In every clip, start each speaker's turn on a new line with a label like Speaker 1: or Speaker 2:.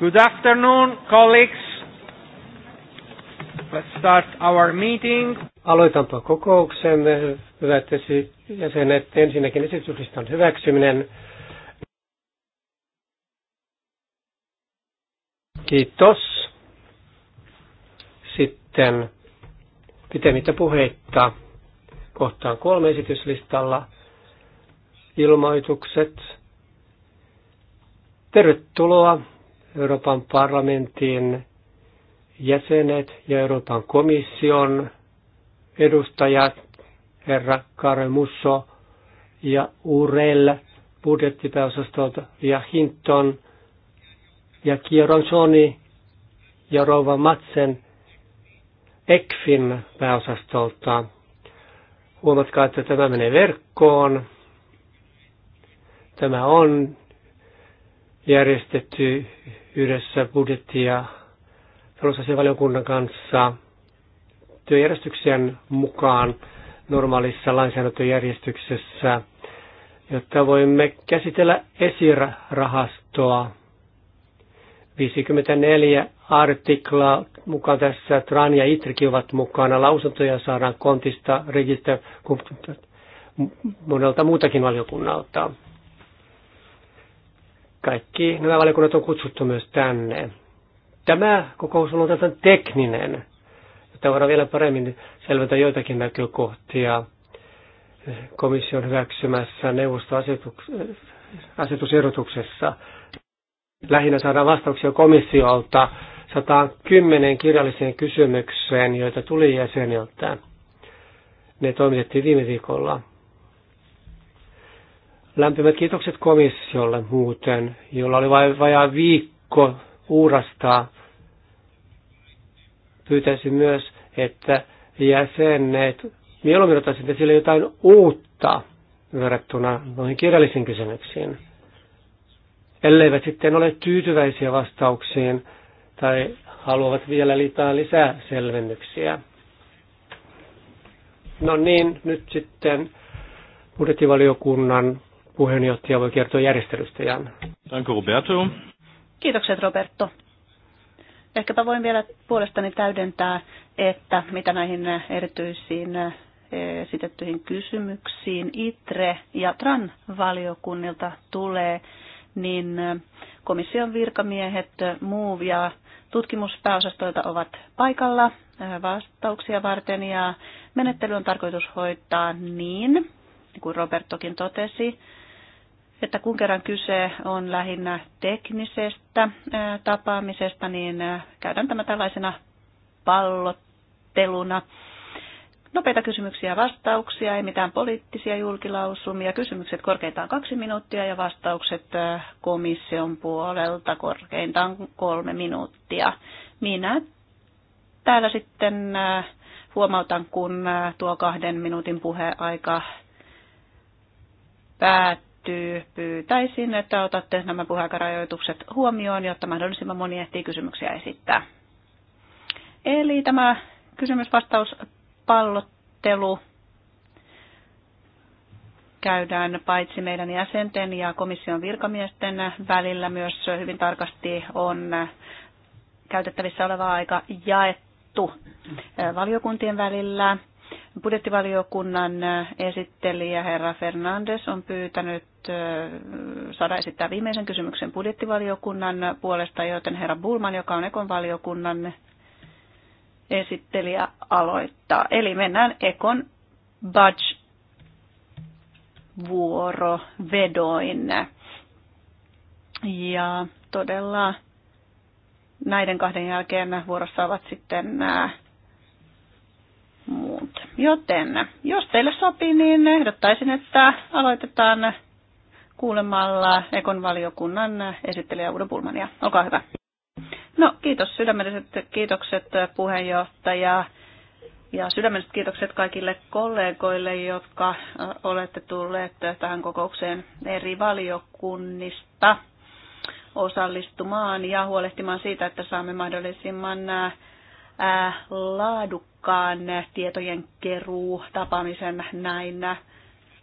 Speaker 1: Good afternoon, colleagues. Let's start our meeting. Aloitanpa kokouksen. hyvät jäsenet. Ensinnäkin esityslistan hyväksyminen. Kiitos. Sitten pitemmittä puheitta kohtaan kolme esityslistalla. Ilmoitukset Tervetuloa Euroopan parlamentin jäsenet ja Euroopan komission edustajat, herra Kare Musso ja Urel budjettipääosastolta ja Hinton ja Soni ja Rova Matsen ECFin pääosastolta. Huomatkaa, että tämä menee verkkoon. Tämä on järjestetty yhdessä budjetti- ja talousasiavaliokunnan kanssa työjärjestyksen mukaan normaalissa lainsäädäntöjärjestyksessä, jotta voimme käsitellä esirahastoa. 54 artiklaa mukaan tässä, Tran ja Itrikin ovat mukana, lausuntoja saadaan kontista, register, monelta muutakin valiokunnalta. Kaikki nämä valiokunnat on kutsuttu myös tänne. Tämä kokous on ollut tekninen, jotta voidaan vielä paremmin selventää joitakin näkökohtia komission hyväksymässä neuvostoasetusehdotuksessa. Lähinnä saadaan vastauksia komissiolta 110 kirjalliseen kysymykseen, joita tuli jäseniltä. Ne toimitettiin viime viikolla. Lämpimät kiitokset komissiolle muuten, jolla oli vain vajaa viikko uurastaa. Pyytäisin myös, että jäsenet mieluummin että esille jotain uutta verrattuna noihin kirjallisiin kysymyksiin. Elleivät sitten ole tyytyväisiä vastauksiin tai haluavat vielä liittää lisää selvennyksiä. No niin, nyt sitten budjettivaliokunnan puheenjohtaja voi kertoa Jan. Danke
Speaker 2: Roberto.
Speaker 3: Kiitokset Roberto. Ehkäpä voin vielä puolestani täydentää, että mitä näihin erityisiin eh, esitettyihin kysymyksiin ITRE ja TRAN valiokunnilta tulee, niin eh, komission virkamiehet eh, MOVE ja tutkimuspääosastoilta ovat paikalla vastauksia varten ja menettely on tarkoitus hoitaa niin, niin kuin Robertokin totesi, että kun kerran kyse on lähinnä teknisestä tapaamisesta, niin käydään tämä tällaisena pallotteluna. Nopeita kysymyksiä ja vastauksia, ei mitään poliittisia julkilausumia. Kysymykset korkeintaan kaksi minuuttia ja vastaukset komission puolelta korkeintaan kolme minuuttia. Minä täällä sitten huomautan, kun tuo kahden minuutin puheaika päättyy liittyy, pyytäisin, että otatte nämä puheaikarajoitukset huomioon, jotta mahdollisimman moni ehtii kysymyksiä esittää. Eli tämä kysymysvastauspallottelu käydään paitsi meidän jäsenten ja komission virkamiesten välillä myös hyvin tarkasti on käytettävissä oleva aika jaettu valiokuntien välillä budjettivaliokunnan äh, esittelijä herra Fernandes on pyytänyt äh, saada esittää viimeisen kysymyksen budjettivaliokunnan puolesta, joten herra Bulman, joka on Ekon valiokunnan esittelijä, aloittaa. Eli mennään Ekon budge vuorovedoin. Ja todella näiden kahden jälkeen vuorossa ovat sitten nämä äh, nyt. Joten, jos teille sopii, niin ehdottaisin, että aloitetaan kuulemalla Ekon valiokunnan esittelijä Udo Pulmania. Olkaa hyvä. No, kiitos sydämelliset kiitokset puheenjohtaja ja sydämelliset kiitokset kaikille kollegoille, jotka olette tulleet tähän kokoukseen eri valiokunnista osallistumaan ja huolehtimaan siitä, että saamme mahdollisimman Äh, laadukkaan tietojen keruu tapaamisen näin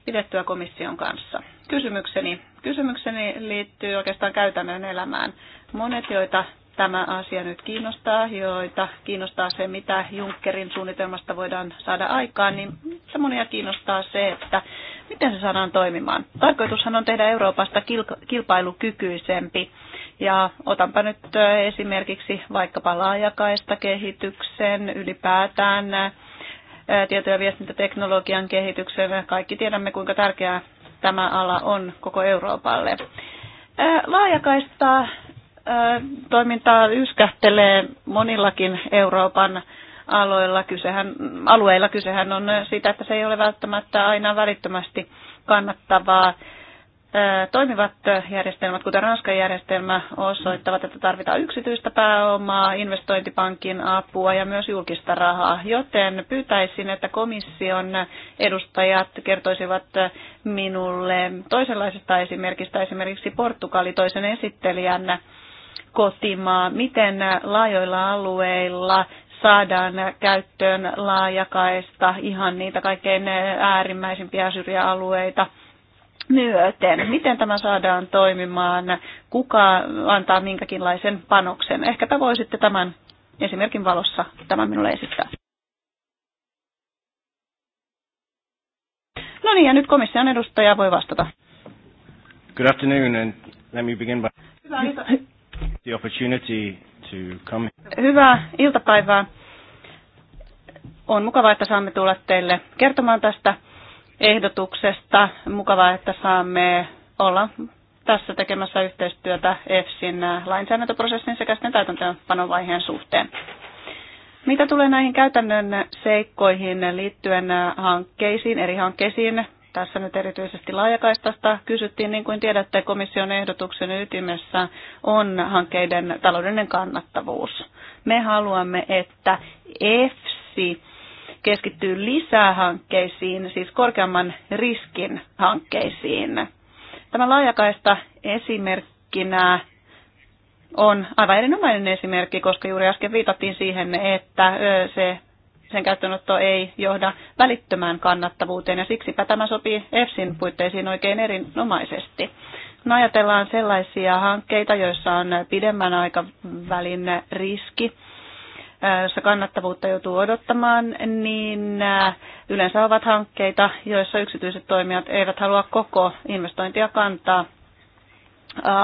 Speaker 3: pidettyä komission kanssa. Kysymykseni, kysymykseni liittyy oikeastaan käytännön elämään. Monet, joita tämä asia nyt kiinnostaa, joita kiinnostaa se, mitä Junckerin suunnitelmasta voidaan saada aikaan, niin se monia kiinnostaa se, että miten se saadaan toimimaan. Tarkoitushan on tehdä Euroopasta kilpailukykyisempi ja otanpa nyt esimerkiksi vaikkapa laajakaista kehityksen ylipäätään tieto- ja viestintäteknologian kehityksen. Kaikki tiedämme, kuinka tärkeää tämä ala on koko Euroopalle. Laajakaista toimintaa yskähtelee monillakin Euroopan aloilla. Kysehän, alueilla kysehän on siitä, että se ei ole välttämättä aina välittömästi kannattavaa toimivat järjestelmät, kuten Ranskan järjestelmä, osoittavat, että tarvitaan yksityistä pääomaa, investointipankin apua ja myös julkista rahaa. Joten pyytäisin, että komission edustajat kertoisivat minulle toisenlaisesta esimerkistä, esimerkiksi Portugali toisen esittelijän kotimaa, miten laajoilla alueilla saadaan käyttöön laajakaista ihan niitä kaikkein äärimmäisimpiä syrjäalueita – myöten. Miten tämä saadaan toimimaan? Kuka antaa minkäkinlaisen panoksen? Ehkäpä voisitte tämän esimerkin valossa tämän minulle esittää. No niin, ja nyt komission edustaja voi vastata.
Speaker 1: Good afternoon, and let me begin by the opportunity to come.
Speaker 3: Hyvää iltapäivää. On mukavaa, että saamme tulla teille kertomaan tästä ehdotuksesta. Mukavaa, että saamme olla tässä tekemässä yhteistyötä EFSin äh, lainsäädäntöprosessin sekä sitten täytäntöönpanovaiheen suhteen. Mitä tulee näihin käytännön seikkoihin liittyen äh, hankkeisiin, eri hankkeisiin, tässä nyt erityisesti laajakaistasta kysyttiin, niin kuin tiedätte, komission ehdotuksen ytimessä on hankkeiden taloudellinen kannattavuus. Me haluamme, että EFSI keskittyy lisää hankkeisiin, siis korkeamman riskin hankkeisiin. Tämä laajakaista esimerkkinä on aivan erinomainen esimerkki, koska juuri äsken viitattiin siihen, että se, sen käyttöönotto ei johda välittömään kannattavuuteen, ja siksipä tämä sopii EFSin puitteisiin oikein erinomaisesti. No ajatellaan sellaisia hankkeita, joissa on pidemmän aikavälin riski, jossa kannattavuutta joutuu odottamaan, niin äh, yleensä ovat hankkeita, joissa yksityiset toimijat eivät halua koko investointia kantaa äh,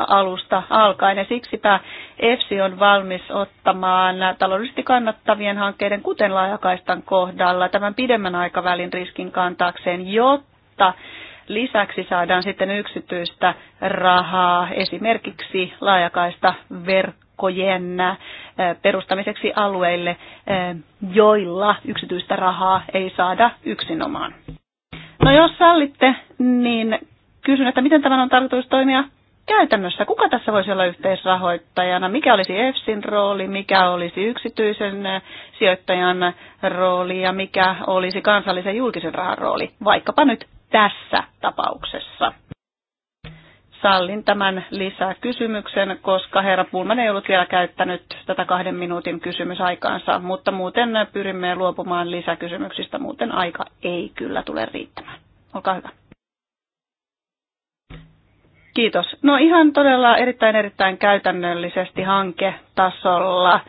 Speaker 3: alusta alkaen. Ja siksipä EFSI on valmis ottamaan taloudellisesti kannattavien hankkeiden, kuten laajakaistan kohdalla, tämän pidemmän aikavälin riskin kantaakseen, jotta lisäksi saadaan sitten yksityistä rahaa esimerkiksi laajakaista verkkoa verkkojen perustamiseksi alueille, joilla yksityistä rahaa ei saada yksinomaan. No jos sallitte, niin kysyn, että miten tämän on tarkoitus toimia käytännössä? Kuka tässä voisi olla yhteisrahoittajana? Mikä olisi EFSin rooli? Mikä olisi yksityisen sijoittajan rooli? Ja mikä olisi kansallisen julkisen rahan rooli? Vaikkapa nyt tässä tapauksessa sallin tämän lisää kysymyksen, koska herra Pulman ei ollut vielä käyttänyt tätä kahden minuutin kysymysaikaansa, mutta muuten pyrimme luopumaan lisäkysymyksistä, muuten aika ei kyllä tule riittämään. Olkaa hyvä. Kiitos. No ihan todella erittäin erittäin käytännöllisesti hanketasolla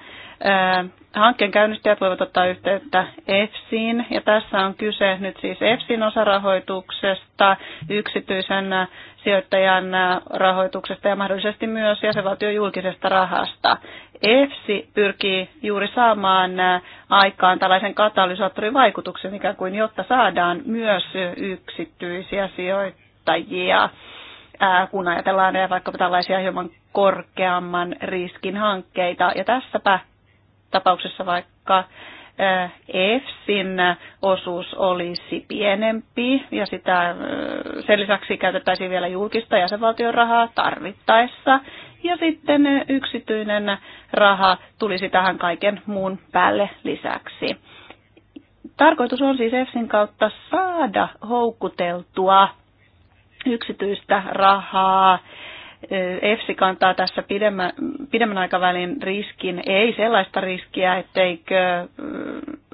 Speaker 3: hankkeen käynnistäjät voivat ottaa yhteyttä EFSiin, ja tässä on kyse nyt siis EFSiin osarahoituksesta, yksityisen sijoittajan rahoituksesta ja mahdollisesti myös jäsenvaltion julkisesta rahasta. EFSI pyrkii juuri saamaan aikaan tällaisen vaikutuksen, ikään kuin, jotta saadaan myös yksityisiä sijoittajia kun ajatellaan vaikka tällaisia hieman korkeamman riskin hankkeita. Ja tässäpä tapauksessa vaikka EFSin osuus olisi pienempi ja sitä, sen lisäksi käytettäisiin vielä julkista jäsenvaltion rahaa tarvittaessa. Ja sitten yksityinen raha tulisi tähän kaiken muun päälle lisäksi. Tarkoitus on siis EFSin kautta saada houkuteltua yksityistä rahaa EFSI kantaa tässä pidemmän, pidemmän aikavälin riskin, ei sellaista riskiä, etteikö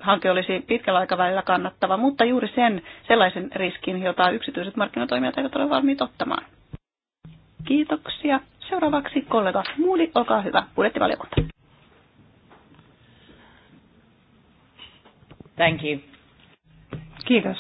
Speaker 3: hanke olisi pitkällä aikavälillä kannattava, mutta juuri sen sellaisen riskin, jota yksityiset markkinatoimijat eivät ole valmiit ottamaan. Kiitoksia. Seuraavaksi kollega Muuli, olkaa hyvä, budjettivaliokunta.
Speaker 2: Thank you. Kiitos.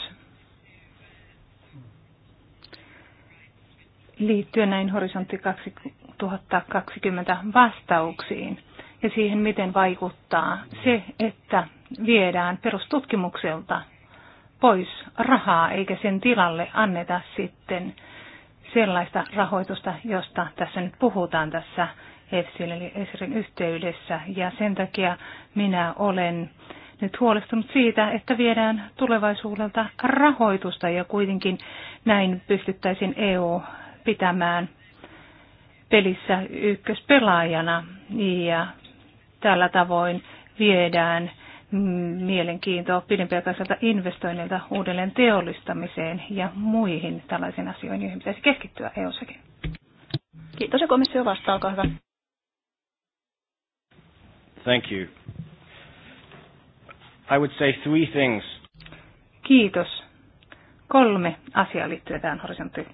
Speaker 2: liittyen näin horisontti 2020 vastauksiin ja siihen, miten vaikuttaa se, että viedään perustutkimukselta pois rahaa, eikä sen tilalle anneta sitten sellaista rahoitusta, josta tässä nyt puhutaan tässä EFSIL eli ESRin yhteydessä. Ja sen takia minä olen nyt huolestunut siitä, että viedään tulevaisuudelta rahoitusta ja kuitenkin näin pystyttäisiin EU pitämään pelissä ykköspelaajana ja tällä tavoin viedään mielenkiintoa pidempiaikaiselta investoinnilta uudelleen teollistamiseen ja muihin tällaisiin asioihin, joihin pitäisi keskittyä EU-sakin. Kiitos ja komissio vastaa, olkaa hyvä. Thank you. I would say three things. Kiitos. Kolme asiaa liittyy tähän horisontti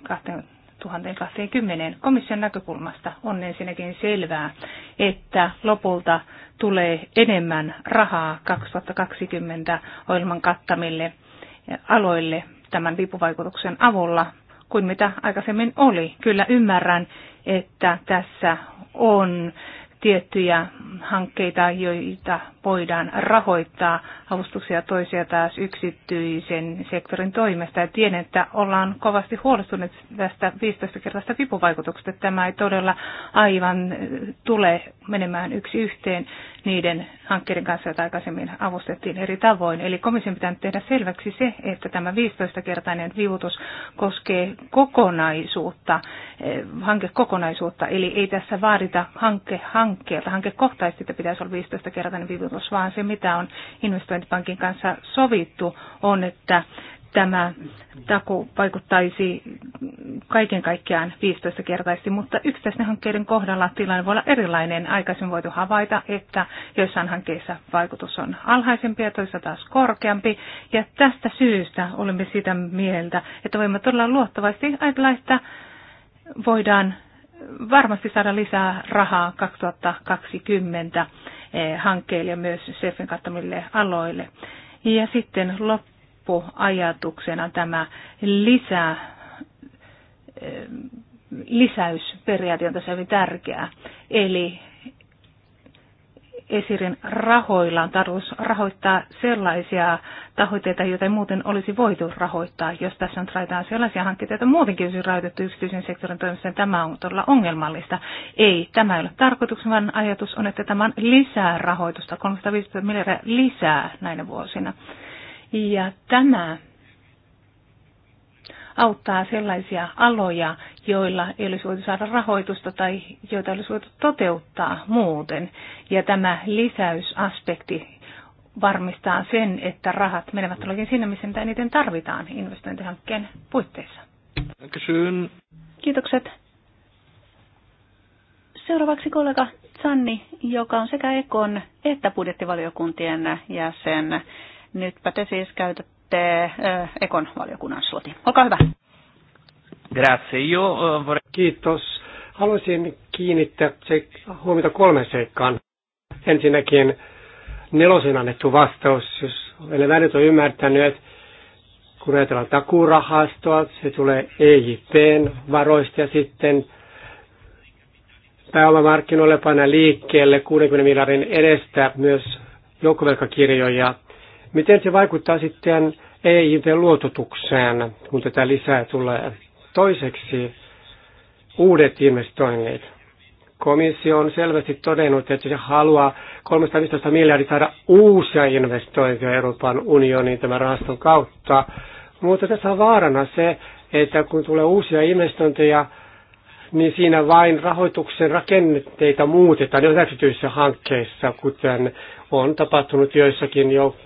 Speaker 2: 2020 komission näkökulmasta on ensinnäkin selvää, että lopulta tulee enemmän rahaa 2020 ohjelman kattamille aloille tämän vipuvaikutuksen avulla kuin mitä aikaisemmin oli. Kyllä ymmärrän, että tässä on tiettyjä hankkeita, joita voidaan rahoittaa avustuksia toisia taas yksityisen sektorin toimesta. Ja tiedän, että ollaan kovasti huolestuneet tästä 15-kertaista vipuvaikutuksesta. Tämä ei todella aivan tule menemään yksi yhteen niiden hankkeiden kanssa, joita aikaisemmin avustettiin eri tavoin. Eli komission pitää tehdä selväksi se, että tämä 15-kertainen viivutus koskee kokonaisuutta, eh, hankekokonaisuutta, eli ei tässä vaadita hanke hankkeelta, hankekohtaisesti, että pitäisi olla 15-kertainen viivutus, vaan se, mitä on investointipankin kanssa sovittu, on, että tämä taku vaikuttaisi kaiken kaikkiaan 15-kertaisesti, mutta yksittäisten hankkeiden kohdalla tilanne voi olla erilainen. Aikaisemmin voitu havaita, että joissain hankkeissa vaikutus on alhaisempi ja toisissa taas korkeampi. Ja tästä syystä olemme sitä mieltä, että voimme todella luottavasti ajatella, että voidaan varmasti saada lisää rahaa 2020 eh, hankkeille ja myös SEFin kattamille aloille. Ja sitten loppu loppuajatuksena tämä lisä, eh, lisäysperiaate on tässä hyvin tärkeää. Eli Esirin rahoilla on tarkoitus rahoittaa sellaisia tahoitteita, joita ei muuten olisi voitu rahoittaa, jos tässä on raitaan sellaisia hankkeita, joita muutenkin olisi rahoitettu yksityisen sektorin toimesta. Tämä on todella ongelmallista. Ei, tämä ei ole tarkoituksena, vaan ajatus on, että tämä on lisää rahoitusta, 350 miljardia lisää näinä vuosina. Ja tämä auttaa sellaisia aloja, joilla ei olisi voitu saada rahoitusta tai joita olisi voitu toteuttaa muuten. Ja tämä lisäysaspekti varmistaa sen, että rahat menevät todellakin sinne, missä niitä eniten tarvitaan investointihankkeen puitteissa. Kysyn. Kiitokset. Seuraavaksi kollega Sanni, joka on sekä Ekon että
Speaker 3: budjettivaliokuntien jäsen. Nytpä te siis käytätte Ekon valiokunnan sloti. Olkaa hyvä.
Speaker 1: Grazie. Io, Kiitos. Haluaisin kiinnittää huomiota kolmeen seikkaan. Ensinnäkin nelosin annettu vastaus, jos olen väärin on ymmärtänyt, että kun ajatellaan takurahastoa, se tulee EJPn varoista ja sitten pääomamarkkinoille panna liikkeelle 60 miljardin edestä myös joukkovelkakirjoja Miten se vaikuttaa sitten EIT-luototukseen, kun tätä lisää tulee? Toiseksi uudet investoinnit. Komissio on selvästi todennut, että se haluaa 315 miljardia saada uusia investointeja Euroopan unioniin tämän rahaston kautta. Mutta tässä on vaarana se, että kun tulee uusia investointeja, niin siinä vain rahoituksen rakenteita muutetaan jo hankkeissa, kuten on tapahtunut joissakin jo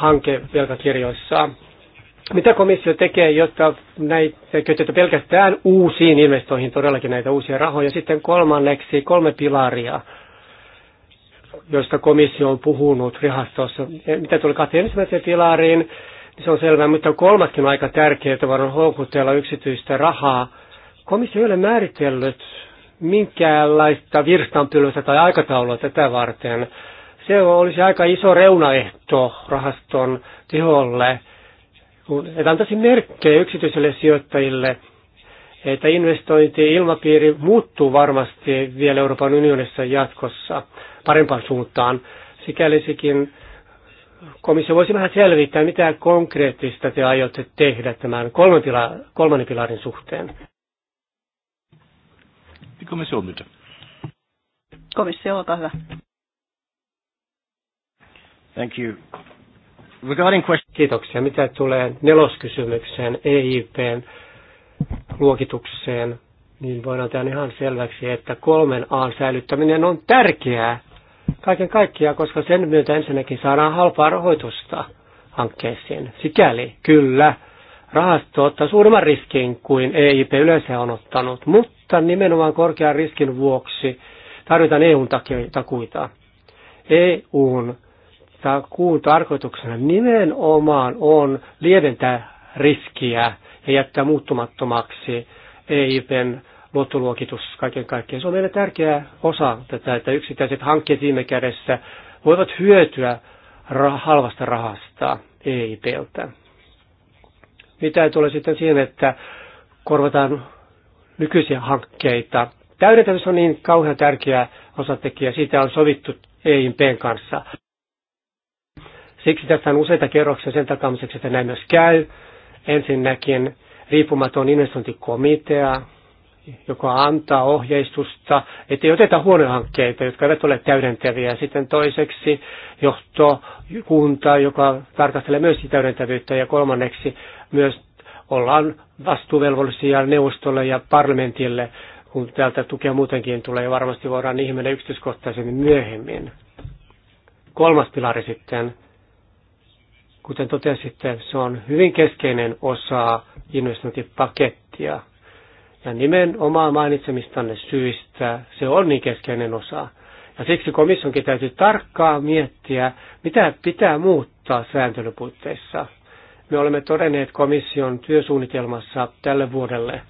Speaker 1: hankevelkakirjoissa. Mitä komissio tekee, jotta näitä kytetään pelkästään uusiin investointeihin todellakin näitä uusia rahoja? Sitten kolmanneksi kolme pilaria, joista komissio on puhunut rahastossa. Eh, mitä tuli kahteen ensimmäiseen pilariin, niin se on selvää, mutta kolmaskin on aika tärkeää, että voidaan houkutella yksityistä rahaa. Komissio ei ole määritellyt minkäänlaista virstanpylvästä tai aikataulua tätä varten se olisi aika iso reunaehto rahaston teholle, kun et antaisi merkkejä yksityisille sijoittajille, että investointi-ilmapiiri muuttuu varmasti vielä Euroopan unionissa jatkossa parempaan suuntaan. Sikäli komissio voisi vähän selvittää, mitä konkreettista te aiotte tehdä tämän kolmannen, pila, kolmannen pilarin suhteen. Komissio, mitä?
Speaker 3: Komissio, olkaa hyvä.
Speaker 1: Thank you. Regarding question... Kiitoksia. Mitä tulee neloskysymykseen, EIPn luokitukseen, niin voidaan tehdä ihan selväksi, että kolmen A säilyttäminen on tärkeää kaiken kaikkiaan, koska sen myötä ensinnäkin saadaan halpaa rahoitusta hankkeisiin. Sikäli, kyllä, rahasto ottaa suuremman riskin kuin EIP yleensä on ottanut, mutta nimenomaan korkean riskin vuoksi tarvitaan EUn takuita. EUn kuun tarkoituksena nimenomaan on lieventää riskiä ja jättää muuttumattomaksi EIPn luottoluokitus kaiken kaikkiaan. Se on meille tärkeä osa tätä, että yksittäiset hankkeet viime kädessä voivat hyötyä halvasta rahasta EIPltä. Mitä tulee sitten siihen, että korvataan nykyisiä hankkeita. Täydentävyys on niin kauhean tärkeä osatekijä, siitä on sovittu EIPn kanssa. Siksi tässä on useita kerroksia sen takamiseksi, että näin myös käy. Ensinnäkin riippumaton investointikomitea, joka antaa ohjeistusta, ei oteta huonoja hankkeita, jotka eivät ole täydentäviä. Sitten toiseksi johtokunta, joka tarkastelee myös täydentävyyttä. Ja kolmanneksi myös ollaan vastuuvelvollisia neuvostolle ja parlamentille, kun täältä tukea muutenkin tulee ja varmasti voidaan ihminen yksityiskohtaisemmin myöhemmin. Kolmas pilari sitten, Kuten totesitte, se on hyvin keskeinen osa investointipakettia. Ja nimenomaan mainitsemistanne syistä se on niin keskeinen osa. Ja siksi komissionkin täytyy tarkkaan miettiä, mitä pitää muuttaa sääntelypuitteissa. Me olemme todenneet komission työsuunnitelmassa tälle vuodelle,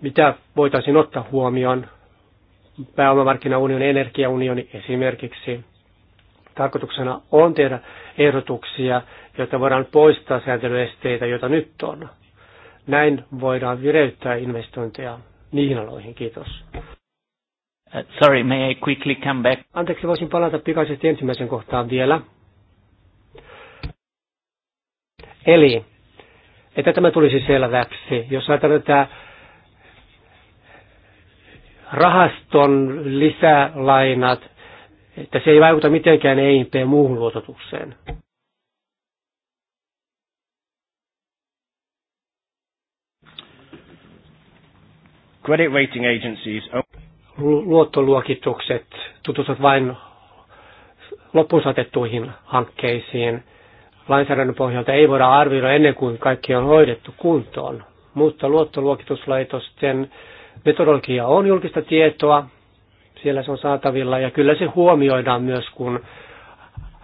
Speaker 1: mitä voitaisiin ottaa huomioon pääomamarkkinaunion, energiaunioni esimerkiksi. Tarkoituksena on tehdä ehdotuksia, jotta voidaan poistaa sääntelyesteitä, joita nyt on. Näin voidaan vireyttää investointeja niihin aloihin. Kiitos. Uh, sorry, may I quickly come back? Anteeksi, voisin palata pikaisesti ensimmäisen kohtaan vielä. Eli, että tämä tulisi selväksi, jos ajatellaan tätä rahaston lisälainat, että se ei vaikuta mitenkään EIP muuhun luototukseen. Credit rating agencies... Luottoluokitukset tutustuvat vain loppuun hankkeisiin. Lainsäädännön pohjalta ei voida arvioida ennen kuin kaikki on hoidettu kuntoon, mutta luottoluokituslaitosten metodologia on julkista tietoa, siellä se on saatavilla ja kyllä se huomioidaan myös, kun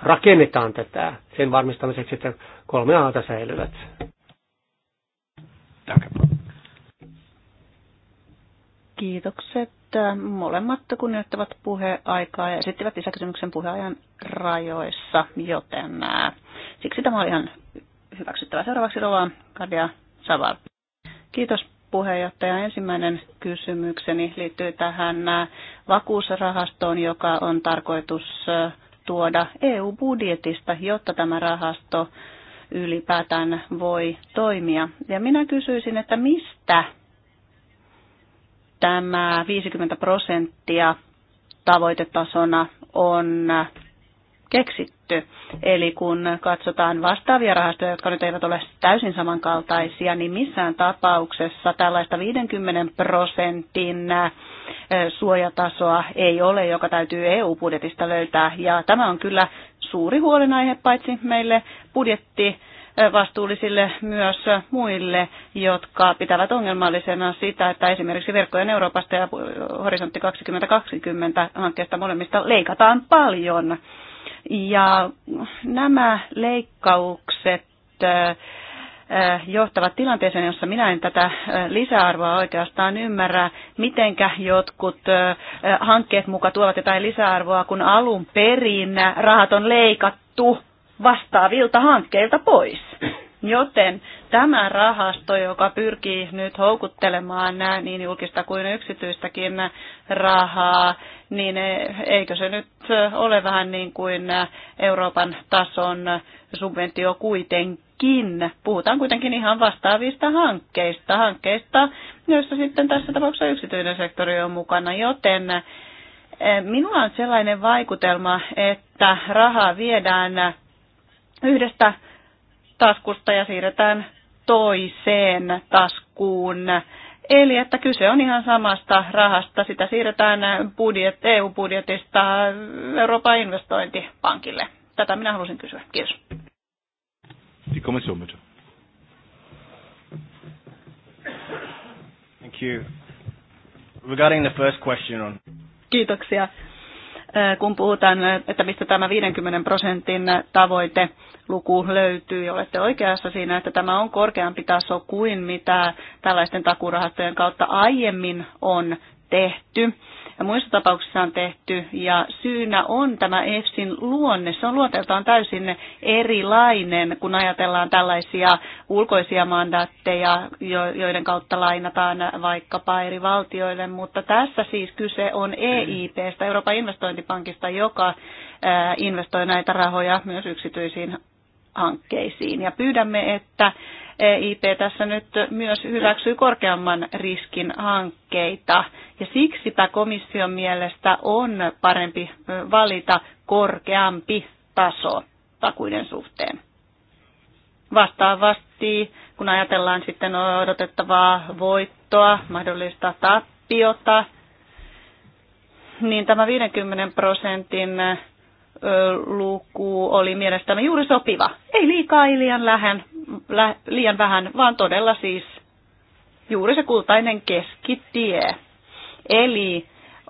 Speaker 1: rakennetaan tätä sen varmistamiseksi, että kolme aata säilyvät.
Speaker 3: Kiitokset. Molemmat kunnioittavat puheaikaa ja esittivät lisäkysymyksen puheajan rajoissa, joten äh, siksi tämä oli ihan hyväksyttävä. Seuraavaksi Rova Kadia Saval. Kiitos puheenjohtaja, ensimmäinen kysymykseni liittyy tähän äh, vakuusrahastoon, joka on tarkoitus äh, tuoda EU-budjetista, jotta tämä rahasto ylipäätään voi toimia. Ja minä kysyisin, että mistä tämä 50 prosenttia tavoitetasona on keksitty. Eli kun katsotaan vastaavia rahastoja, jotka nyt eivät ole täysin samankaltaisia, niin missään tapauksessa tällaista 50 prosentin suojatasoa ei ole, joka täytyy EU-budjetista löytää. Ja tämä on kyllä suuri huolenaihe paitsi meille budjetti vastuullisille myös muille, jotka pitävät ongelmallisena sitä, että esimerkiksi verkkojen Euroopasta ja Horisontti 2020 hankkeesta molemmista leikataan paljon ja nämä leikkaukset johtavat tilanteeseen, jossa minä en tätä lisäarvoa oikeastaan ymmärrä, mitenkä jotkut hankkeet mukaan tuovat jotain lisäarvoa, kun alun perin rahat on leikattu vastaavilta hankkeilta pois. Joten tämä rahasto, joka pyrkii nyt houkuttelemaan nämä niin julkista kuin yksityistäkin rahaa, niin eikö se nyt ole vähän niin kuin Euroopan tason subventio kuitenkin? Puhutaan kuitenkin ihan vastaavista hankkeista, hankkeista, joissa sitten tässä tapauksessa yksityinen sektori on mukana, joten eh, Minulla on sellainen vaikutelma, että rahaa viedään yhdestä taskusta ja siirretään toiseen taskuun. Eli että kyse on ihan samasta rahasta, sitä siirretään budjet, EU-budjetista Euroopan investointipankille. Tätä minä halusin kysyä. Kiitos.
Speaker 2: Die Kommission bitte. Thank you. Regarding the first question on...
Speaker 3: Kiitoksia kun puhutaan, että mistä tämä 50 prosentin tavoite luku löytyy, ja olette oikeassa siinä, että tämä on korkeampi taso kuin mitä tällaisten takurahastojen kautta aiemmin on tehty ja muissa tapauksissa on tehty. Ja syynä on tämä EFSin luonne. Se on luonteeltaan täysin erilainen, kun ajatellaan tällaisia ulkoisia mandaatteja, joiden kautta lainataan vaikkapa eri valtioille. Mutta tässä siis kyse on EIPstä, Euroopan investointipankista, joka investoi näitä rahoja myös yksityisiin hankkeisiin. Ja pyydämme, että EIP tässä nyt myös hyväksyy korkeamman riskin hankkeita. Ja siksipä komission mielestä on parempi valita korkeampi taso takuiden suhteen. Vastaavasti, kun ajatellaan sitten odotettavaa voittoa, mahdollista tappiota, niin tämä 50 prosentin luku oli mielestäni juuri sopiva. Ei liikaa, ei liian, lähen, lä, liian vähän, vaan todella siis juuri se kultainen keskitie. Eli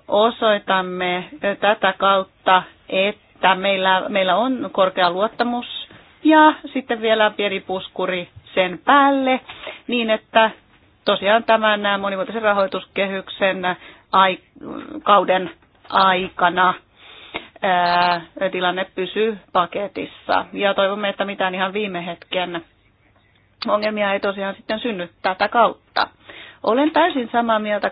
Speaker 3: osoitamme tätä kautta, että meillä, meillä on korkea luottamus ja sitten vielä pieni puskuri sen päälle, niin että tosiaan tämän monivuotisen rahoituskehyksen ai, kauden aikana tilanne pysyy paketissa. Ja toivomme, että mitään ihan viime hetken ongelmia ei tosiaan sitten synny tätä kautta. Olen täysin samaa mieltä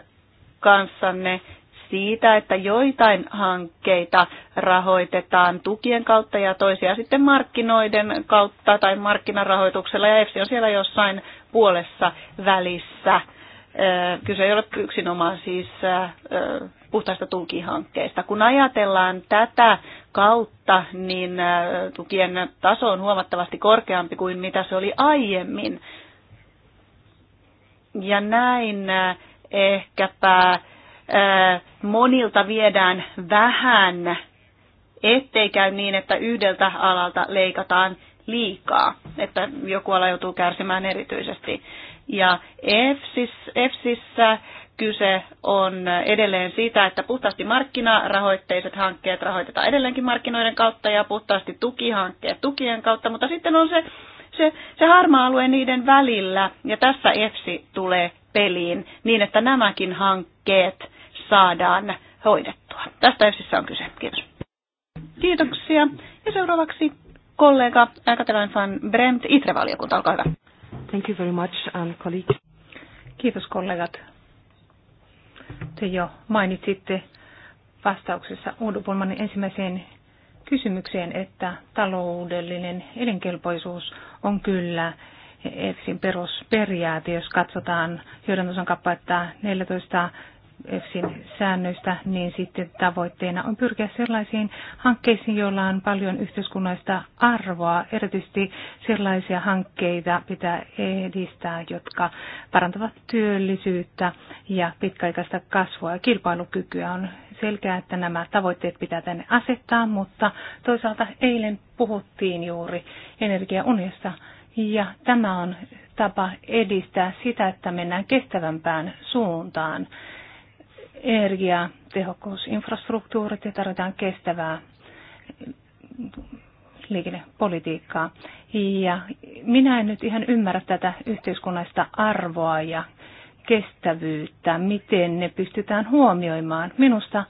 Speaker 3: kanssanne siitä, että joitain hankkeita rahoitetaan tukien kautta ja toisia sitten markkinoiden kautta tai markkinarahoituksella ja EFSI on siellä jossain puolessa välissä Kyse ei ole yksinomaan siis puhtaista tukihankkeista. Kun ajatellaan tätä kautta, niin tukien taso on huomattavasti korkeampi kuin mitä se oli aiemmin. Ja näin ehkäpä monilta viedään vähän, ettei käy niin, että yhdeltä alalta leikataan liikaa, että joku ala joutuu kärsimään erityisesti. Ja EFSissä kyse on edelleen siitä, että puhtaasti markkinarahoitteiset hankkeet rahoitetaan edelleenkin markkinoiden kautta ja puhtaasti tukihankkeet tukien kautta, mutta sitten on se, se, se harmaa alue niiden välillä ja tässä EFSI tulee peliin niin, että nämäkin hankkeet saadaan hoidettua. Tästä EFSissä on kyse. Kiitos. Kiitoksia. Ja seuraavaksi kollega Katelain van Bremt, Itre-valiokunta, olkaa hyvä.
Speaker 2: Thank you very much, colleagues. Kiitos kollegat. Te jo mainitsitte vastauksessa Uudu ensimmäiseen kysymykseen, että taloudellinen elinkelpoisuus on kyllä EFSin perusperiaate, jos katsotaan johdantosan kappaletta 14 EFSin säännöistä, niin sitten tavoitteena on pyrkiä sellaisiin hankkeisiin, joilla on paljon yhteiskunnallista arvoa. Erityisesti sellaisia hankkeita pitää edistää, jotka parantavat työllisyyttä ja pitkäaikaista kasvua ja kilpailukykyä. On selkeää, että nämä tavoitteet pitää tänne asettaa, mutta toisaalta eilen puhuttiin juuri energiaunista ja tämä on tapa edistää sitä, että mennään kestävämpään suuntaan energiatehokkuusinfrastruktuurit ja tarvitaan kestävää liikennepolitiikkaa. Ja minä en nyt ihan ymmärrä tätä yhteiskunnallista arvoa ja kestävyyttä, miten ne pystytään huomioimaan. Minusta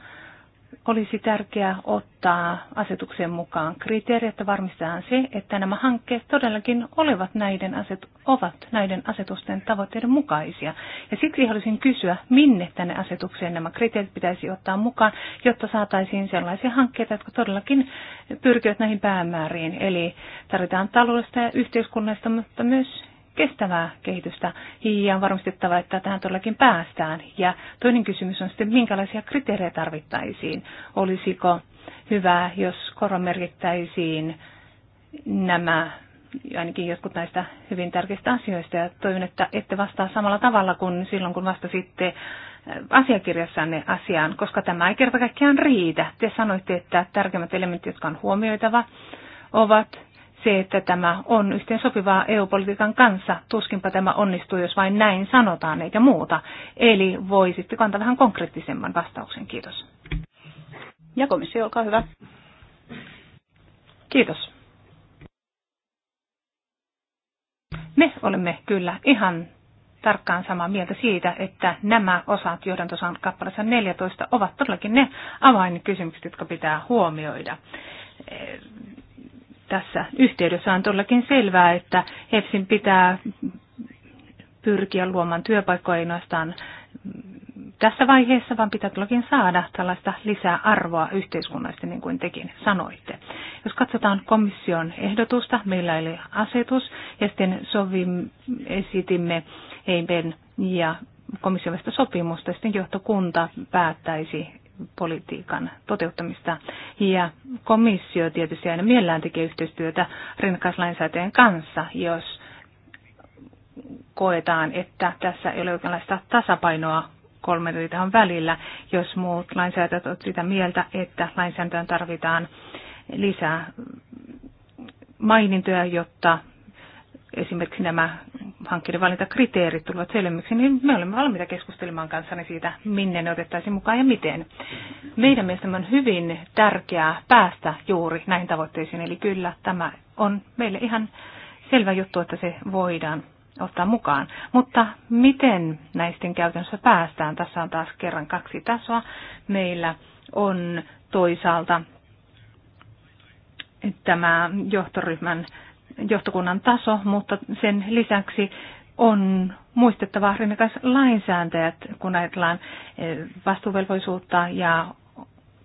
Speaker 2: olisi tärkeää ottaa asetuksen mukaan kriteerit, että varmistetaan se, että nämä hankkeet todellakin olivat näiden aset, ovat näiden asetusten tavoitteiden mukaisia. Ja siksi haluaisin kysyä, minne tänne asetukseen nämä kriteerit pitäisi ottaa mukaan, jotta saataisiin sellaisia hankkeita, jotka todellakin pyrkivät näihin päämääriin. Eli tarvitaan taloudellista ja yhteiskunnallista, mutta myös kestävää kehitystä ja on varmistettava, että tähän todellakin päästään. Ja toinen kysymys on sitten, minkälaisia kriteerejä tarvittaisiin. Olisiko hyvä, jos koromerkittäisiin nämä ainakin jotkut näistä hyvin tärkeistä asioista ja toivon, että ette vastaa samalla tavalla kuin silloin, kun vastasitte äh, asiakirjassanne asiaan, koska tämä ei kerta kaikkiaan riitä. Te sanoitte, että tärkeimmät elementit, jotka on huomioitava, ovat se, että tämä on yhteen sopivaa EU-politiikan kanssa. Tuskinpa tämä onnistuu, jos vain näin sanotaan eikä muuta. Eli voisitteko antaa vähän konkreettisemman vastauksen? Kiitos. Ja komissio, olkaa hyvä. Kiitos. Me olemme kyllä ihan tarkkaan samaa mieltä siitä, että nämä osat johdantosan kappaleessa 14 ovat todellakin ne avainkysymykset, jotka pitää huomioida tässä yhteydessä on todellakin selvää, että EPSin pitää pyrkiä luomaan työpaikkoja ainoastaan tässä vaiheessa, vaan pitää todellakin saada tällaista lisää arvoa yhteiskunnallisesti, niin kuin tekin sanoitte. Jos katsotaan komission ehdotusta, meillä oli asetus, ja sitten sovim, esitimme EIBen ja komission sopimusta, ja sitten johtokunta päättäisi politiikan toteuttamista. Ja komissio tietysti aina mielellään tekee yhteistyötä rinnakkaislainsäätäjän kanssa, jos koetaan, että tässä ei ole oikeanlaista tasapainoa kolmen eri välillä, jos muut lainsäätäjät ovat sitä mieltä, että lainsäädäntöön tarvitaan lisää mainintoja, jotta esimerkiksi nämä hankkeiden valintakriteerit tulevat selvemmiksi, niin me olemme valmiita keskustelemaan kanssani siitä, minne ne otettaisiin mukaan ja miten. Meidän mielestämme on hyvin tärkeää päästä juuri näihin tavoitteisiin, eli kyllä tämä on meille ihan selvä juttu, että se voidaan ottaa mukaan. Mutta miten näisten käytännössä päästään? Tässä on taas kerran kaksi tasoa. Meillä on toisaalta tämä johtoryhmän johtokunnan taso, mutta sen lisäksi on muistettava rinnakas lainsääntäjät, kun ajatellaan eh, vastuuvelvollisuutta ja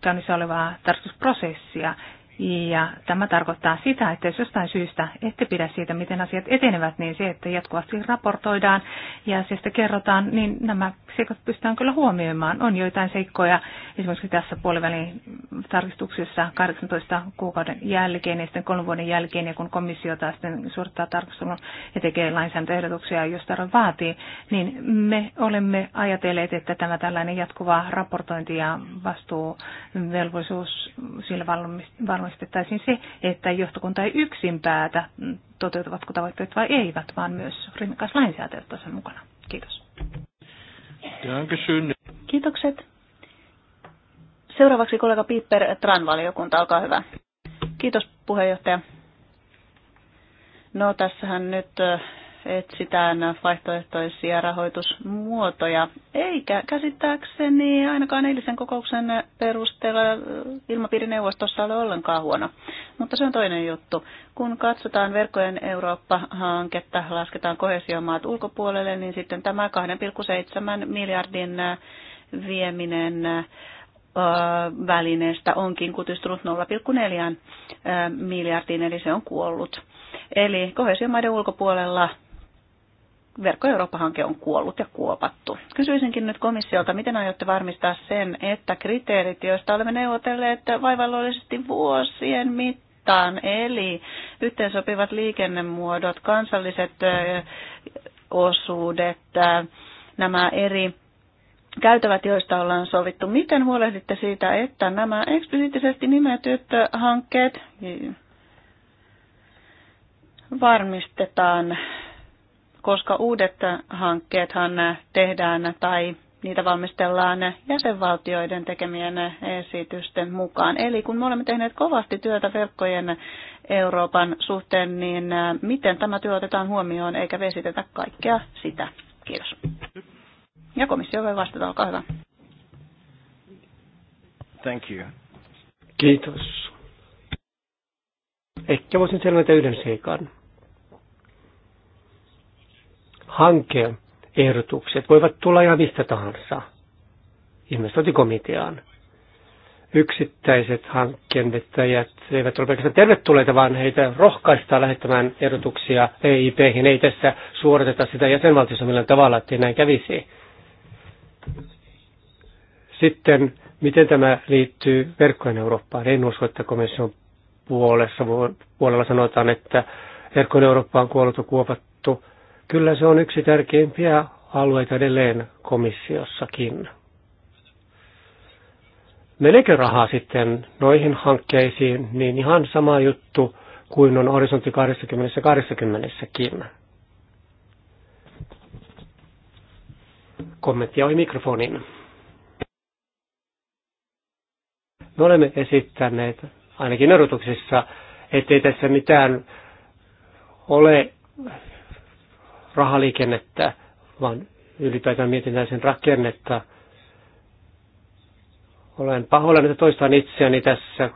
Speaker 2: käynnissä olevaa tarkastusprosessia. Ja tämä tarkoittaa sitä, että jos jostain syystä ette pidä siitä, miten asiat etenevät, niin se, että jatkuvasti raportoidaan ja asiasta kerrotaan, niin nämä seikat pystytään kyllä huomioimaan. On joitain seikkoja, esimerkiksi tässä puolivälin tarkistuksessa 18 kuukauden jälkeen ja sitten kolmen vuoden jälkeen, ja kun komissio taas sitten suorittaa tarkastelun ja tekee lainsäädäntöehdotuksia, jos tarve vaatii, niin me olemme ajatelleet, että tämä tällainen jatkuva raportointi ja vastuuvelvollisuus sillä valmistuu varmistettaisiin se, että johtokunta ei yksin päätä, mm, toteutuvatko tavoitteet vai eivät, vaan myös rinnakas lainsäätäjät sen mukana. Kiitos.
Speaker 3: Kiitokset. Seuraavaksi kollega Piper Tran-valiokunta, olkaa hyvä. Kiitos puheenjohtaja. No tässähän nyt äh, etsitään vaihtoehtoisia rahoitusmuotoja, eikä käsittääkseni ainakaan eilisen kokouksen perusteella ilmapiirineuvostossa ole ollenkaan huono. Mutta se on toinen juttu. Kun katsotaan verkkojen Eurooppa-hanketta, lasketaan kohesiomaat ulkopuolelle, niin sitten tämä 2,7 miljardin vieminen välineestä onkin kutistunut 0,4 miljardiin, eli se on kuollut. Eli kohesiomaiden ulkopuolella Verkko Eurooppa-hanke on kuollut ja kuopattu. Kysyisinkin nyt komissiolta, miten aiotte varmistaa sen, että kriteerit, joista olemme neuvotelleet vaivalloisesti vuosien mittaan, eli yhteensopivat liikennemuodot, kansalliset osuudet, nämä eri käytävät, joista ollaan sovittu. Miten huolehditte siitä, että nämä eksplisiittisesti nimetyt hankkeet niin, varmistetaan koska uudet hankkeethan tehdään tai niitä valmistellaan jäsenvaltioiden tekemien esitysten mukaan. Eli kun me olemme tehneet kovasti työtä verkkojen Euroopan suhteen, niin miten tämä työ otetaan huomioon eikä vesitetä kaikkea sitä? Kiitos. Ja komissio voi vastata, olkaa hyvä.
Speaker 2: Thank you.
Speaker 1: Kiitos. Ehkä voisin selventää yhden seikan hankeehdotukset voivat tulla ihan mistä tahansa investointikomiteaan. Yksittäiset hankkeenvettäjät eivät ole pelkästään tervetulleita, vaan heitä rohkaistaan lähettämään ehdotuksia EIP. -hin. Ei tässä suoriteta sitä jäsenvaltiossa millään tavalla, että näin kävisi. Sitten, miten tämä liittyy verkkojen Eurooppaan? En usko, että komission puolessa, puolella sanotaan, että verkkojen Eurooppaan on kuollut ja kuopattu. Kyllä se on yksi tärkeimpiä alueita edelleen komissiossakin. Menekö rahaa sitten noihin hankkeisiin, niin ihan sama juttu kuin on horisontti 2020 20 kin Kommentti oli mikrofonin. Me olemme esittäneet, ainakin erotuksissa, ettei tässä mitään ole rahaliikennettä, vaan ylipäätään mietitään sen rakennetta. Olen pahoillani, että toistan itseäni tässä,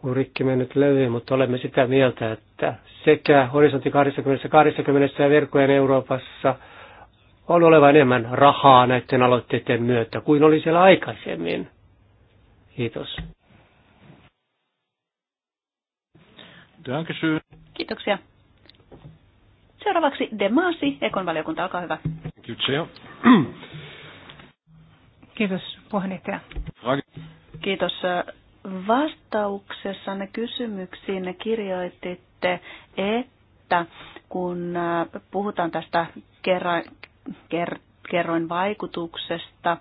Speaker 1: kun rikki mennyt löydy, mutta olemme sitä mieltä, että sekä horisontti 20, 20 ja verkkojen Euroopassa on oleva enemmän rahaa näiden aloitteiden myötä kuin oli siellä aikaisemmin. Kiitos.
Speaker 3: Kiitoksia.
Speaker 2: Seuraavaksi Demasi, Ekon valiokunta, olkaa hyvä. Kiitos puheenjohtaja. Kiitos. Äh, vastauksessanne
Speaker 3: kysymyksiin kirjoititte, että kun äh, puhutaan tästä kerran, ker, kerroin vaikutuksesta,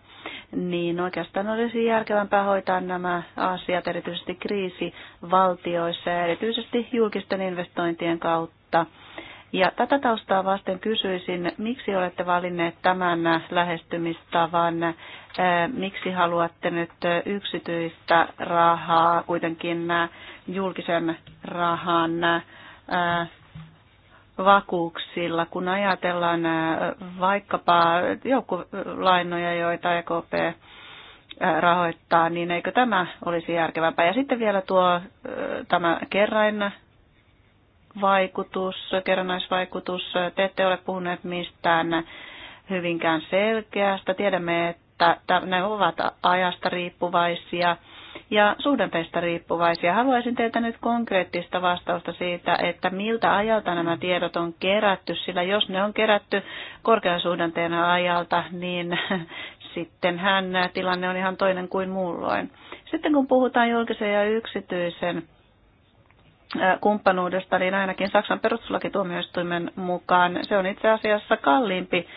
Speaker 3: niin oikeastaan olisi järkevämpää hoitaa nämä asiat erityisesti kriisivaltioissa ja erityisesti julkisten investointien kautta ja tätä taustaa vasten kysyisin, miksi olette valinneet tämän lähestymistavan, äh, miksi haluatte nyt yksityistä rahaa, kuitenkin äh, julkisen rahan äh, vakuuksilla, kun ajatellaan vaikkapa joukkolainoja, joita EKP rahoittaa, niin eikö tämä olisi järkevämpää? Ja sitten vielä tuo tämä kerrain vaikutus, kerrannaisvaikutus. Te ette ole puhuneet mistään hyvinkään selkeästä. Tiedämme, että ne ovat ajasta riippuvaisia ja suhdanteista riippuvaisia. Haluaisin teiltä nyt konkreettista vastausta siitä, että miltä ajalta nämä tiedot on kerätty, sillä jos ne on kerätty korkean ajalta, niin sitten hän tilanne on ihan toinen kuin muulloin. Sitten kun puhutaan julkisen ja yksityisen kumppanuudesta, niin ainakin Saksan perustuslakituomioistuimen mukaan se on itse asiassa kalliimpi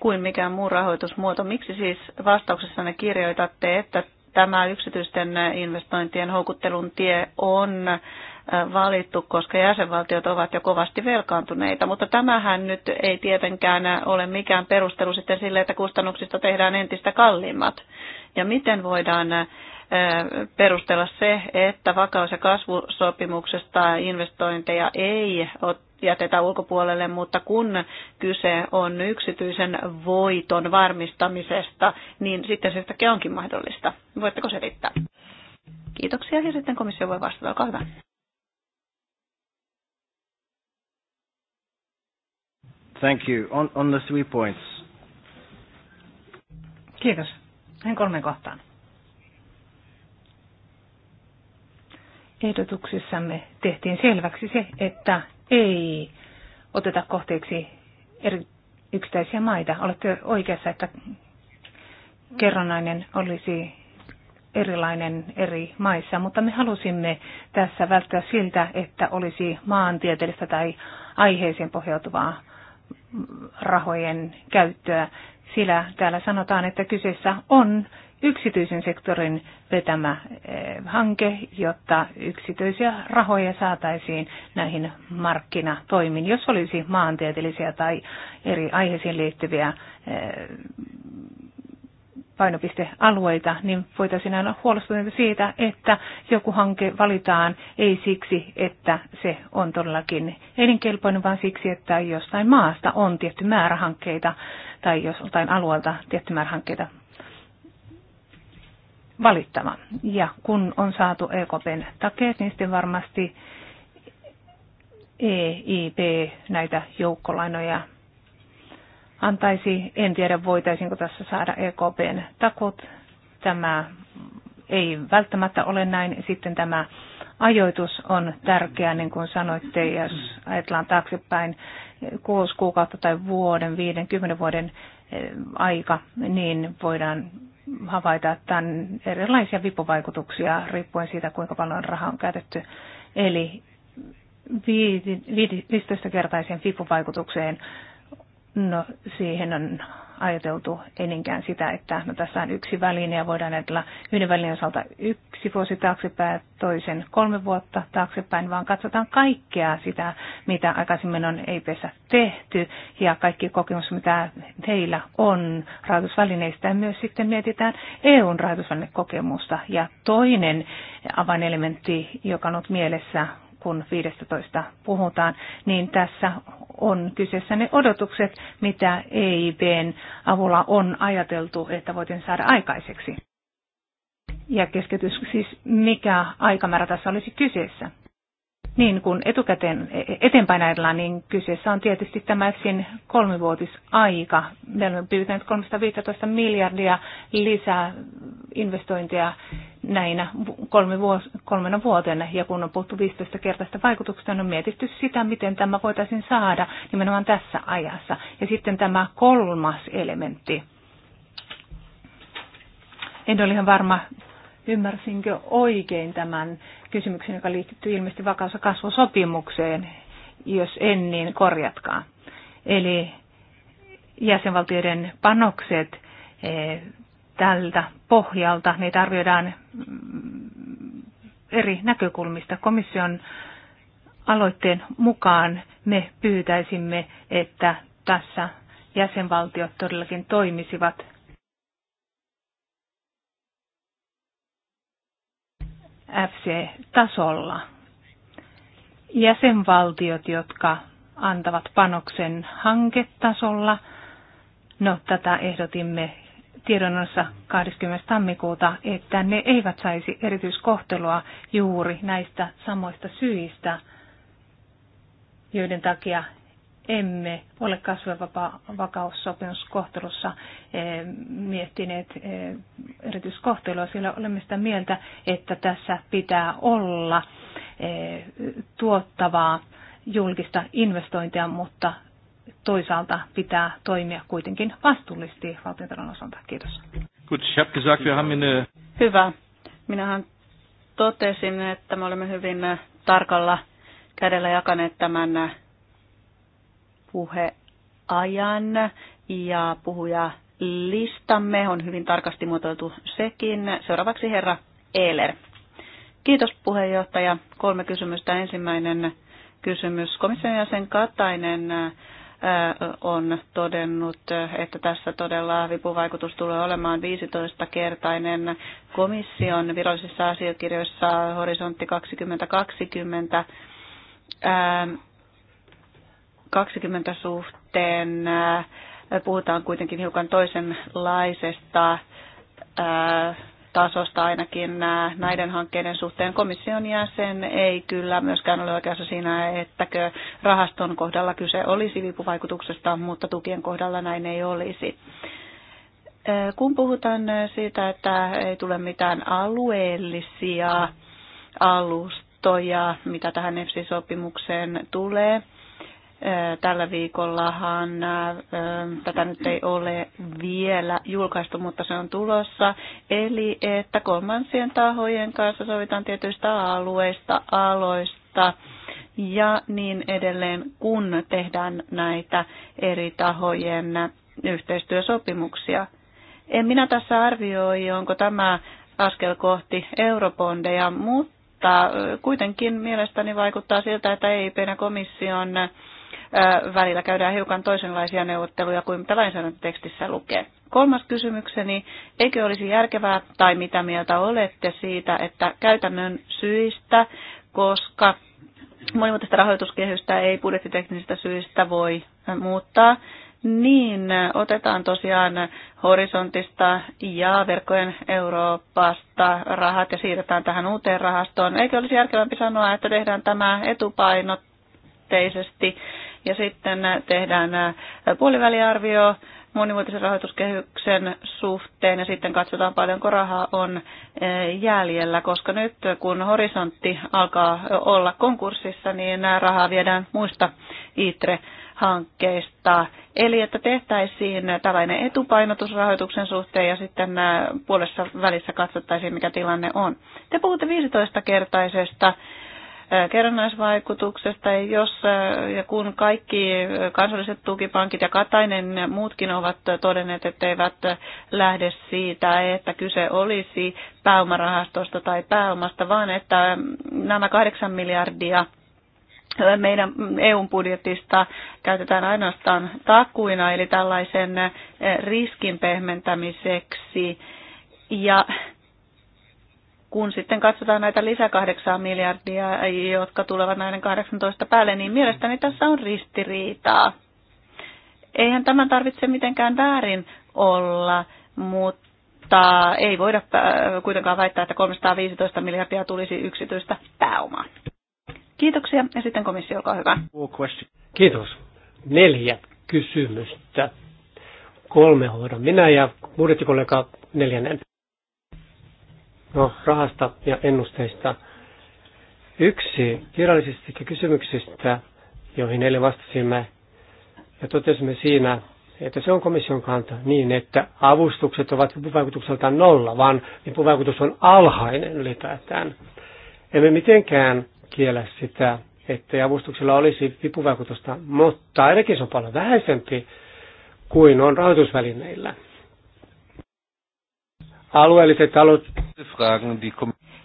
Speaker 3: kuin mikään muu rahoitusmuoto. Miksi siis vastauksessanne kirjoitatte, että tämä yksityisten investointien houkuttelun tie on valittu, koska jäsenvaltiot ovat jo kovasti velkaantuneita. Mutta tämähän nyt ei tietenkään ole mikään perustelu sitten sille, että kustannuksista tehdään entistä kalliimmat. Ja miten voidaan perustella se, että vakaus- ja kasvusopimuksesta investointeja ei jätetä ulkopuolelle, mutta kun kyse on yksityisen voiton varmistamisesta, niin sitten se yhtäkkiä onkin mahdollista. Voitteko selittää? Kiitoksia ja sitten komissio voi vastata. Olkaa hyvä.
Speaker 2: Thank you. On, on the three points. Kiitos. Hän kolmeen kohtaan. ehdotuksissamme tehtiin selväksi se, että ei oteta kohteeksi eri yksittäisiä maita. Olette oikeassa, että kerronainen olisi erilainen eri maissa, mutta me halusimme tässä välttää siltä, että olisi maantieteellistä tai aiheeseen pohjautuvaa rahojen käyttöä, sillä täällä sanotaan, että kyseessä on yksityisen sektorin vetämä eh, hanke, jotta yksityisiä rahoja saataisiin näihin markkinatoimiin, jos olisi maantieteellisiä tai eri aiheisiin liittyviä eh, painopistealueita, niin voitaisiin aina huolestuneita siitä, että joku hanke valitaan ei siksi, että se on todellakin elinkelpoinen, vaan siksi, että jostain maasta on tietty määrä hankkeita tai jostain alueelta tietty määrä hankkeita valittava. Ja kun on saatu EKPn takeet, niin sitten varmasti EIP näitä joukkolainoja antaisi. En tiedä, voitaisiinko tässä saada EKPn takut. Tämä ei välttämättä ole näin. Sitten tämä ajoitus on tärkeä, niin kuin sanoitte, jos ajatellaan taaksepäin kuusi kuukautta tai vuoden, viiden, kymmenen vuoden eh, aika, niin voidaan havaita, että on erilaisia vipuvaikutuksia riippuen siitä, kuinka paljon rahaa on käytetty. Eli 15-kertaiseen vipuvaikutukseen, no siihen on ajateltu eninkään sitä, että no tässä on yksi väline ja voidaan ajatella yhden välineen osalta yksi vuosi taaksepäin, toisen kolme vuotta taaksepäin, vaan katsotaan kaikkea sitä, mitä aikaisemmin on EIPessä tehty ja kaikki kokemus, mitä teillä on rahoitusvälineistä ja myös sitten mietitään EUn rahoitusvälinekokemusta. Ja toinen avainelementti, joka on ollut mielessä, kun 15 puhutaan, niin tässä on kyseessä ne odotukset, mitä EIBn avulla on ajateltu, että voitin saada aikaiseksi. Ja keskitys siis, mikä aikamäärä tässä olisi kyseessä. Niin kun etukäteen e-, e-, eteenpäin ajatellaan, niin kyseessä on tietysti tämä sin kolmivuotisaika. Meillä on pyytänyt 315 miljardia lisää investointeja näinä kolme vuos, kolmena vuotena. Ja kun on puhuttu 15 kertaista vaikutuksesta, niin on mietitty sitä, miten tämä voitaisiin saada nimenomaan tässä ajassa. Ja sitten tämä kolmas elementti. En ole ihan varma, ymmärsinkö oikein tämän kysymyksen, joka liittyy ilmeisesti vakaus- ja kasvusopimukseen. Jos en, niin korjatkaa. Eli jäsenvaltioiden panokset eh, tältä pohjalta. Niitä arvioidaan mm, eri näkökulmista. Komission aloitteen mukaan me pyytäisimme, että tässä jäsenvaltiot todellakin toimisivat FC-tasolla. Jäsenvaltiot, jotka antavat panoksen hanketasolla, no tätä ehdotimme tiedonnossa 20. tammikuuta, että ne eivät saisi erityiskohtelua juuri näistä samoista syistä, joiden takia emme ole kasvavakaussopimuskohtelussa eh, miettineet eh, erityiskohtelua, sillä olemme sitä mieltä, että tässä pitää olla eh, tuottavaa julkista investointia, mutta toisaalta pitää toimia kuitenkin vastuullisesti valtiotalon osalta. Kiitos. Gut, ich gesagt, wir haben eine... Hyvä. Minähän totesin, että me olemme
Speaker 3: hyvin äh, tarkalla kädellä jakaneet tämän äh, puheajan ja puhuja listamme on hyvin tarkasti muotoiltu sekin. Seuraavaksi herra Eeler. Kiitos puheenjohtaja. Kolme kysymystä. Ensimmäinen kysymys. Komission jäsen Katainen äh, on todennut, että tässä todella vipuvaikutus tulee olemaan 15-kertainen. Komission virallisissa asiakirjoissa Horisontti 2020 20 suhteen puhutaan kuitenkin hiukan toisenlaisesta tasosta ainakin näiden hankkeiden suhteen. Komission jäsen ei kyllä myöskään ole oikeassa siinä, ettäkö rahaston kohdalla kyse olisi vipuvaikutuksesta, mutta tukien kohdalla näin ei olisi. Kun puhutaan siitä, että ei tule mitään alueellisia alustoja, mitä tähän EFSI-sopimukseen tulee, Tällä viikollahan tätä nyt ei ole vielä julkaistu, mutta se on tulossa. Eli että kolmansien tahojen kanssa sovitaan tietyistä alueista, aloista ja niin edelleen, kun tehdään näitä eri tahojen yhteistyösopimuksia. En minä tässä arvioi, onko tämä askel kohti eurobondeja, mutta kuitenkin mielestäni vaikuttaa siltä, että EIPn komission välillä käydään hiukan toisenlaisia neuvotteluja kuin mitä lainsäädäntötekstissä lukee. Kolmas kysymykseni, eikö olisi järkevää tai mitä mieltä olette siitä, että käytännön syistä, koska monimuotoista rahoituskehystä ei budjettiteknisistä syistä voi muuttaa, niin otetaan tosiaan horisontista ja verkkojen Euroopasta rahat ja siirretään tähän uuteen rahastoon. Eikö olisi järkevämpi sanoa, että tehdään tämä etupainotteisesti ja sitten tehdään puoliväliarvio monivuotisen rahoituskehyksen suhteen ja sitten katsotaan paljonko rahaa on jäljellä, koska nyt kun horisontti alkaa olla konkurssissa, niin nämä rahaa viedään muista ITRE hankkeista. Eli että tehtäisiin tällainen etupainotus rahoituksen suhteen ja sitten puolessa välissä katsottaisiin, mikä tilanne on. Te puhutte 15-kertaisesta kerrannaisvaikutuksesta, jos ja kun kaikki kansalliset tukipankit ja Katainen muutkin ovat todenneet, eivät lähde siitä, että kyse olisi pääomarahastosta tai pääomasta, vaan että nämä kahdeksan miljardia meidän eu budjetista käytetään ainoastaan takuina, eli tällaisen riskin pehmentämiseksi. Ja kun sitten katsotaan näitä lisä 8 miljardia, jotka tulevat näiden 18 päälle, niin mielestäni tässä on ristiriitaa. Eihän tämä tarvitse mitenkään väärin olla, mutta ei voida äh, kuitenkaan väittää, että 315 miljardia tulisi yksityistä pääomaa. Kiitoksia ja sitten komissio, olkaa hyvä.
Speaker 1: Kiitos. Neljä kysymystä. Kolme hoidon minä ja budjettikollega neljännen. No, rahasta ja ennusteista. Yksi kirjallisista kysymyksistä, joihin eilen vastasimme ja totesimme siinä, että se on komission kanta niin, että avustukset ovat vipuvaikutukseltaan nolla, vaan vipuvaikutus on alhainen ylipäätään. Emme mitenkään kiellä sitä, että avustuksella olisi vipuvaikutusta, mutta ainakin se on paljon vähäisempi kuin on rahoitusvälineillä alueelliset talut.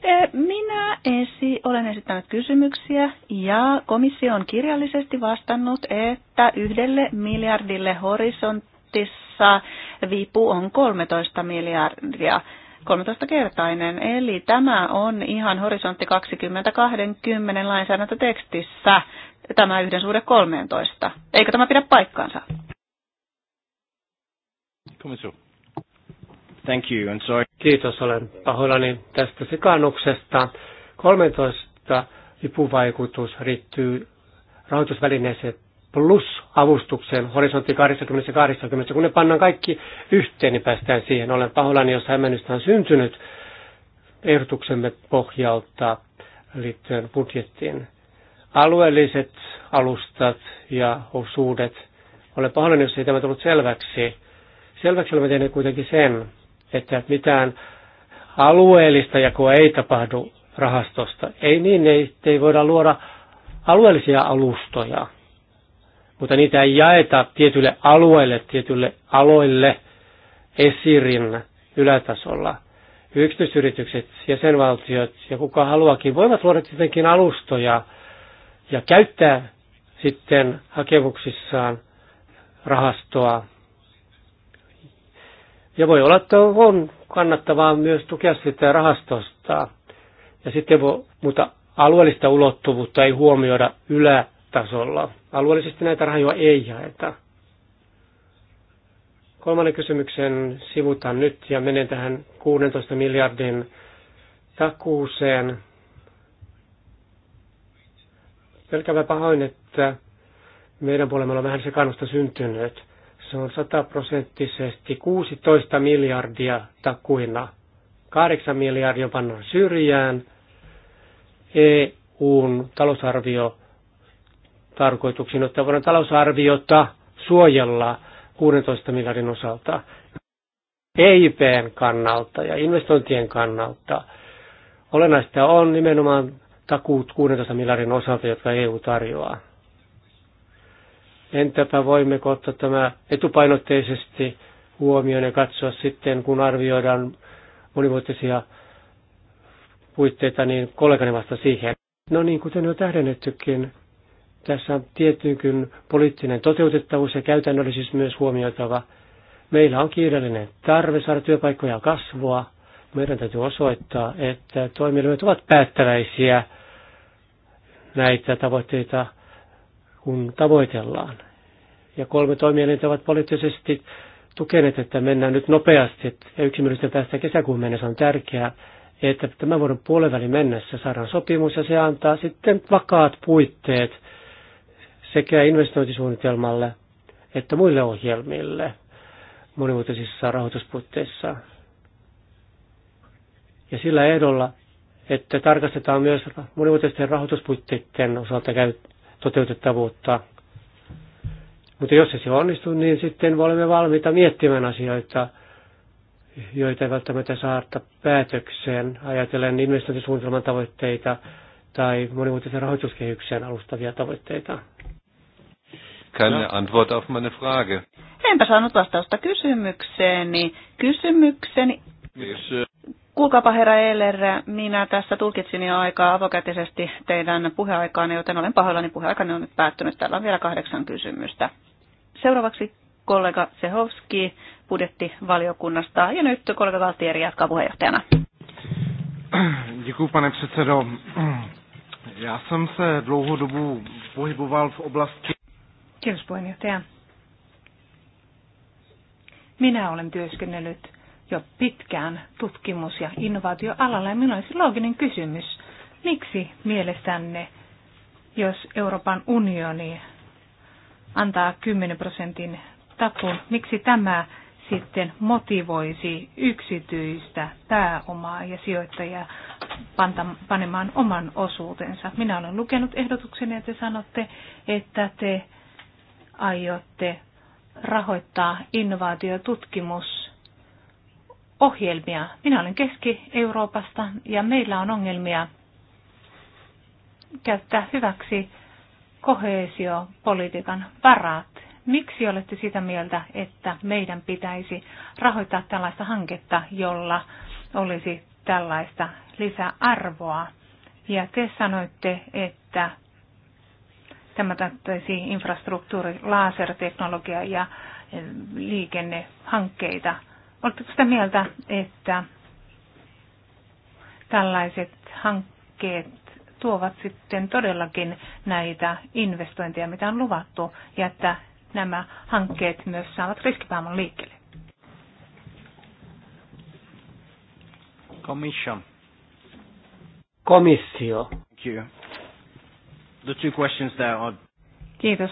Speaker 3: E, minä esi- olen esittänyt kysymyksiä ja komissio on kirjallisesti vastannut, että yhdelle miljardille horisontissa vipu on 13 miljardia. 13-kertainen, eli tämä on ihan horisontti 2020 lainsäädäntötekstissä tämä yhden suhde 13. Eikö tämä pidä paikkaansa?
Speaker 2: Komissio. Thank
Speaker 1: you, and sorry. Kiitos, olen pahoillani tästä sekaannuksesta. 13 lipuvaikutus riittyy rahoitusvälineeseen plus avustukseen horisontti 80 20 Kun ne pannaan kaikki yhteen, niin päästään siihen. Olen pahoillani, jos hämmennystä on syntynyt ehdotuksemme pohjalta liittyen budjettiin. Alueelliset alustat ja osuudet. Olen pahoillani, jos ei tämä tullut selväksi. Selväksi olemme tehneet kuitenkin sen, että mitään alueellista jakoa ei tapahdu rahastosta. Ei niin, ei, ei voida luoda alueellisia alustoja, mutta niitä ei jaeta tietylle alueelle, tietylle aloille esirin ylätasolla. Yksityisyritykset, jäsenvaltiot ja kuka haluakin voivat luoda tietenkin alustoja ja käyttää sitten hakemuksissaan rahastoa ja voi olla, että on kannattavaa myös tukea sitä rahastosta. Ja sitten voi, mutta alueellista ulottuvuutta ei huomioida ylätasolla. Alueellisesti näitä rahoja ei jaeta. Kolmannen kysymyksen sivutan nyt ja menen tähän 16 miljardin takuuseen. Pelkävä pahoin, että meidän puolemme on vähän se kannusta syntynyt se on sataprosenttisesti 16 miljardia takuina. 8 miljardia pannaan syrjään. EUn talousarvio tarkoituksiin, että talousarviota suojella 16 miljardin osalta. EIPn kannalta ja investointien kannalta olennaista on nimenomaan takuut 16 miljardin osalta, jotka EU tarjoaa. Entäpä voimmeko ottaa tämä etupainotteisesti huomioon ja katsoa sitten, kun arvioidaan monivuotisia puitteita, niin kollegani vasta siihen. No niin, kuten jo tähdennettykin, tässä on tietynkin poliittinen toteutettavuus ja käytännöllisyys myös huomioitava. Meillä on kiireellinen tarve saada työpaikkoja kasvua. Meidän täytyy osoittaa, että toimielimet ovat päättäväisiä näitä tavoitteita kun tavoitellaan. Ja kolme toimielintä ovat poliittisesti tukeneet, että mennään nyt nopeasti ja yksimielisesti tästä kesäkuun mennessä on tärkeää, että tämän vuoden puoliväli mennessä saadaan sopimus ja se antaa sitten vakaat puitteet sekä investointisuunnitelmalle että muille ohjelmille monimuotoisissa rahoituspuitteissa. Ja sillä ehdolla, että tarkastetaan myös monimuotoisten rahoituspuitteiden osalta toteutettavuutta. Mutta jos se onnistuu, niin sitten me olemme valmiita miettimään asioita, joita ei välttämättä saada päätökseen, ajatellen investointisuunnitelman tavoitteita tai monimuotoisen rahoituskehyksen alustavia tavoitteita.
Speaker 3: Keine no. Antwort auf meine Frage. Enpä saanut vastausta kysymykseeni. Kysymykseni... Yes. Kuulkaapa herra Eller, minä tässä tulkitsin jo aikaa avokätisesti teidän puheaikaanne, joten olen pahoillani, puheaikani on nyt päättynyt. Täällä on vielä kahdeksan kysymystä. Seuraavaksi kollega Sehovski budjettivaliokunnasta ja nyt kollega Valtieri
Speaker 2: jatkaa puheenjohtajana.
Speaker 1: Děkuji, pane předsedo. Já jsem se dlouhodobu pohyboval v oblasti...
Speaker 2: Kiitos puheenjohtaja. Minä olen työskennellyt jo pitkään tutkimus- ja innovaatioalalla. Ja minulla olisi looginen kysymys, miksi mielestänne, jos Euroopan unioni antaa 10 prosentin takun, miksi tämä sitten motivoisi yksityistä pääomaa ja sijoittajia panemaan oman osuutensa. Minä olen lukenut ehdotuksen ja te sanotte, että te aiotte rahoittaa innovaatiotutkimus ohjelmia. Minä olen Keski-Euroopasta ja meillä on ongelmia käyttää hyväksi koheesiopolitiikan varat. Miksi olette sitä mieltä, että meidän pitäisi rahoittaa tällaista hanketta, jolla olisi tällaista lisäarvoa? Ja te sanoitte, että tämä tarkoittaisi infrastruktuuri, laaserteknologia ja liikennehankkeita – Oletteko sitä mieltä, että tällaiset hankkeet tuovat sitten todellakin näitä investointeja, mitä on luvattu, ja että nämä hankkeet myös saavat riskipääoman liikkeelle?
Speaker 1: Commission. Komissio. Thank you. The two questions there are...
Speaker 2: Kiitos.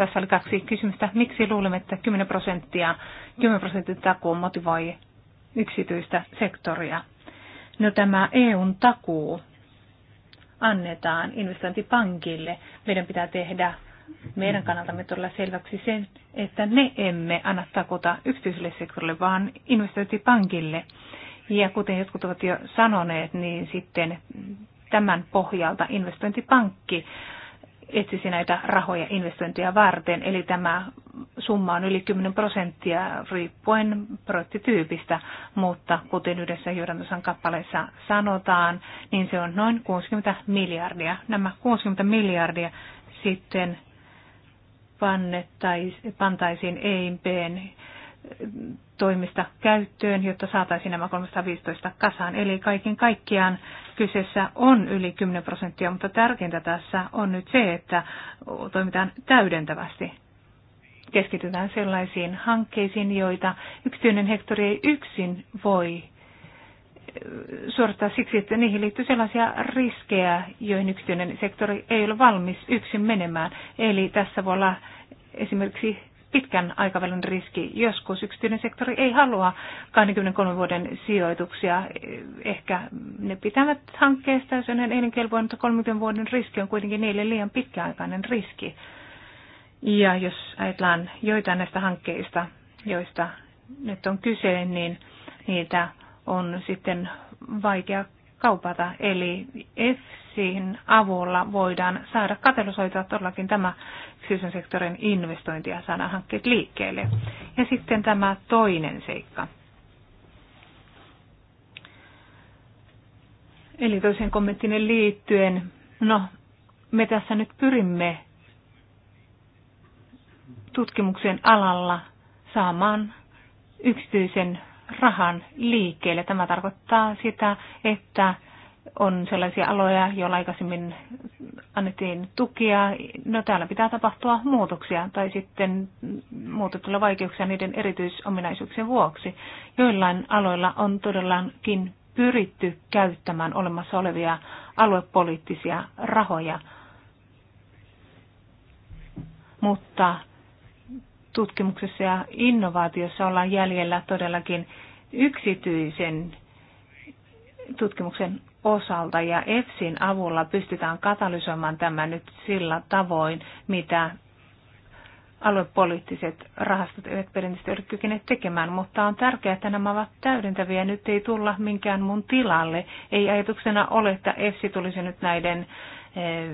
Speaker 2: Tässä oli kaksi kysymystä. Miksi luulemme, että 10 prosenttia, 10 prosenttia takuu motivoi yksityistä sektoria? No tämä EUn takuu annetaan investointipankille. Meidän pitää tehdä meidän kannaltamme todella selväksi sen, että ne emme anna takuta yksityiselle sektorille, vaan investointipankille. Ja kuten jotkut ovat jo sanoneet, niin sitten tämän pohjalta investointipankki etsisi näitä rahoja investointia varten. Eli tämä summa on yli 10 prosenttia riippuen projektityypistä, mutta kuten yhdessä johdantosan kappaleessa sanotaan, niin se on noin 60 miljardia. Nämä 60 miljardia sitten pannettaisiin, pantaisiin EIMPn toimista käyttöön, jotta saataisiin nämä 315 kasaan. Eli kaiken kaikkiaan kyseessä on yli 10 prosenttia, mutta tärkeintä tässä on nyt se, että toimitaan täydentävästi. Keskitytään sellaisiin hankkeisiin, joita yksityinen hektori ei yksin voi eh, suorittaa siksi, että niihin liittyy sellaisia riskejä, joihin yksityinen sektori ei ole valmis yksin menemään. Eli tässä voi olla esimerkiksi pitkän aikavälin riski. Joskus yksityinen sektori ei halua 23 vuoden sijoituksia. Ehkä ne pitävät hankkeesta, jos on elinkelpoinen, mutta 30 vuoden riski on kuitenkin niille liian pitkäaikainen riski. Ja jos ajatellaan joitain näistä hankkeista, joista nyt on kyse, niin niitä on sitten vaikea kaupata. Eli EFSin avulla voidaan saada katelusoitua todellakin tämä yksityisen sektorin investointia saadaan hankkeet liikkeelle. Ja sitten tämä toinen seikka. Eli toisen kommenttiin liittyen, no me tässä nyt pyrimme tutkimuksen alalla saamaan yksityisen rahan liikkeelle. Tämä tarkoittaa sitä, että on sellaisia aloja, joilla aikaisemmin annettiin tukia. No täällä pitää tapahtua muutoksia tai sitten muutettuilla vaikeuksia niiden erityisominaisuuksien vuoksi. Joillain aloilla on todellakin pyritty käyttämään olemassa olevia aluepoliittisia rahoja, mutta tutkimuksessa ja innovaatiossa ollaan jäljellä todellakin yksityisen tutkimuksen osalta ja EFSin avulla pystytään katalysoimaan tämä nyt sillä tavoin, mitä aluepoliittiset rahastot eivät perinteisesti ole kykeneet tekemään, mutta on tärkeää, että nämä ovat täydentäviä. Nyt ei tulla minkään mun tilalle. Ei ajatuksena ole, että EFSI tulisi nyt näiden eh,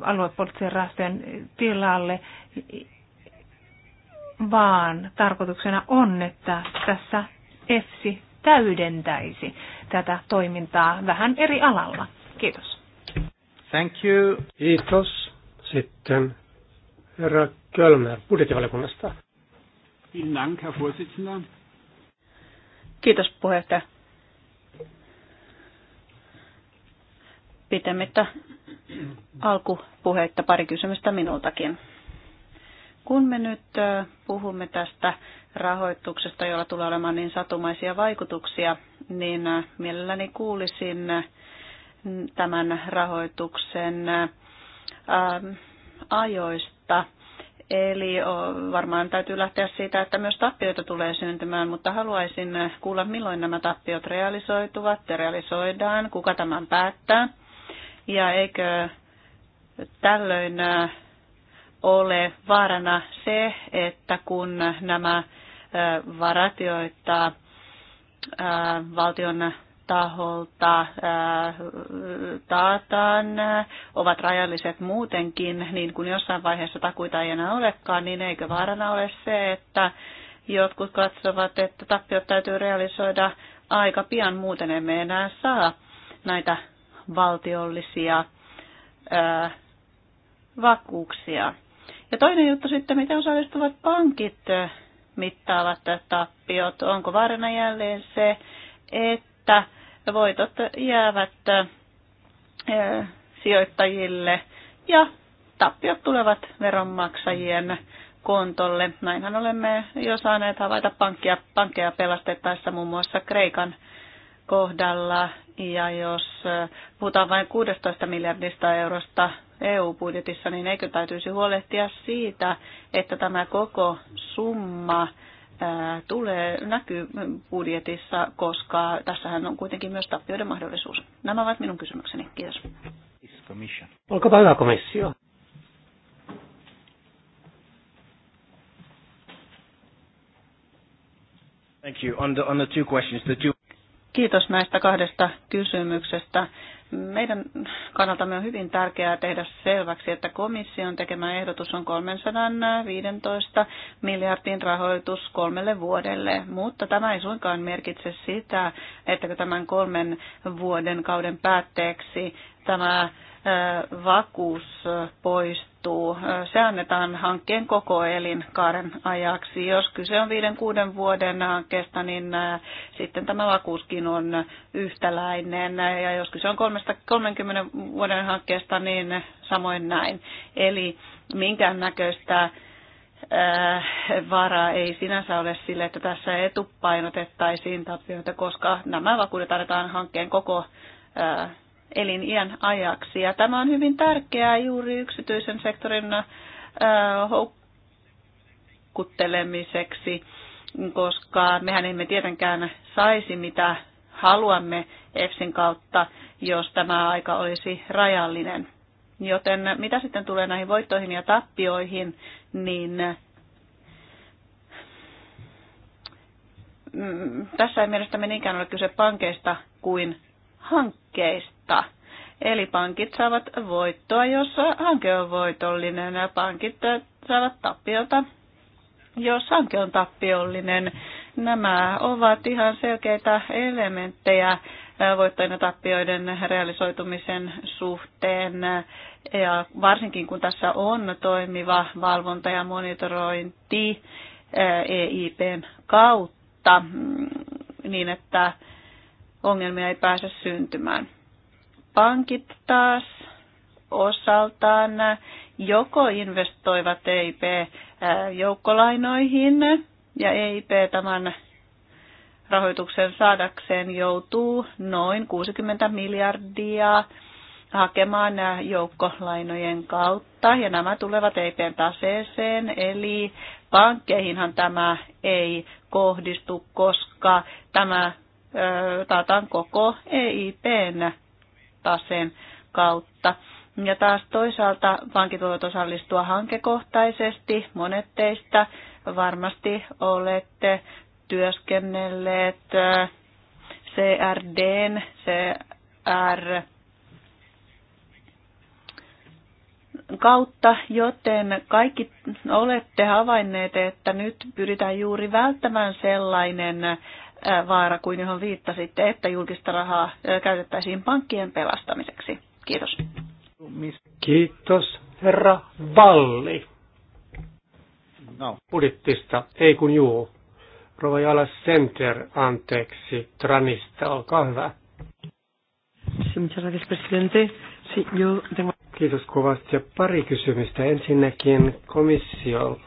Speaker 2: aluepoliittisen rahastojen tilalle, vaan tarkoituksena on, että tässä EFSI täydentäisi tätä toimintaa vähän eri alalla. Kiitos.
Speaker 1: Thank you. Kiitos. Sitten herra Kölmer budjettivaliokunnasta.
Speaker 3: Vielen Kiitos puheenjohtaja. Pitemmittä alkupuheitta pari kysymystä minultakin. Kun me nyt puhumme tästä rahoituksesta, jolla tulee olemaan niin satumaisia vaikutuksia, niin mielelläni kuulisin tämän rahoituksen ajoista. Eli varmaan täytyy lähteä siitä, että myös tappioita tulee syntymään, mutta haluaisin kuulla, milloin nämä tappiot realisoituvat, realisoidaan, kuka tämän päättää. Ja eikö tällöin ole vaarana se, että kun nämä varat, joita valtion taholta taataan, ovat rajalliset muutenkin, niin kun jossain vaiheessa takuita ei enää olekaan, niin eikö vaarana ole se, että jotkut katsovat, että tappiot täytyy realisoida aika pian, muuten emme enää saa näitä valtiollisia vakuuksia. Ja toinen juttu sitten, miten osallistuvat pankit mittaavat tappiot. Onko vaarana jälleen se, että voitot jäävät sijoittajille ja tappiot tulevat veronmaksajien kontolle. Näinhän olemme jo saaneet havaita pankkia, pankkeja pelastettaessa muun muassa Kreikan kohdalla. Ja jos puhutaan vain 16 miljardista eurosta EU-budjetissa, niin eikö täytyisi huolehtia siitä, että tämä koko summa tulee näkyy budjetissa, koska tässähän on kuitenkin myös tappioiden mahdollisuus. Nämä ovat minun kysymykseni. Kiitos.
Speaker 1: Olkaa hyvä komissio.
Speaker 2: Thank you. On the, on the two questions, the two...
Speaker 3: Kiitos näistä kahdesta kysymyksestä meidän kannaltamme on hyvin tärkeää tehdä selväksi, että komission tekemä ehdotus on 315 miljardin rahoitus kolmelle vuodelle, mutta tämä ei suinkaan merkitse sitä, että tämän kolmen vuoden kauden päätteeksi tämä vakuus poistuu. Se annetaan hankkeen koko elinkaaren ajaksi. Jos kyse on viiden kuuden vuoden hankkeesta, niin sitten tämä vakuuskin on yhtäläinen. Ja jos kyse on 30 vuoden hankkeesta, niin samoin näin. Eli minkään näköistä vara ei sinänsä ole sille, että tässä etupainotettaisiin tappioita, koska nämä vakuudet annetaan hankkeen koko eliniän ajaksi. Ja tämä on hyvin tärkeää juuri yksityisen sektorin houkuttelemiseksi, koska mehän emme tietenkään saisi mitä haluamme EFSin kautta, jos tämä aika olisi rajallinen. Joten mitä sitten tulee näihin voittoihin ja tappioihin, niin mm, tässä ei mielestäni niinkään ole kyse pankeista kuin hankkeista. Eli pankit saavat voittoa, jos hanke on voitollinen ja pankit saavat tappiota, jos hanke on tappiollinen. Nämä ovat ihan selkeitä elementtejä voittojen ja tappioiden realisoitumisen suhteen. Ja varsinkin kun tässä on toimiva valvonta ja monitorointi EIPn eh, e kautta, mm, niin että ongelmia ei pääse syntymään. Pankit taas osaltaan joko investoivat EIP-joukkolainoihin ja EIP tämän rahoituksen saadakseen joutuu noin 60 miljardia hakemaan joukkolainojen kautta ja nämä tulevat EIPn taseeseen, eli pankkeihinhan tämä ei kohdistu, koska tämä taataan koko EIPn taseen kautta. Ja taas toisaalta pankit voivat osallistua hankekohtaisesti. Monet teistä varmasti olette työskennelleet CRDn, CR kautta, joten kaikki olette havainneet, että nyt pyritään juuri välttämään sellainen vaara kuin johon viittasitte, että julkista rahaa käytettäisiin pankkien pelastamiseksi. Kiitos.
Speaker 1: Kiitos, herra Valli. No. Budjettista, ei kun juu. Rovajala Center, anteeksi, Tranista, olkaa hyvä. Kiitos kovasti. Ja pari kysymystä. Ensinnäkin komissiolta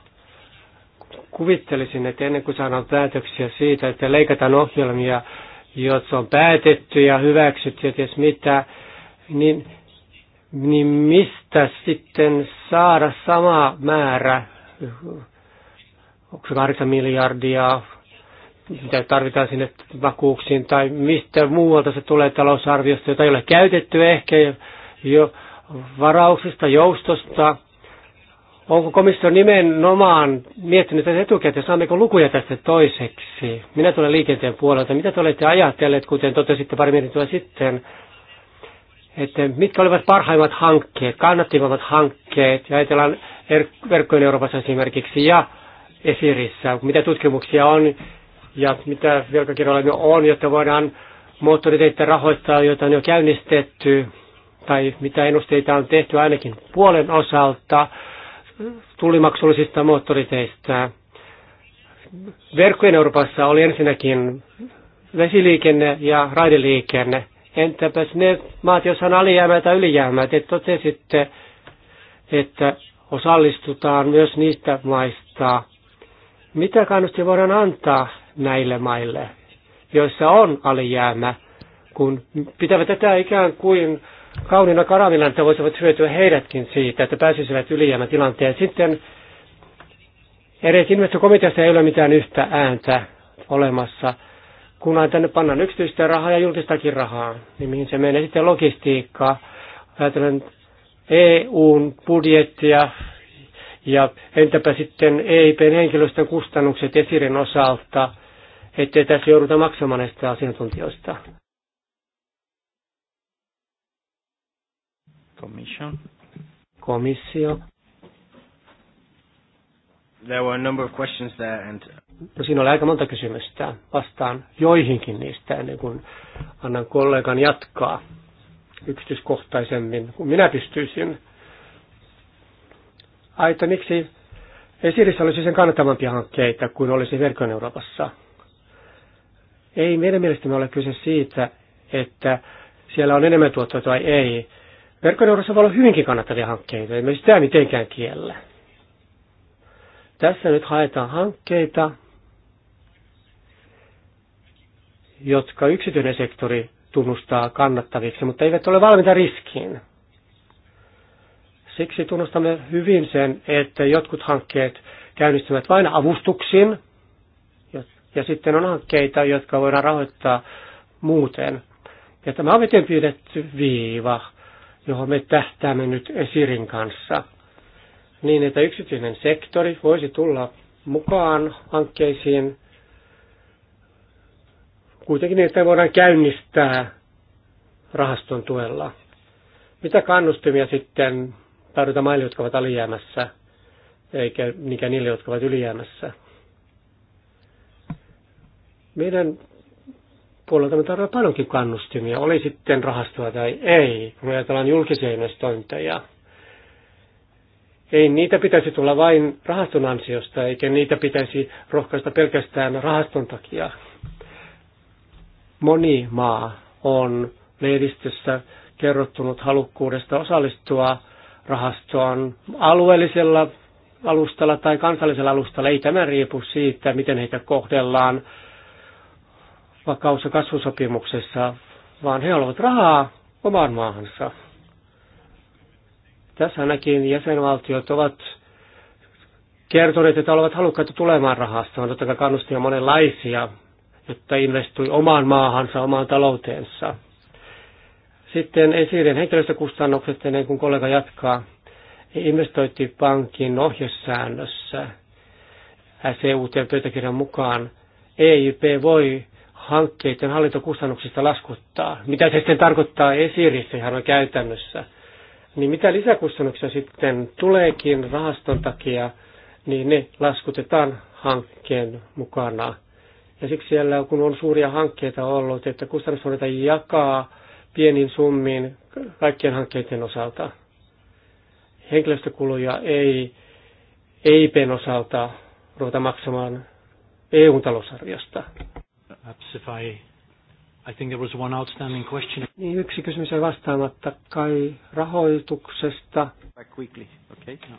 Speaker 1: kuvittelisin, että ennen kuin saadaan päätöksiä siitä, että leikataan ohjelmia, jotka on päätetty ja hyväksytty ja ties mitä, niin, niin mistä sitten saada sama määrä, onko se 8 miljardia, mitä tarvitaan sinne vakuuksiin, tai mistä muualta se tulee talousarviosta, jota ei ole käytetty ehkä jo varauksista, joustosta, Onko komissio nimenomaan miettinyt tätä etukäteen, saammeko lukuja tästä toiseksi? Minä tulen liikenteen puolelta. Mitä te olette ajatelleet, kuten totesitte pari minuuttia sitten, että mitkä olivat parhaimmat hankkeet, kannattavimmat hankkeet, ja ajatellaan er-, verkkojen Euroopassa esimerkiksi ja esirissä, mitä tutkimuksia on ja mitä velkakirjoilla on, jotta voidaan moottoriteitä rahoittaa, joita on jo käynnistetty, tai mitä ennusteita on tehty ainakin puolen osalta tulimaksullisista moottoriteistä. Verkkojen Euroopassa oli ensinnäkin vesiliikenne ja raideliikenne. Entäpäs ne maat, joissa on alijäämää tai ylijäämää? Te totesitte, että osallistutaan myös niistä maista. Mitä kannusti voidaan antaa näille maille, joissa on alijäämä, kun pitävät tätä ikään kuin kauniina että voisivat hyötyä heidätkin siitä, että pääsisivät tilanteen. Sitten edes investokomiteasta ei ole mitään yhtä ääntä olemassa. Kun tänne pannaan yksityistä rahaa ja julkistakin rahaa, niin mihin se menee sitten logistiikkaa. Ajatellen EUn budjettia ja entäpä sitten EIPn henkilöstön kustannukset esirin osalta, ettei tässä jouduta maksamaan näistä asiantuntijoista. Commission. Komissio.
Speaker 2: There were a number of questions there and...
Speaker 1: No, siinä oli aika monta kysymystä. Vastaan joihinkin niistä ennen kuin annan kollegan jatkaa yksityiskohtaisemmin, kun minä pystyisin. että miksi ei Sirissä olisi sen kannattavampia hankkeita kuin olisi verkon Euroopassa? Ei meidän mielestämme ole kyse siitä, että siellä on enemmän tuottoa tai ei. Verkon voi olla hyvinkin kannattavia hankkeita, myös sitä mitenkään kiellä. Tässä nyt haetaan hankkeita, jotka yksityinen sektori tunnustaa kannattaviksi, mutta eivät ole valmiita riskiin. Siksi tunnustamme hyvin sen, että jotkut hankkeet käynnistyvät vain avustuksiin, ja sitten on hankkeita, jotka voidaan rahoittaa muuten. Ja tämä on veteen piirretty viiva johon me tähtäämme nyt Esirin kanssa, niin että yksityinen sektori voisi tulla mukaan hankkeisiin kuitenkin niin, että voidaan käynnistää rahaston tuella. Mitä kannustimia sitten tarvitaan maille, jotka ovat alijäämässä, eikä niinkään niille, jotka ovat ylijäämässä? Meidän puolelta me tarvitaan paljonkin kannustimia, oli sitten rahastoa tai ei, kun ajatellaan julkisia investointeja. Ei niitä pitäisi tulla vain rahaston ansiosta, eikä niitä pitäisi rohkaista pelkästään rahaston takia. Moni maa on lehdistössä kerrottunut halukkuudesta osallistua rahastoon alueellisella alustalla tai kansallisella alustalla. Ei tämä riipu siitä, miten heitä kohdellaan vakaus- ja kasvusopimuksessa, vaan he haluavat rahaa omaan maahansa. Tässä ainakin jäsenvaltiot ovat kertoneet, että ovat halukkaita tulemaan rahasta. On totta kai kannustia monenlaisia, jotta investoi omaan maahansa, omaan talouteensa. Sitten esiiden henkilöstökustannukset, ennen kuin kollega jatkaa, investointipankin ohjesäännössä SEUT-pöytäkirjan mukaan EIP voi hankkeiden hallintokustannuksista laskuttaa. Mitä se sitten tarkoittaa esirissä ihan käytännössä? Niin mitä lisäkustannuksia sitten tuleekin rahaston takia, niin ne laskutetaan hankkeen mukana. Ja siksi siellä, kun on suuria hankkeita ollut, että kustannushuoneita jakaa pienin summin kaikkien hankkeiden osalta. Henkilöstökuluja ei EIPn osalta ruveta maksamaan EU-talousarviosta. Perhaps if I, I think there was one outstanding question. Niin, yksi kysymys ei vastaamatta kai rahoituksesta. Back quickly, okay. No,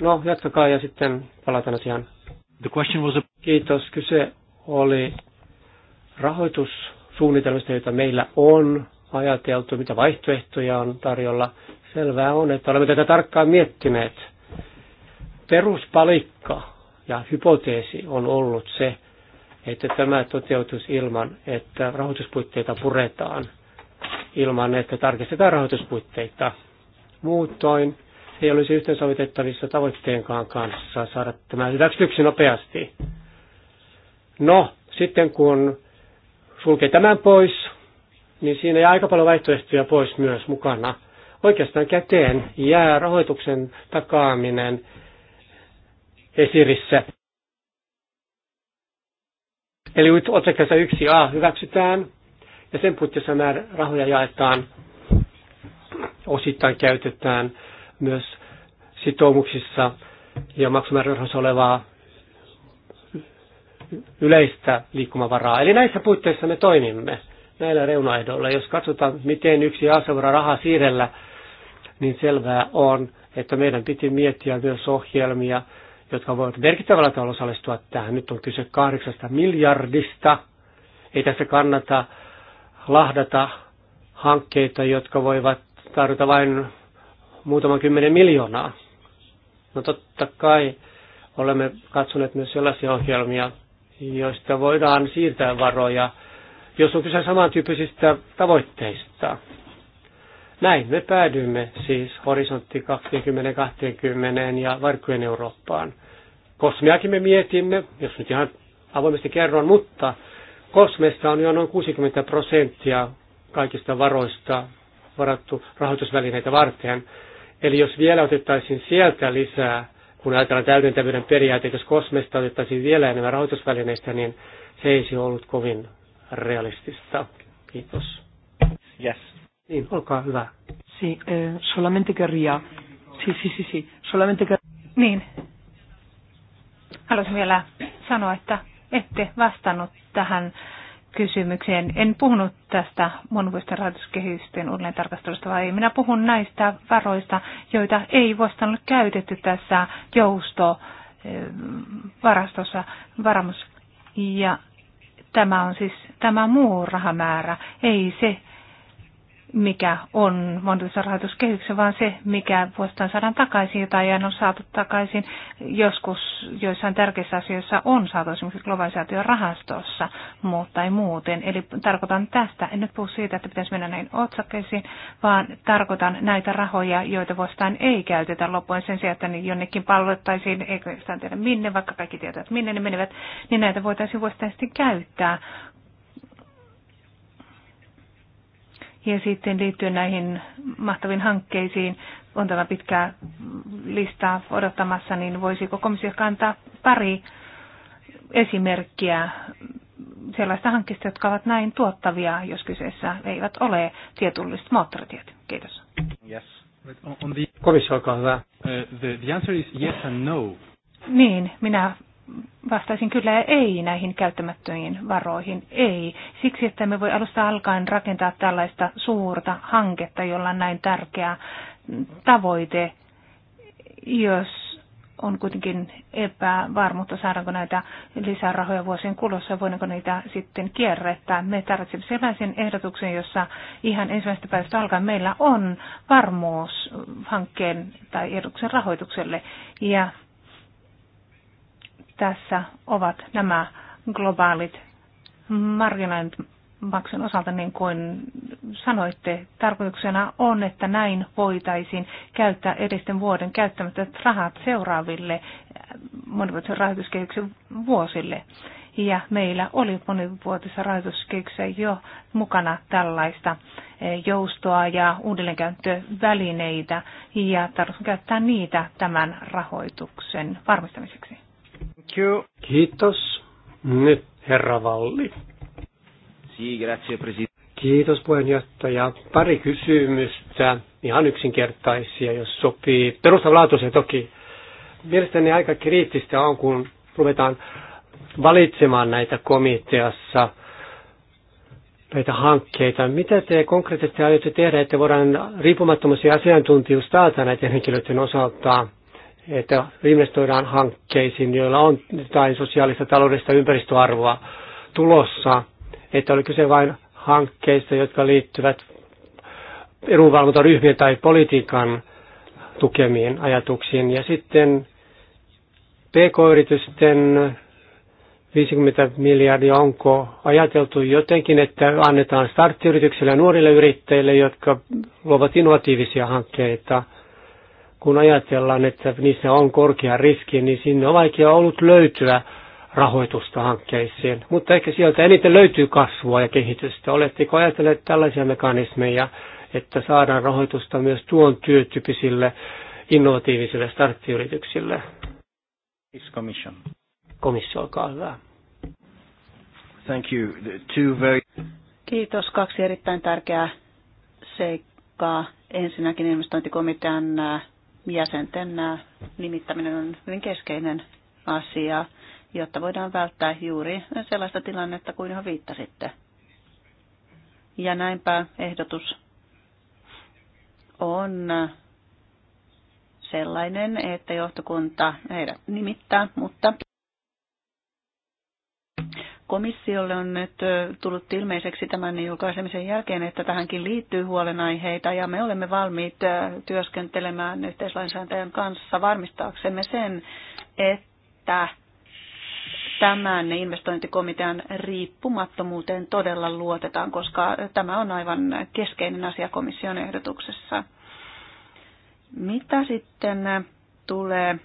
Speaker 1: no jatkakaa ja sitten palataan asiaan. The question was a... Kiitos. Kyse oli rahoitussuunnitelmista, joita meillä on ajateltu, mitä vaihtoehtoja on tarjolla. Selvää on, että olemme tätä tarkkaan miettineet. Peruspalikka ja hypoteesi on ollut se, että tämä toteutuisi ilman, että rahoituspuitteita puretaan, ilman, että tarkistetaan rahoituspuitteita. Muutoin ei olisi yhteensovitettavissa tavoitteenkaan kanssa saada tämä hyväksytyksi nopeasti. No, sitten kun sulkee tämän pois, niin siinä jää aika paljon vaihtoehtoja pois myös mukana. Oikeastaan käteen jää rahoituksen takaaminen esirissä Eli otsakkeessa 1a hyväksytään ja sen puitteissa nämä rahoja jaetaan, osittain käytetään myös sitoumuksissa ja maksumäärärahoissa olevaa yleistä liikkumavaraa. Eli näissä puitteissa me toimimme näillä reunaehdoilla. Jos katsotaan, miten yksi aseuraa rahaa siirrellä, niin selvää on, että meidän piti miettiä myös ohjelmia, jotka voivat merkittävällä tavalla osallistua tähän. Nyt on kyse kahdeksasta miljardista. Ei tässä kannata lahdata hankkeita, jotka voivat tarjota vain muutaman kymmenen miljoonaa. No totta kai olemme katsoneet myös sellaisia ohjelmia, joista voidaan siirtää varoja, jos on kyse samantyyppisistä tavoitteista. Näin me päädyimme siis horisontti 2020 ja varkkujen Eurooppaan. Kosmeakin me mietimme, jos nyt ihan avoimesti kerron, mutta Kosmesta on jo noin 60 prosenttia kaikista varoista varattu rahoitusvälineitä varten. Eli jos vielä otettaisiin sieltä lisää, kun ajatellaan täydentävyyden periaate, jos kosmesta otettaisiin vielä enemmän rahoitusvälineistä, niin se ei ollut kovin realistista. Kiitos. Yes. Niin, olkaa hyvä.
Speaker 2: Si, eh, solamente querría. Si, si, si, si. Solamente quer... Niin. Haluaisin vielä sanoa, että ette vastannut tähän kysymykseen. En puhunut tästä monivuisten rahoituskehysten uudelleen tarkastelusta, vaan minä puhun näistä varoista, joita ei vuosittain ole käytetty tässä joustovarastossa eh, varamus. Ja tämä on siis tämä muu rahamäärä, ei se mikä on monivuotisen rahoituskehyksen, vaan se, mikä vuosittain saadaan takaisin, tai ei ole saatu takaisin. Joskus joissain tärkeissä asioissa on saatu esimerkiksi globalisaation rahastossa, mutta ei muuten. Eli tarkoitan tästä, en nyt puhu siitä, että pitäisi mennä näihin otsakkeisiin, vaan tarkoitan näitä rahoja, joita vuosittain ei käytetä loppuun sen sijaan, että ne jonnekin palveluttaisiin, eikö sitä tiedä minne, vaikka kaikki tietävät minne ne menevät, niin näitä voitaisiin vuosittain sitten käyttää, Ja sitten liittyen näihin mahtaviin hankkeisiin, on tämä pitkä lista odottamassa, niin voisiko komissio kantaa pari esimerkkiä sellaista hankkeista, jotka ovat näin tuottavia, jos kyseessä eivät ole tietulliset moottoritiet. Kiitos.
Speaker 1: Yes. On the... Komissio, olkaa hyvä. Uh, the, the answer is yes and no.
Speaker 2: Niin, minä vastaisin kyllä ja ei näihin käyttämättömiin varoihin. Ei. Siksi, että me voi alusta alkaen rakentaa tällaista suurta hanketta, jolla on näin tärkeä tavoite, jos on kuitenkin epävarmuutta, saadaanko näitä lisärahoja vuosien kulussa, voidaanko niitä sitten kierrättää. Me tarvitsemme sellaisen ehdotuksen, jossa ihan ensimmäistä päivästä alkaen meillä on varmuus hankkeen tai ehdotuksen rahoitukselle. Ja tässä ovat nämä globaalit marginaalit maksun osalta, niin kuin sanoitte, tarkoituksena on, että näin voitaisiin käyttää edisten vuoden käyttämättä rahat seuraaville monivuotisen rahoituskehyksen vuosille. Ja meillä oli monivuotisessa rahoituskehyksessä jo mukana tällaista eh, joustoa ja uudelleenkäyttövälineitä, ja tarkoitus käyttää niitä tämän rahoituksen varmistamiseksi.
Speaker 1: Thank you. Kiitos. Nyt herra Valli. Si, grazie, Presidente. Kiitos puheenjohtaja. Pari kysymystä, ihan yksinkertaisia, jos sopii. Perustavanlaatuisia toki. Mielestäni aika kriittistä on, kun ruvetaan valitsemaan näitä komiteassa näitä hankkeita. Mitä te konkreettisesti aiotte tehdä, että voidaan riippumattomasti asiantuntijuus taata näiden henkilöiden osalta? että investoidaan hankkeisiin, joilla on jotain sosiaalista, taloudellista ympäristöarvoa tulossa, että oli kyse vain hankkeista, jotka liittyvät edunvalvontaryhmien tai politiikan tukemiin ajatuksiin. Ja sitten PK-yritysten 50 miljardia, onko ajateltu jotenkin, että annetaan starttiyrityksille ja nuorille yrittäjille, jotka luovat innovatiivisia hankkeita – kun ajatellaan, että niissä on korkea riski, niin sinne on vaikea ollut löytyä rahoitusta hankkeisiin. Mutta ehkä sieltä eniten löytyy kasvua ja kehitystä. Oletteko ajatelleet tällaisia mekanismeja, että saadaan rahoitusta myös tuon työtyyppisille innovatiivisille starttiyrityksille? Commission. Komissio, olkaa hyvä.
Speaker 2: Thank you. Two very...
Speaker 3: Kiitos. Kaksi erittäin tärkeää seikkaa. Ensinnäkin investointikomitean äh, jäsenten nimittäminen on hyvin keskeinen asia, jotta voidaan välttää juuri sellaista tilannetta kuin johon viittasitte. Ja näinpä ehdotus on sellainen, että johtokunta heidät nimittää, mutta Komissiolle on nyt tullut ilmeiseksi tämän julkaisemisen jälkeen, että tähänkin liittyy huolenaiheita ja me olemme valmiit työskentelemään yhteislainsäätäjän kanssa varmistaaksemme sen, että tämän investointikomitean riippumattomuuteen todella luotetaan, koska tämä on aivan keskeinen asia komission ehdotuksessa. Mitä sitten tulee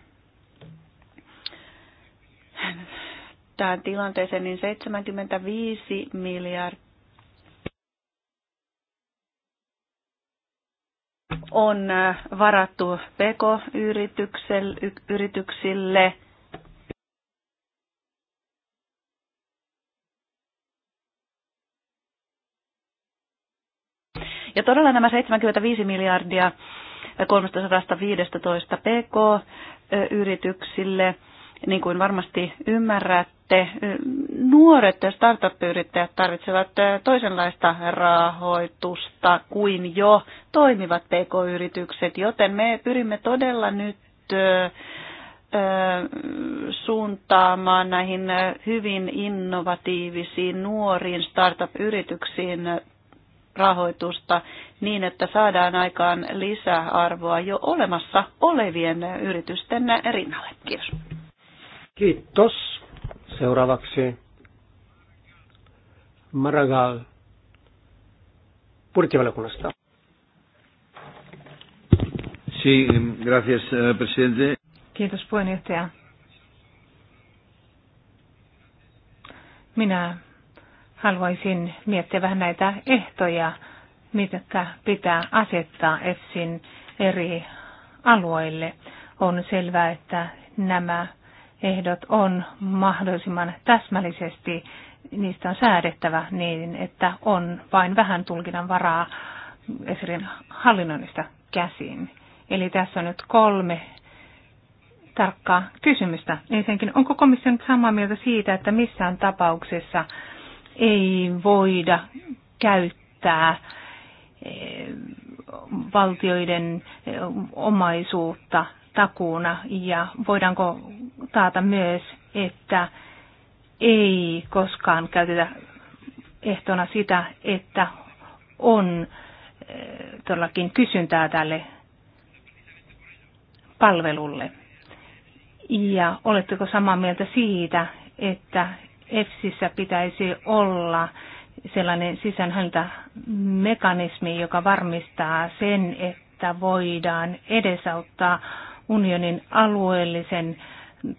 Speaker 3: tähän tilanteeseen, niin 75 miljardia on
Speaker 2: äh, varattu PK-yrityksille.
Speaker 3: Ja todella nämä 75 miljardia 315 PK-yrityksille – niin kuin varmasti ymmärrätte, nuoret startup-yrittäjät tarvitsevat toisenlaista rahoitusta kuin jo toimivat pk-yritykset, joten me pyrimme todella nyt suuntaamaan näihin hyvin innovatiivisiin nuoriin startup-yrityksiin rahoitusta niin, että saadaan aikaan lisäarvoa jo olemassa olevien yritysten rinnalle. Kiitos.
Speaker 1: Kiitos. Seuraavaksi Maragall budjettivaliokunnasta. Sí, gracias, eh, presidente.
Speaker 2: Kiitos puheenjohtaja. Minä haluaisin miettiä vähän näitä ehtoja, mitkä pitää asettaa EFSin eri alueille. On selvää, että nämä ehdot on mahdollisimman täsmällisesti, niistä on säädettävä niin, että on vain vähän tulkinnan varaa esirin hallinnoinnista käsin. Eli tässä on nyt kolme tarkkaa kysymystä. Ensinnäkin, onko komissio nyt samaa mieltä siitä, että missään tapauksessa ei voida käyttää eh, valtioiden eh, omaisuutta takuuna ja voidaanko taata myös, että ei koskaan käytetä ehtona sitä, että on eh, todellakin kysyntää tälle palvelulle. Ja oletteko samaa mieltä siitä, että EFSissä pitäisi olla sellainen sisäänhäntämekanismi, joka varmistaa sen, että voidaan edesauttaa unionin alueellisen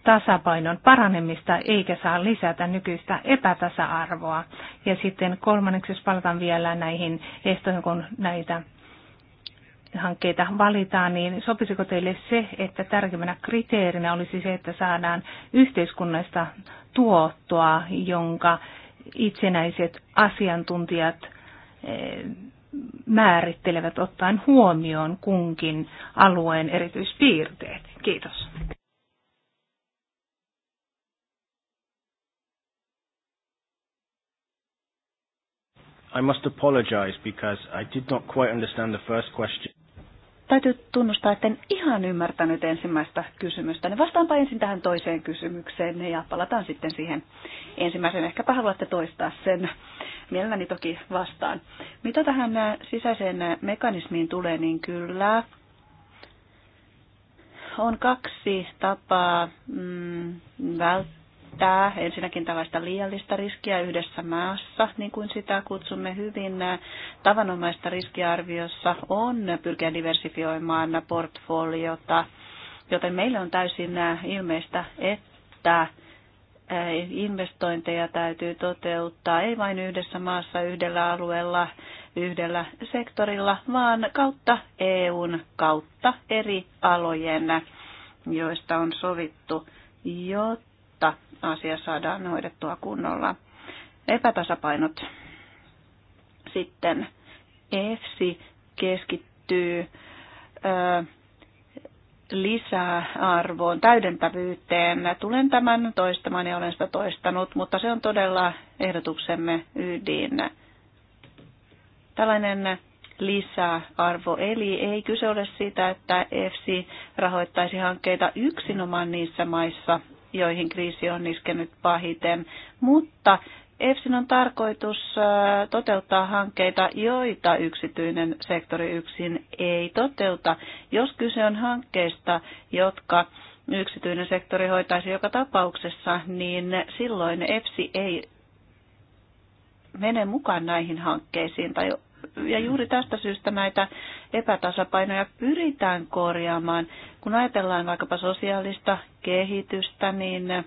Speaker 2: tasapainon paranemista eikä saa lisätä nykyistä epätasa-arvoa. Ja sitten kolmanneksi, jos palataan vielä näihin ehtoihin, kun näitä hankkeita valitaan, niin sopisiko teille se, että tärkeimmänä kriteerinä olisi se, että saadaan yhteiskunnallista tuottoa, jonka itsenäiset asiantuntijat eh, määrittelevät ottaen huomioon kunkin alueen erityispiirteet. Kiitos. I must apologize because I did not quite understand the first question.
Speaker 3: Täytyy tunnustaa, että en ihan ymmärtänyt ensimmäistä kysymystä. Ne niin vastaanpa ensin tähän toiseen kysymykseen ja palataan sitten siihen ensimmäiseen. Ehkäpä haluatte toistaa sen. Mielelläni toki vastaan. Mitä tähän äh, sisäiseen äh, mekanismiin tulee, niin kyllä on kaksi tapaa mm, välttää välttää ensinnäkin tällaista liiallista riskiä yhdessä maassa, niin kuin sitä kutsumme hyvin tavanomaista riskiarviossa, on pyrkiä diversifioimaan portfoliota, joten meille on täysin ilmeistä, että eh, investointeja täytyy toteuttaa ei vain yhdessä maassa, yhdellä alueella, yhdellä sektorilla, vaan kautta EUn, kautta eri alojen, joista on sovittu, jotta asia saadaan hoidettua kunnolla. Epätasapainot sitten. EFSI keskittyy ö, lisäarvoon, täydentävyyteen. Tulen tämän toistamaan ja olen sitä toistanut, mutta se on todella ehdotuksemme ydin. Tällainen lisäarvo. Eli ei kyse ole siitä, että EFSI rahoittaisi hankkeita yksinomaan niissä maissa, joihin kriisi on iskenyt pahiten, mutta EFSin on tarkoitus toteuttaa hankkeita, joita yksityinen sektori yksin ei toteuta. Jos kyse on hankkeista, jotka yksityinen sektori hoitaisi joka tapauksessa, niin silloin EFSI ei mene mukaan näihin hankkeisiin tai ja juuri tästä syystä näitä epätasapainoja pyritään korjaamaan. Kun ajatellaan vaikkapa sosiaalista kehitystä, niin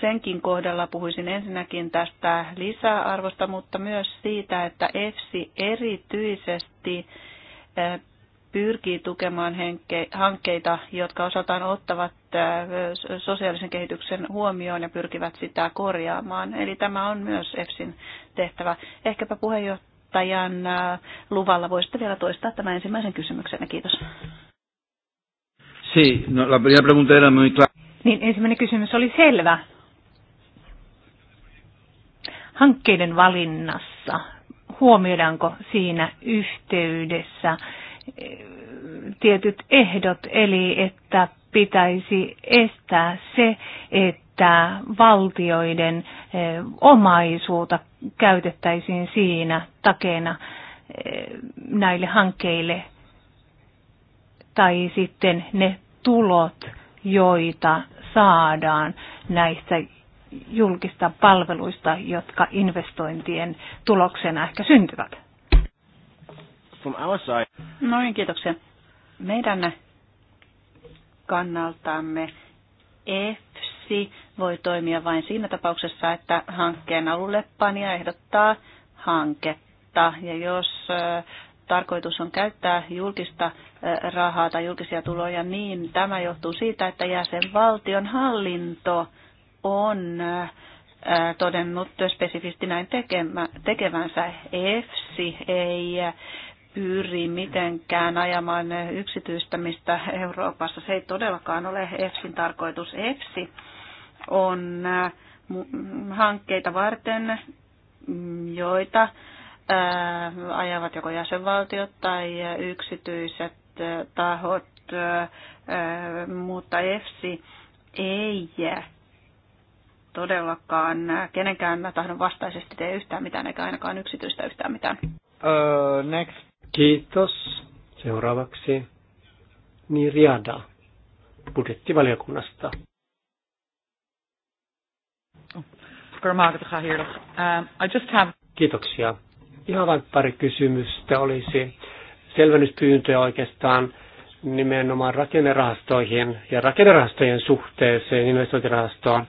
Speaker 3: senkin kohdalla puhuisin ensinnäkin tästä lisäarvosta, mutta myös siitä, että EFSI erityisesti eh, pyrkii tukemaan hankkeita, jotka osaltaan ottavat sosiaalisen kehityksen huomioon ja pyrkivät sitä korjaamaan. Eli tämä on myös EFSin tehtävä. Ehkäpä puheenjohtajan luvalla voisitte vielä toistaa tämän
Speaker 2: ensimmäisen kysymyksen. Kiitos.
Speaker 1: Sí, no, la primera pregunta era muy clara.
Speaker 2: Niin, ensimmäinen kysymys oli selvä. Hankkeiden valinnassa, huomioidaanko siinä yhteydessä tietyt ehdot, eli että pitäisi estää se, että valtioiden eh, omaisuutta käytettäisiin siinä takeena eh, näille hankkeille tai sitten ne tulot, joita saadaan näistä julkista palveluista, jotka investointien tuloksena ehkä syntyvät. Noin, kiitoksia. Meidän kannaltamme
Speaker 3: EFSI voi toimia vain siinä tapauksessa, että hankkeen alulle panija ehdottaa hanketta. Ja jos tarkoitus on käyttää julkista rahaa tai julkisia tuloja, niin tämä johtuu siitä, että jäsenvaltion hallinto on todennut spesifisti näin tekevänsä EFSI ei pyri mitenkään ajamaan yksityistämistä Euroopassa. Se ei todellakaan ole EFSin tarkoitus. EFSI on äh, hankkeita varten, joita äh, ajavat joko jäsenvaltiot tai yksityiset äh, tahot, mutta EFSI ei todellakaan kenenkään tahdon vastaisesti tee yhtään mitään, eikä ainakaan yksityistä yhtään mitään.
Speaker 1: Uh, next Kiitos. Seuraavaksi Niriada budjettivaliokunnasta. Eh, Kiitoksia. Ihan vain pari kysymystä olisi selvennyspyyntöjä oikeastaan nimenomaan rakennerahastoihin ja rakennerahastojen suhteeseen investointirahastoon.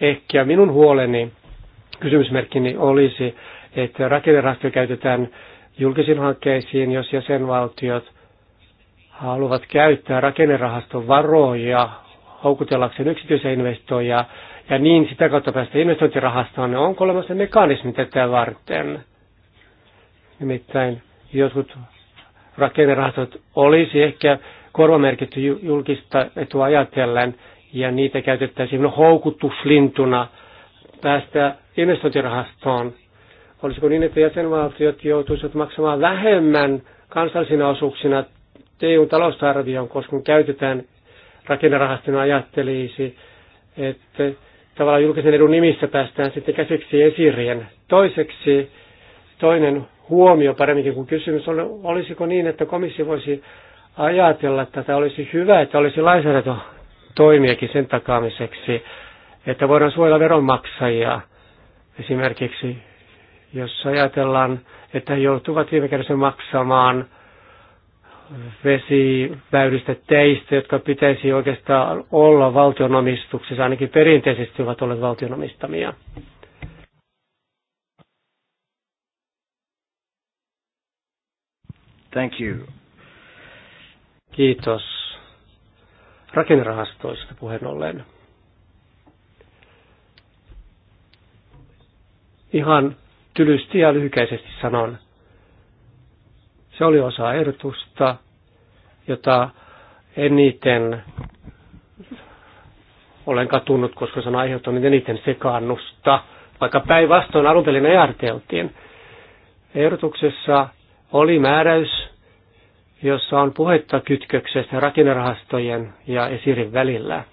Speaker 1: Ehkä minun huoleni, kysymysmerkkini olisi, että rakennerahastoja käytetään julkisiin hankkeisiin, jos jäsenvaltiot haluavat käyttää rakennerahaston varoja houkutellakseen yksityisiä investoijia ja niin sitä kautta päästä investointirahastoon, niin onko olemassa mekanismi tätä varten? Nimittäin jotkut rakennerahastot olisi ehkä korvamerkitty julkista etua ajatellen ja niitä käytettäisiin no, houkutuslintuna päästä investointirahastoon Olisiko niin, että jäsenvaltiot joutuisivat maksamaan vähemmän kansallisina osuuksina eu talousarvioon, koska kun käytetään rakennerahastona ajattelisi, että tavallaan julkisen edun nimissä päästään sitten käsiksi esirien. Toiseksi toinen huomio paremminkin kuin kysymys on, olisiko niin, että komissio voisi ajatella että tämä olisi hyvä, että olisi lainsäädäntö toimiakin sen takaamiseksi, että voidaan suojella veronmaksajia esimerkiksi jos ajatellaan, että he joutuvat viime kädessä maksamaan vesiväylistä teistä, jotka pitäisi oikeastaan olla valtionomistuksessa, ainakin perinteisesti ovat olleet valtionomistamia. Thank you. Kiitos. Rakennerahastoista puheen ollen. Ihan tylysti ja lyhykäisesti sanon. Se oli osa ehdotusta, jota eniten olen katunut, koska se on aiheuttanut eniten sekaannusta, vaikka päinvastoin alun perin ajateltiin. Ehdotuksessa oli määräys, jossa on puhetta kytköksestä rakennerahastojen ja esirin välillä.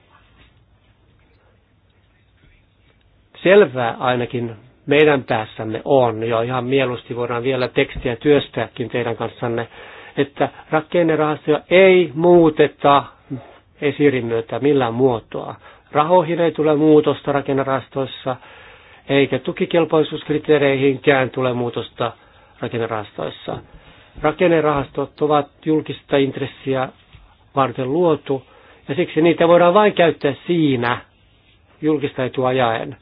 Speaker 1: Selvää ainakin meidän päässämme on, ja ihan mieluusti voidaan vielä tekstiä työstääkin teidän kanssanne, että rakennerahastoja ei muuteta esirin myötä millään muotoa. Rahoihin ei tule muutosta rakennerahastoissa, eikä tukikelpoisuuskriteereihinkään tule muutosta rakennerahastoissa. Rakennerahastot ovat julkista intressiä varten luotu, ja siksi niitä voidaan vain käyttää siinä julkista etua jaen.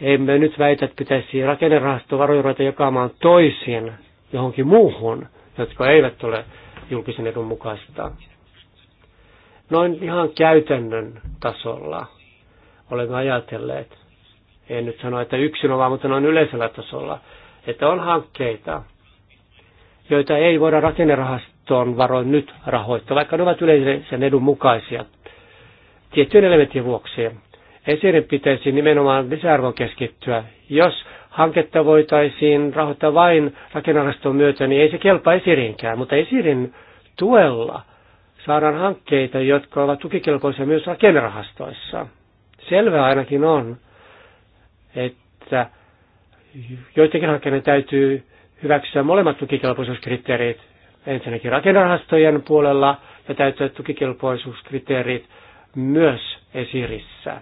Speaker 1: Emme nyt väitä, että pitäisi rakennerahastovaroja ruveta jakamaan toisiin johonkin muuhun, jotka eivät ole julkisen edun mukaista. Noin ihan käytännön tasolla olemme ajatelleet, en nyt sano, että yksin vaan, mutta noin yleisellä tasolla, että on hankkeita, joita ei voida rakennerahaston varoin nyt rahoittaa, vaikka ne ovat yleisen edun mukaisia tiettyjen elementtien vuoksi. Esirin pitäisi nimenomaan lisäarvon keskittyä. Jos hanketta voitaisiin rahoittaa vain rakennarastoon myötä, niin ei se kelpaa esirinkään, mutta esirin tuella saadaan hankkeita, jotka ovat tukikelpoisia myös rakennerahastoissa. Selvä ainakin on, että joidenkin hankkeiden täytyy hyväksyä molemmat tukikelpoisuuskriteerit, ensinnäkin rakennerahastojen puolella ja täyttää tukikelpoisuuskriteerit myös esirissä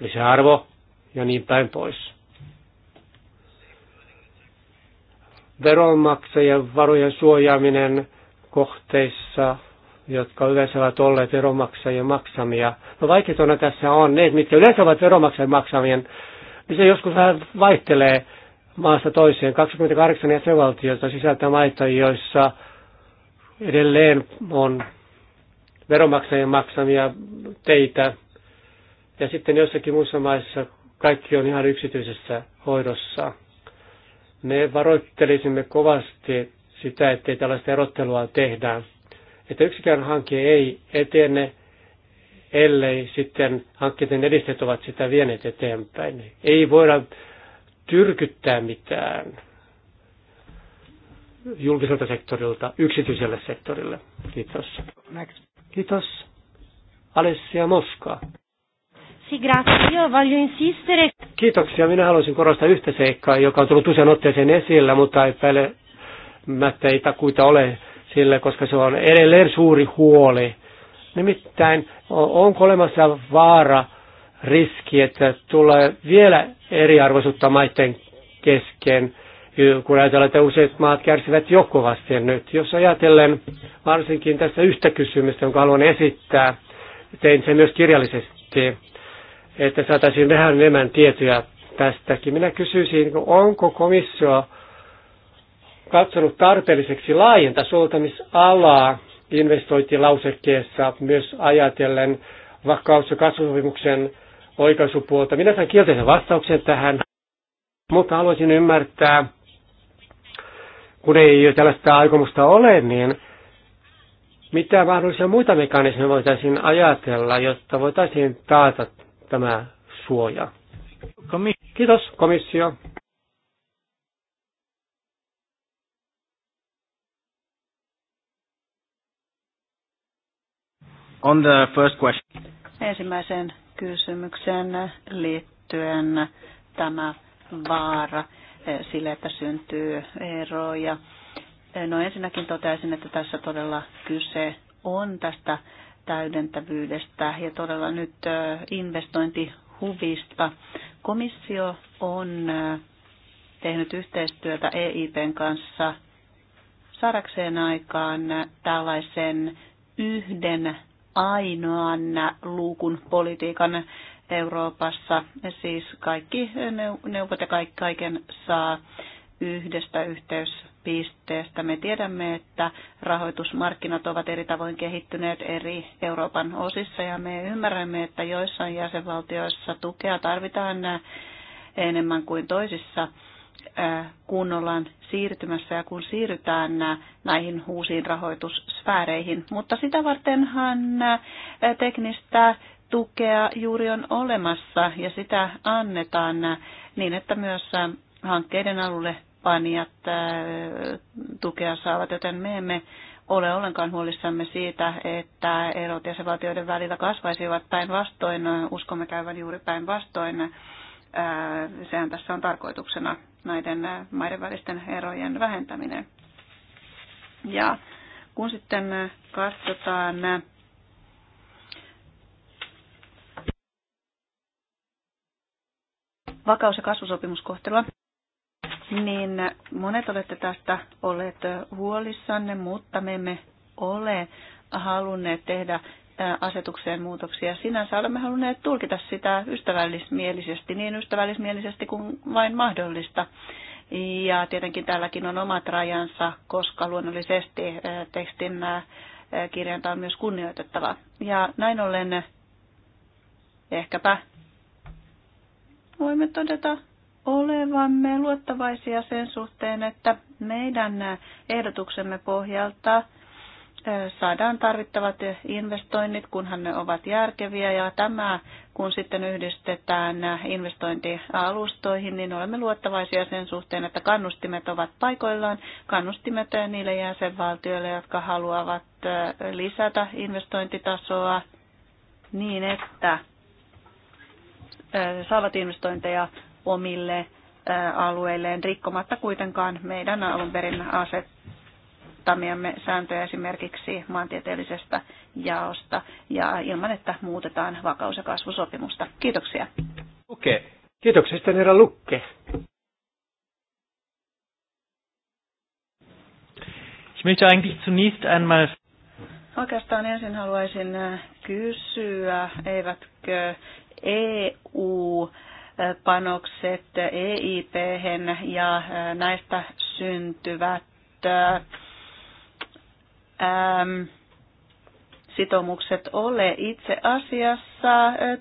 Speaker 1: lisäarvo ja niin päin pois. Veronmaksajien varojen suojaaminen kohteissa, jotka yleensä ovat olleet veronmaksajien maksamia. No vaikeutena tässä on ne, mitkä yleensä ovat veronmaksajien maksamien, niin se joskus vähän vaihtelee maasta toiseen. 28 jäsenvaltiota sisältää maita, joissa edelleen on veronmaksajien maksamia teitä ja sitten jossakin muissa maissa kaikki on ihan yksityisessä hoidossa. Me varoittelisimme kovasti sitä, ettei tällaista erottelua tehdä. Että yksikään hanke ei etene, ellei sitten hankkeiden edistet ovat sitä vieneet eteenpäin. Ei voida tyrkyttää mitään julkiselta sektorilta yksityiselle sektorille. Kiitos. Next. Kiitos. Alessia Moska. Kiitoksia. Minä haluaisin korostaa yhtä seikkaa, joka on tullut usein otteeseen esillä, mutta ei epäilemättä ei takuita ole sille, koska se on edelleen suuri huoli. Nimittäin onko olemassa vaara, riski, että tulee vielä eriarvoisuutta maiden kesken, kun ajatellaan, että useat maat kärsivät jo nyt. Jos ajatellen varsinkin tässä yhtä kysymystä, jonka haluan esittää, tein sen myös kirjallisesti että saataisiin vähän enemmän tietoja tästäkin. Minä kysyisin, onko komissio katsonut tarpeelliseksi laajentaa soveltamisalaa investointilausekkeessa myös ajatellen vakaus- ja kasvusopimuksen oikaisupuolta. Minä saan kielteisen vastauksen tähän, mutta haluaisin ymmärtää, kun ei tällaista aikomusta ole, niin mitä mahdollisia muita mekanismeja voitaisiin ajatella, jotta voitaisiin taata tämä suoja. Kiitos komissio.
Speaker 2: On the first question.
Speaker 3: Ensimmäiseen kysymykseen liittyen tämä vaara eh, sille, että syntyy eroja. Eh, no ensinnäkin toteaisin, että tässä todella kyse on tästä täydentävyydestä ja todella nyt investointihuvista. Komissio on tehnyt yhteistyötä EIPn kanssa saadakseen aikaan tällaisen yhden ainoan luukun politiikan Euroopassa. Siis kaikki neuvot ja kaiken saa yhdestä yhteyspisteestä. Me tiedämme, että rahoitusmarkkinat ovat eri tavoin kehittyneet eri Euroopan osissa ja me ymmärrämme, että joissain jäsenvaltioissa tukea tarvitaan enemmän kuin toisissa äh, kun ollaan siirtymässä ja kun siirrytään näihin uusiin rahoitussfääreihin. Mutta sitä vartenhan äh, teknistä tukea juuri on olemassa ja sitä annetaan niin, että myös äh, hankkeiden alulle panijat tukea saavat, joten me emme ole ollenkaan huolissamme siitä, että erot jäsenvaltioiden välillä kasvaisivat päinvastoin. Uskomme käyvän juuri päinvastoin. Sehän tässä on tarkoituksena näiden maiden välisten erojen vähentäminen. Ja kun sitten katsotaan vakaus- ja kasvusopimuskohtelua, niin monet olette tästä olleet huolissanne, mutta me emme ole halunneet tehdä asetukseen muutoksia. Sinänsä olemme halunneet tulkita sitä ystävällismielisesti, niin ystävällismielisesti kuin vain mahdollista. Ja tietenkin tälläkin on omat rajansa, koska luonnollisesti tekstin kirjanta on myös kunnioitettava. Ja näin ollen ehkäpä voimme todeta olevamme luottavaisia sen suhteen, että meidän ehdotuksemme pohjalta saadaan tarvittavat investoinnit, kunhan ne ovat järkeviä. Ja tämä, kun sitten yhdistetään investointialustoihin, niin olemme luottavaisia sen suhteen, että kannustimet ovat paikoillaan. Kannustimet niille jäsenvaltioille, jotka haluavat lisätä investointitasoa niin, että saavat investointeja omille alueilleen rikkomatta kuitenkaan meidän alun perin asettamiamme sääntöjä esimerkiksi maantieteellisestä jaosta ja ilman, että muutetaan vakaus- ja kasvusopimusta. Kiitoksia.
Speaker 1: Okei. Okay. Kiitoksia sitten herra Lukke.
Speaker 3: Oikeastaan ensin haluaisin kysyä, eivätkö EU panokset eip ja äh, näistä syntyvät ähm, sitoumukset ole itse asiassa äh,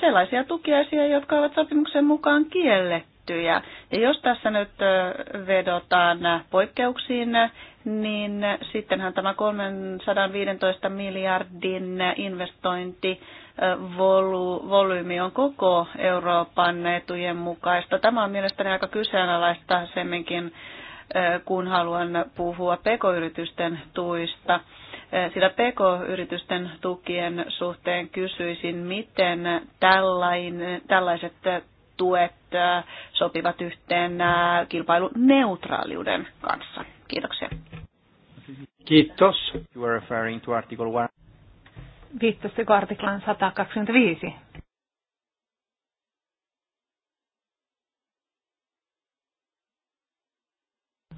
Speaker 3: sellaisia tukiaisia, jotka ovat sopimuksen mukaan kiellettyjä. Ja jos tässä nyt äh, vedotaan poikkeuksiin, niin sittenhän tämä 315 miljardin investointi volyymi on koko Euroopan etujen mukaista. Tämä on mielestäni aika kyseenalaista semminkin, kun haluan puhua pk-yritysten tuista. Sillä pk-yritysten tukien suhteen kysyisin, miten tällainen, tällaiset tuet sopivat yhteen kilpailuneutraaliuden kanssa. Kiitoksia.
Speaker 1: Kiitos. You are referring to article one
Speaker 2: viittasitteko artiklan 125?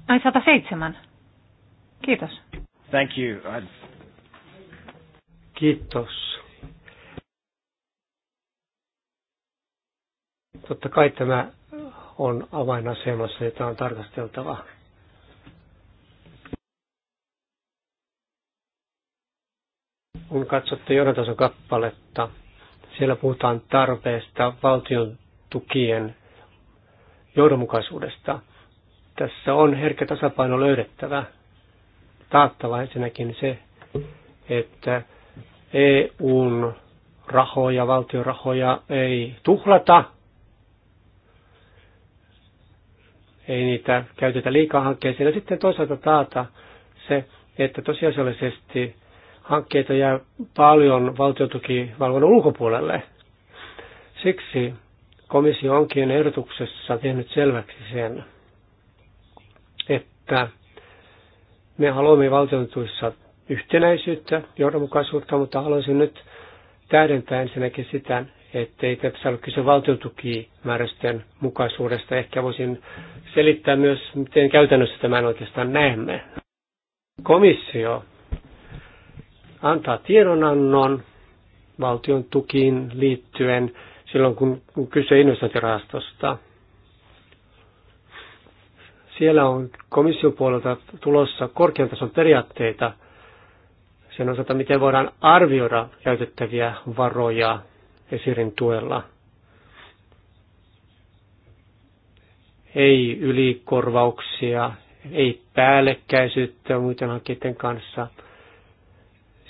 Speaker 2: Ai 107. Kiitos.
Speaker 1: Thank you. I'd... Kiitos. Totta kai tämä on avainasemassa, jota on tarkasteltava. kun katsotte johdantason kappaletta, siellä puhutaan tarpeesta valtion tukien johdonmukaisuudesta. Tässä on herkkä tasapaino löydettävä. Taattava ensinnäkin se, että EUn rahoja, valtion rahoja ei tuhlata, ei niitä käytetä liikaa hankkeisiin. Ja sitten toisaalta taata se, että tosiasiallisesti hankkeita jää paljon valtiotukivalvonnan ulkopuolelle. Siksi komissio onkin ehdotuksessa tehnyt selväksi sen, että me haluamme valtiontuissa yhtenäisyyttä, johdonmukaisuutta, mutta haluaisin nyt täydentää ensinnäkin sitä, ettei tässä ole kyse valtiotukimääräysten mukaisuudesta. Ehkä voisin selittää myös, miten käytännössä tämän oikeastaan näemme. Komissio antaa tiedonannon valtion tukiin liittyen silloin, kun kyse investointirahastosta. Siellä on komission puolelta tulossa korkean tason periaatteita sen osalta, miten voidaan arvioida käytettäviä varoja esirin tuella. Ei ylikorvauksia, ei päällekkäisyyttä muiden hankkeiden kanssa –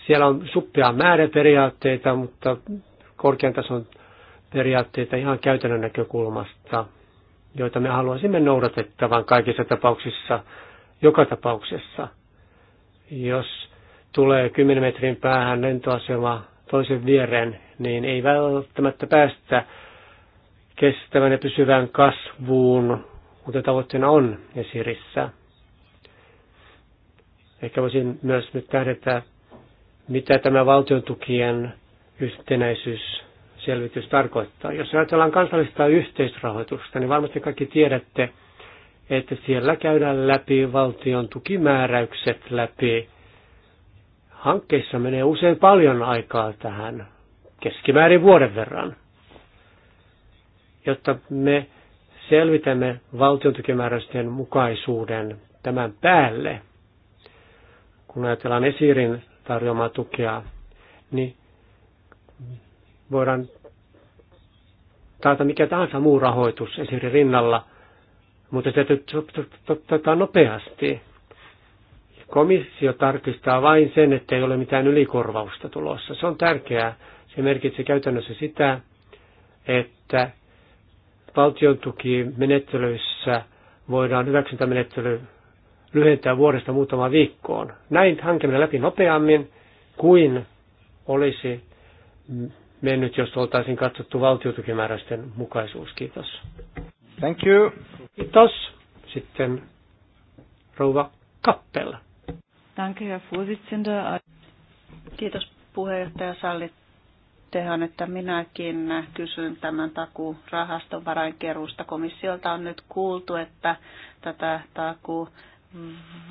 Speaker 1: siellä on suppea määrä periaatteita, mutta korkean tason periaatteita ihan käytännön näkökulmasta, joita me haluaisimme noudatettavan kaikissa tapauksissa, joka tapauksessa. Jos tulee 10 metrin päähän lentoasema toisen viereen, niin ei välttämättä päästä kestävän ja pysyvään kasvuun, kuten tavoitteena on esirissä. Ehkä voisin myös nyt tähdentää mitä tämä valtiontukien tukien yhtenäisyysselvitys tarkoittaa. Jos ajatellaan kansallista yhteisrahoitusta, niin varmasti kaikki tiedätte, että siellä käydään läpi valtion tukimääräykset läpi. Hankkeissa menee usein paljon aikaa tähän, keskimäärin vuoden verran, jotta me selvitämme valtion tukimääräysten mukaisuuden tämän päälle. Kun ajatellaan Esirin tarjoamaa tukea, niin voidaan taata mikä tahansa muu rahoitus esiri rinnalla, mutta se täytyy nopeasti. Komissio tarkistaa vain sen, että ei ole mitään ylikorvausta tulossa. Se on tärkeää. Se merkitsee käytännössä sitä, että valtion tukimenettelyissä voidaan hyväksyntämenettely lyhentää vuodesta muutamaan viikkoon. Näin hanke menee läpi nopeammin kuin olisi mennyt, jos oltaisiin katsottu valtiotukimääräisten mukaisuus. Kiitos. Thank you. Kiitos. Sitten rouva Kappella.
Speaker 3: Danke, Herr Vorsitzender. Kiitos puheenjohtaja Salli. tehän, että minäkin kysyn tämän takuurahaston varainkeruusta. Komissiolta on nyt kuultu, että tätä takuu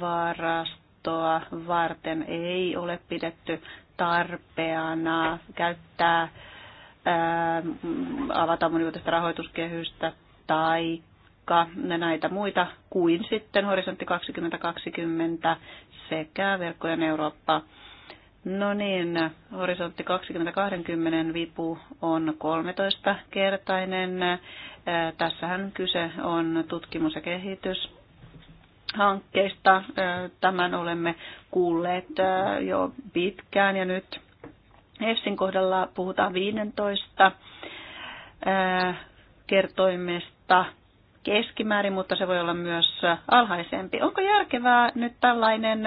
Speaker 3: varastoa varten ei ole pidetty tarpeana käyttää ää, avata monivuotista rahoituskehystä tai näitä muita kuin sitten Horisontti 2020 sekä Verkkojen Eurooppa. No niin, Horisontti 2020 vipu on 13-kertainen. Tässähän kyse on tutkimus- ja kehitys hankkeista. Tämän olemme kuulleet jo pitkään ja nyt EFSin kohdalla puhutaan 15 kertoimesta keskimäärin, mutta se voi olla myös alhaisempi. Onko järkevää nyt tällainen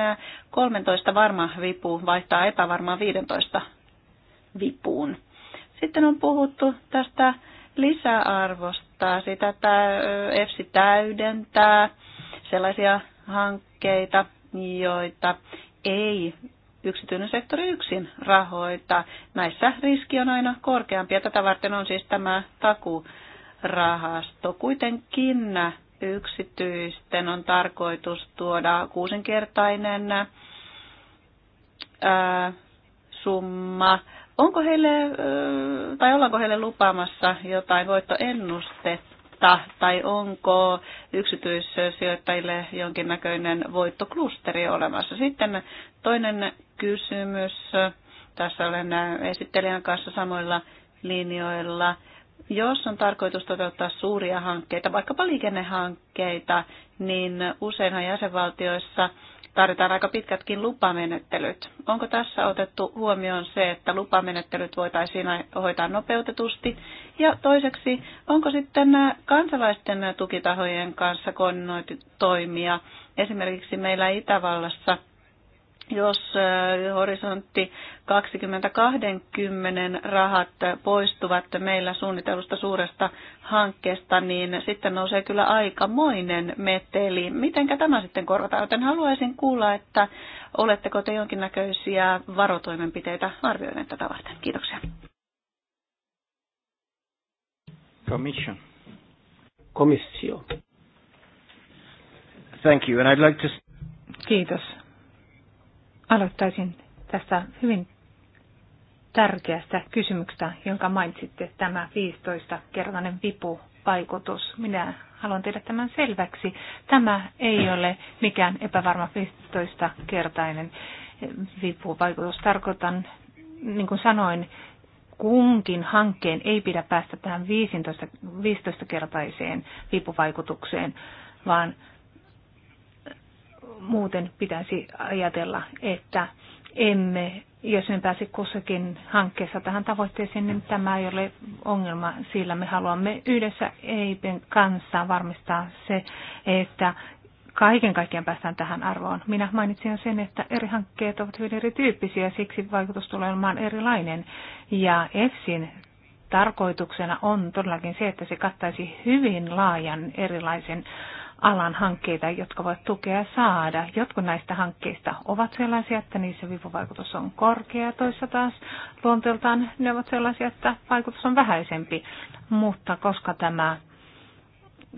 Speaker 3: 13 varma vipu vaihtaa epävarmaan 15 vipuun? Sitten on puhuttu tästä lisäarvosta, sitä, että EFSI täydentää sellaisia hankkeita, joita ei yksityinen sektori yksin rahoita. Näissä riski on aina korkeampi ja tätä varten on siis tämä takurahasto. Kuitenkin yksityisten on tarkoitus tuoda kuusinkertainen ää, summa. Onko heille, tai ollaanko heille lupaamassa jotain voittoennustetta? maita tai onko yksityissijoittajille jonkinnäköinen voittoklusteri olemassa. Sitten toinen kysymys, tässä olen esittelijän kanssa samoilla linjoilla. Jos on tarkoitus toteuttaa suuria hankkeita, vaikkapa liikennehankkeita, niin useinhan jäsenvaltioissa – tarvitaan aika pitkätkin lupamenettelyt. Onko tässä otettu huomioon se, että lupamenettelyt voitaisiin hoitaa nopeutetusti? Ja toiseksi, onko sitten kansalaisten tukitahojen kanssa koordinoitu toimia? Esimerkiksi meillä Itävallassa – jos horisontti 2020 rahat poistuvat meillä suunnitelusta suuresta hankkeesta, niin sitten nousee kyllä aikamoinen meteli. Mitenkä tämä sitten korvataan? Joten haluaisin kuulla, että oletteko te jonkinnäköisiä varotoimenpiteitä arvioineet tätä varten. Kiitoksia.
Speaker 1: Commission. Komissio.
Speaker 2: Thank you, and I'd like to... Kiitos Aloittaisin tästä hyvin tärkeästä kysymyksestä, jonka mainitsitte, tämä 15-kertainen vipuvaikutus. Minä haluan tehdä tämän selväksi. Tämä ei ole mikään epävarma 15-kertainen vipuvaikutus. Tarkoitan, niin kuin sanoin, kunkin hankkeen ei pidä päästä tähän 15-kertaiseen vipuvaikutukseen, vaan muuten pitäisi ajatella, että emme, jos me pääse kussakin hankkeessa tähän tavoitteeseen, niin tämä ei ole ongelma, sillä me haluamme yhdessä EIPen kanssa varmistaa se, että kaiken kaikkiaan päästään tähän arvoon. Minä mainitsin jo sen, että eri hankkeet ovat hyvin erityyppisiä, siksi vaikutus tulee olemaan erilainen. Ja EFSin tarkoituksena on todellakin se, että se kattaisi hyvin laajan erilaisen alan hankkeita, jotka voivat tukea saada. Jotkut näistä hankkeista ovat sellaisia, että niissä vipuvaikutus on korkea, toissa taas luonteeltaan ne ovat sellaisia, että vaikutus on vähäisempi. Mutta koska tämä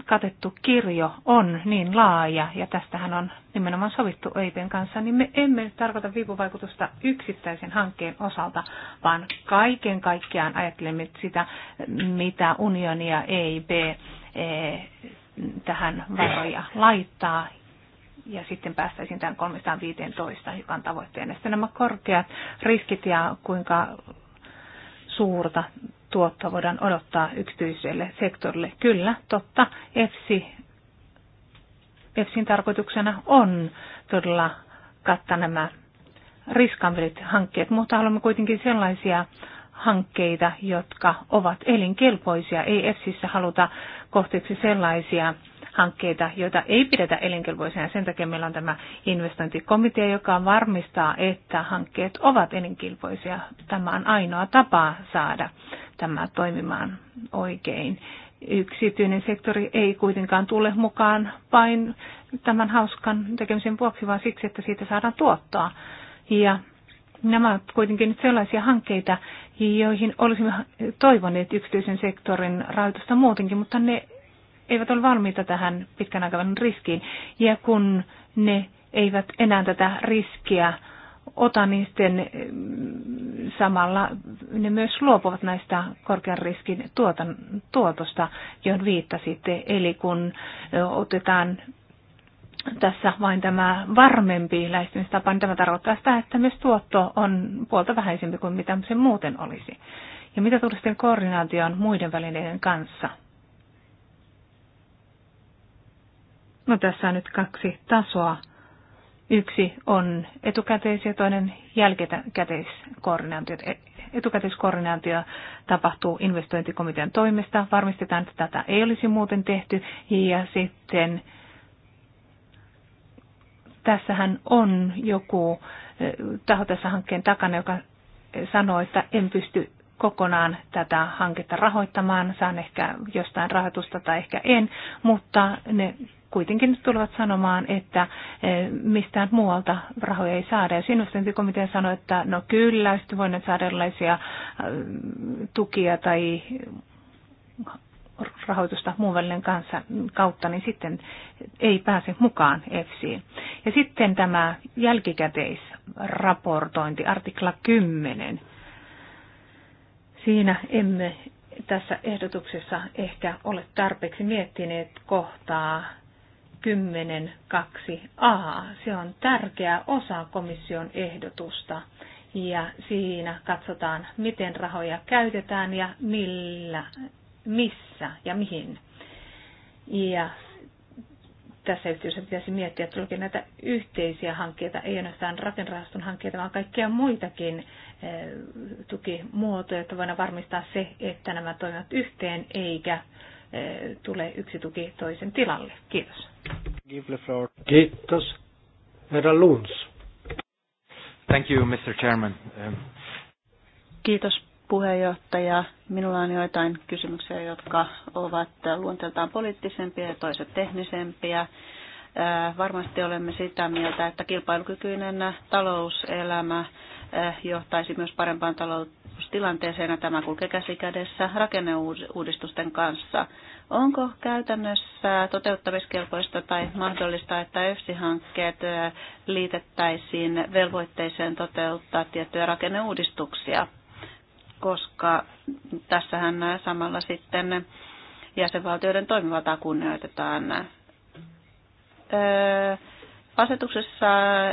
Speaker 2: katettu kirjo on niin laaja, ja tästähän on nimenomaan sovittu EIPen kanssa, niin me emme tarkoita vipuvaikutusta yksittäisen hankkeen osalta, vaan kaiken kaikkiaan ajattelemme sitä, mitä unionia EIP eh, tähän varoja laittaa ja sitten päästäisiin tämän 315, joka on tavoitteena. Sitten nämä korkeat riskit ja kuinka suurta tuottoa voidaan odottaa yksityiselle sektorille. Kyllä, totta. EFSI, EFSin tarkoituksena on todella kattaa nämä riskanvelit hankkeet, mutta haluamme kuitenkin sellaisia hankkeita, jotka ovat elinkelpoisia. Ei EFSissä haluta kohteeksi sellaisia hankkeita, joita ei pidetä elinkelpoisia. Sen takia meillä on tämä investointikomitea, joka varmistaa, että hankkeet ovat elinkelpoisia. Tämä on ainoa tapa saada tämä toimimaan oikein. Yksityinen sektori ei kuitenkaan tule mukaan vain tämän hauskan tekemisen vuoksi, vaan siksi, että siitä saadaan tuottaa Ja nämä ovat kuitenkin nyt sellaisia hankkeita, joihin olisimme toivoneet yksityisen sektorin rahoitusta muutenkin, mutta ne eivät ole valmiita tähän pitkän aikavälin riskiin. Ja kun ne eivät enää tätä riskiä ota, niin sitten mm, samalla ne myös luopuvat näistä korkean riskin tuotosta, johon viittasitte. Eli kun otetaan tässä vain tämä varmempi lähestymistapa, niin tämä tarkoittaa sitä, että myös tuotto on puolta vähäisempi kuin mitä se muuten olisi. Ja mitä tulee sitten koordinaatioon muiden välineiden kanssa? No tässä on nyt kaksi tasoa. Yksi on etukäteis ja toinen jälkikäteiskoordinaatio. Etukäteiskoordinaatio tapahtuu investointikomitean toimesta. Varmistetaan, että tätä ei olisi muuten tehty. Ja sitten tässähän on joku eh, taho tässä hankkeen takana, joka sanoo, että en pysty kokonaan tätä hanketta rahoittamaan, saan ehkä jostain rahoitusta tai ehkä en, mutta ne kuitenkin tulevat sanomaan, että eh, mistään muualta rahoja ei saada. Ja sinustentikomitea sanoi, että no kyllä, sitten voin saada erilaisia eh, tukia tai rahoitusta muun välinen kanssa, kautta, niin sitten ei pääse mukaan EFSiin. Ja sitten tämä jälkikäteisraportointi, artikla 10. Siinä emme tässä ehdotuksessa ehkä ole tarpeeksi miettineet kohtaa 10.2a. Se on tärkeä osa komission ehdotusta ja siinä katsotaan, miten rahoja käytetään ja millä missä ja mihin. Ja tässä yhteydessä pitäisi miettiä, että tulikin näitä yhteisiä hankkeita, ei ainoastaan rakennerahaston hankkeita, vaan kaikkia muitakin eh, tukimuotoja, että voidaan varmistaa se, että nämä toimivat yhteen eikä eh, tule yksi tuki toisen tilalle. Kiitos.
Speaker 1: Kiitos. Herra Luns. Thank you, Mr. Chairman. Um,
Speaker 3: Kiitos puheenjohtaja. Minulla on joitain kysymyksiä, jotka ovat luonteeltaan poliittisempia ja toiset teknisempiä. Äh, varmasti olemme sitä mieltä, että kilpailukykyinen talouselämä äh, johtaisi myös parempaan taloustilanteeseen ja tämä kulkee käsi kädessä rakenneuudistusten kanssa. Onko käytännössä toteuttamiskelpoista tai mahdollista, että EFSI-hankkeet äh, liitettäisiin velvoitteeseen toteuttaa tiettyjä rakenneuudistuksia? koska tässähän samalla sitten jäsenvaltioiden toimivaltaa kunnioitetaan. Öö, asetuksessa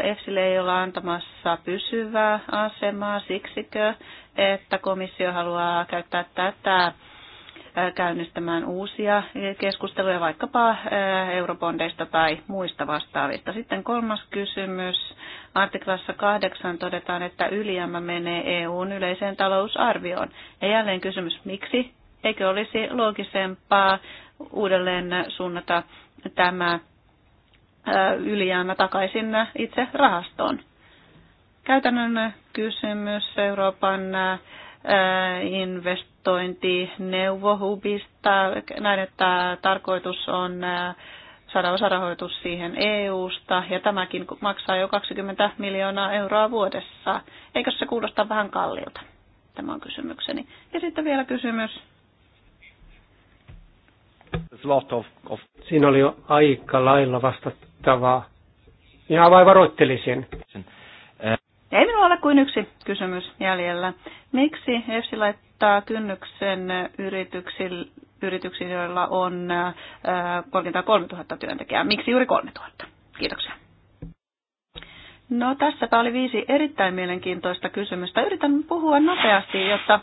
Speaker 3: EFSille ei olla antamassa pysyvää asemaa siksikö, että komissio haluaa käyttää tätä käynnistämään uusia keskusteluja vaikkapa eurobondeista tai muista vastaavista. Sitten kolmas kysymys. Artiklassa 8 todetaan, että ylijäämä menee EUn yleiseen talousarvioon. Ja jälleen kysymys, miksi? Eikö olisi loogisempaa uudelleen suunnata tämä ylijäämä takaisin itse rahastoon? Käytännön kysymys Euroopan invest investointineuvo neuvohubista. Näin, että tarkoitus on äh, saada osarahoitus siihen EU-sta, ja tämäkin maksaa jo 20 miljoonaa euroa vuodessa. Eikö se kuulosta vähän kalliilta? Tämä on kysymykseni. Ja sitten vielä kysymys.
Speaker 1: Siinä oli jo aika lailla vastattavaa. Ihan vain varoittelisin. Äh.
Speaker 3: Ei minulla ole kuin yksi kysymys jäljellä. Miksi EFSI laittaa asettaa kynnyksen yrityksille, yrityksille joilla on 33 äh, 000 työntekijää. Miksi juuri 3000? Kiitoksia. No tässäpä oli viisi erittäin mielenkiintoista kysymystä. Yritän puhua nopeasti, jotta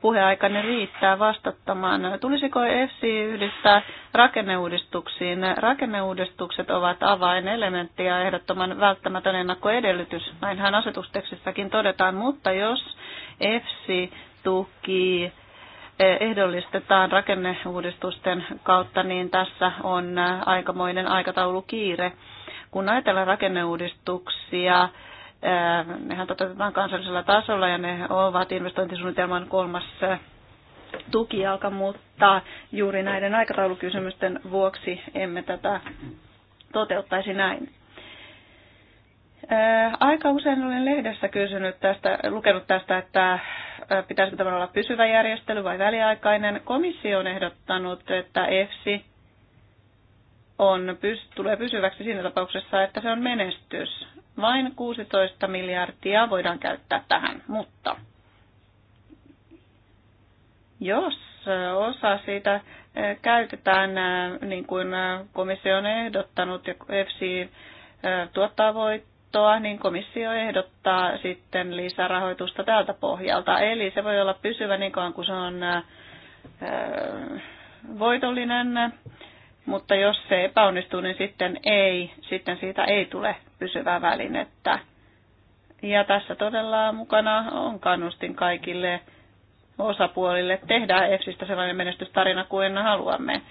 Speaker 3: puheaikanne riittää vastattamaan. Tulisiko EFSI yhdistää rakenneuudistuksiin? Rakenneuudistukset ovat avainelementti ja ehdottoman välttämätön ennakkoedellytys. Näinhän asetustekstissäkin todetaan, mutta jos EFSI tuki eh, ehdollistetaan rakenneuudistusten kautta, niin tässä on eh, aikamoinen aikataulukiire. Kun ajatellaan rakenneuudistuksia, eh, nehän toteutetaan kansallisella tasolla ja ne ovat investointisuunnitelman kolmas tukijalka, mutta juuri näiden aikataulukysymysten vuoksi emme tätä toteuttaisi näin. Aika usein olen lehdessä kysynyt tästä, lukenut tästä, että pitäisikö tämä olla pysyvä järjestely vai väliaikainen. Komissio on ehdottanut, että EFSI on, tulee pysyväksi siinä tapauksessa, että se on menestys. Vain 16 miljardia voidaan käyttää tähän, mutta jos osa siitä käytetään niin kuin komissio on ehdottanut ja EFSI tuottaa voittoa, kattoa, niin komissio ehdottaa sitten lisärahoitusta tältä pohjalta. Eli se voi olla pysyvä niin kauan kuin se on voitollinen, mutta jos se epäonnistuu, niin sitten ei, sitten siitä ei tule pysyvää välinettä. Ja tässä todella mukana on kannustin kaikille osapuolille tehdä EFSistä sellainen menestystarina kuin haluamme.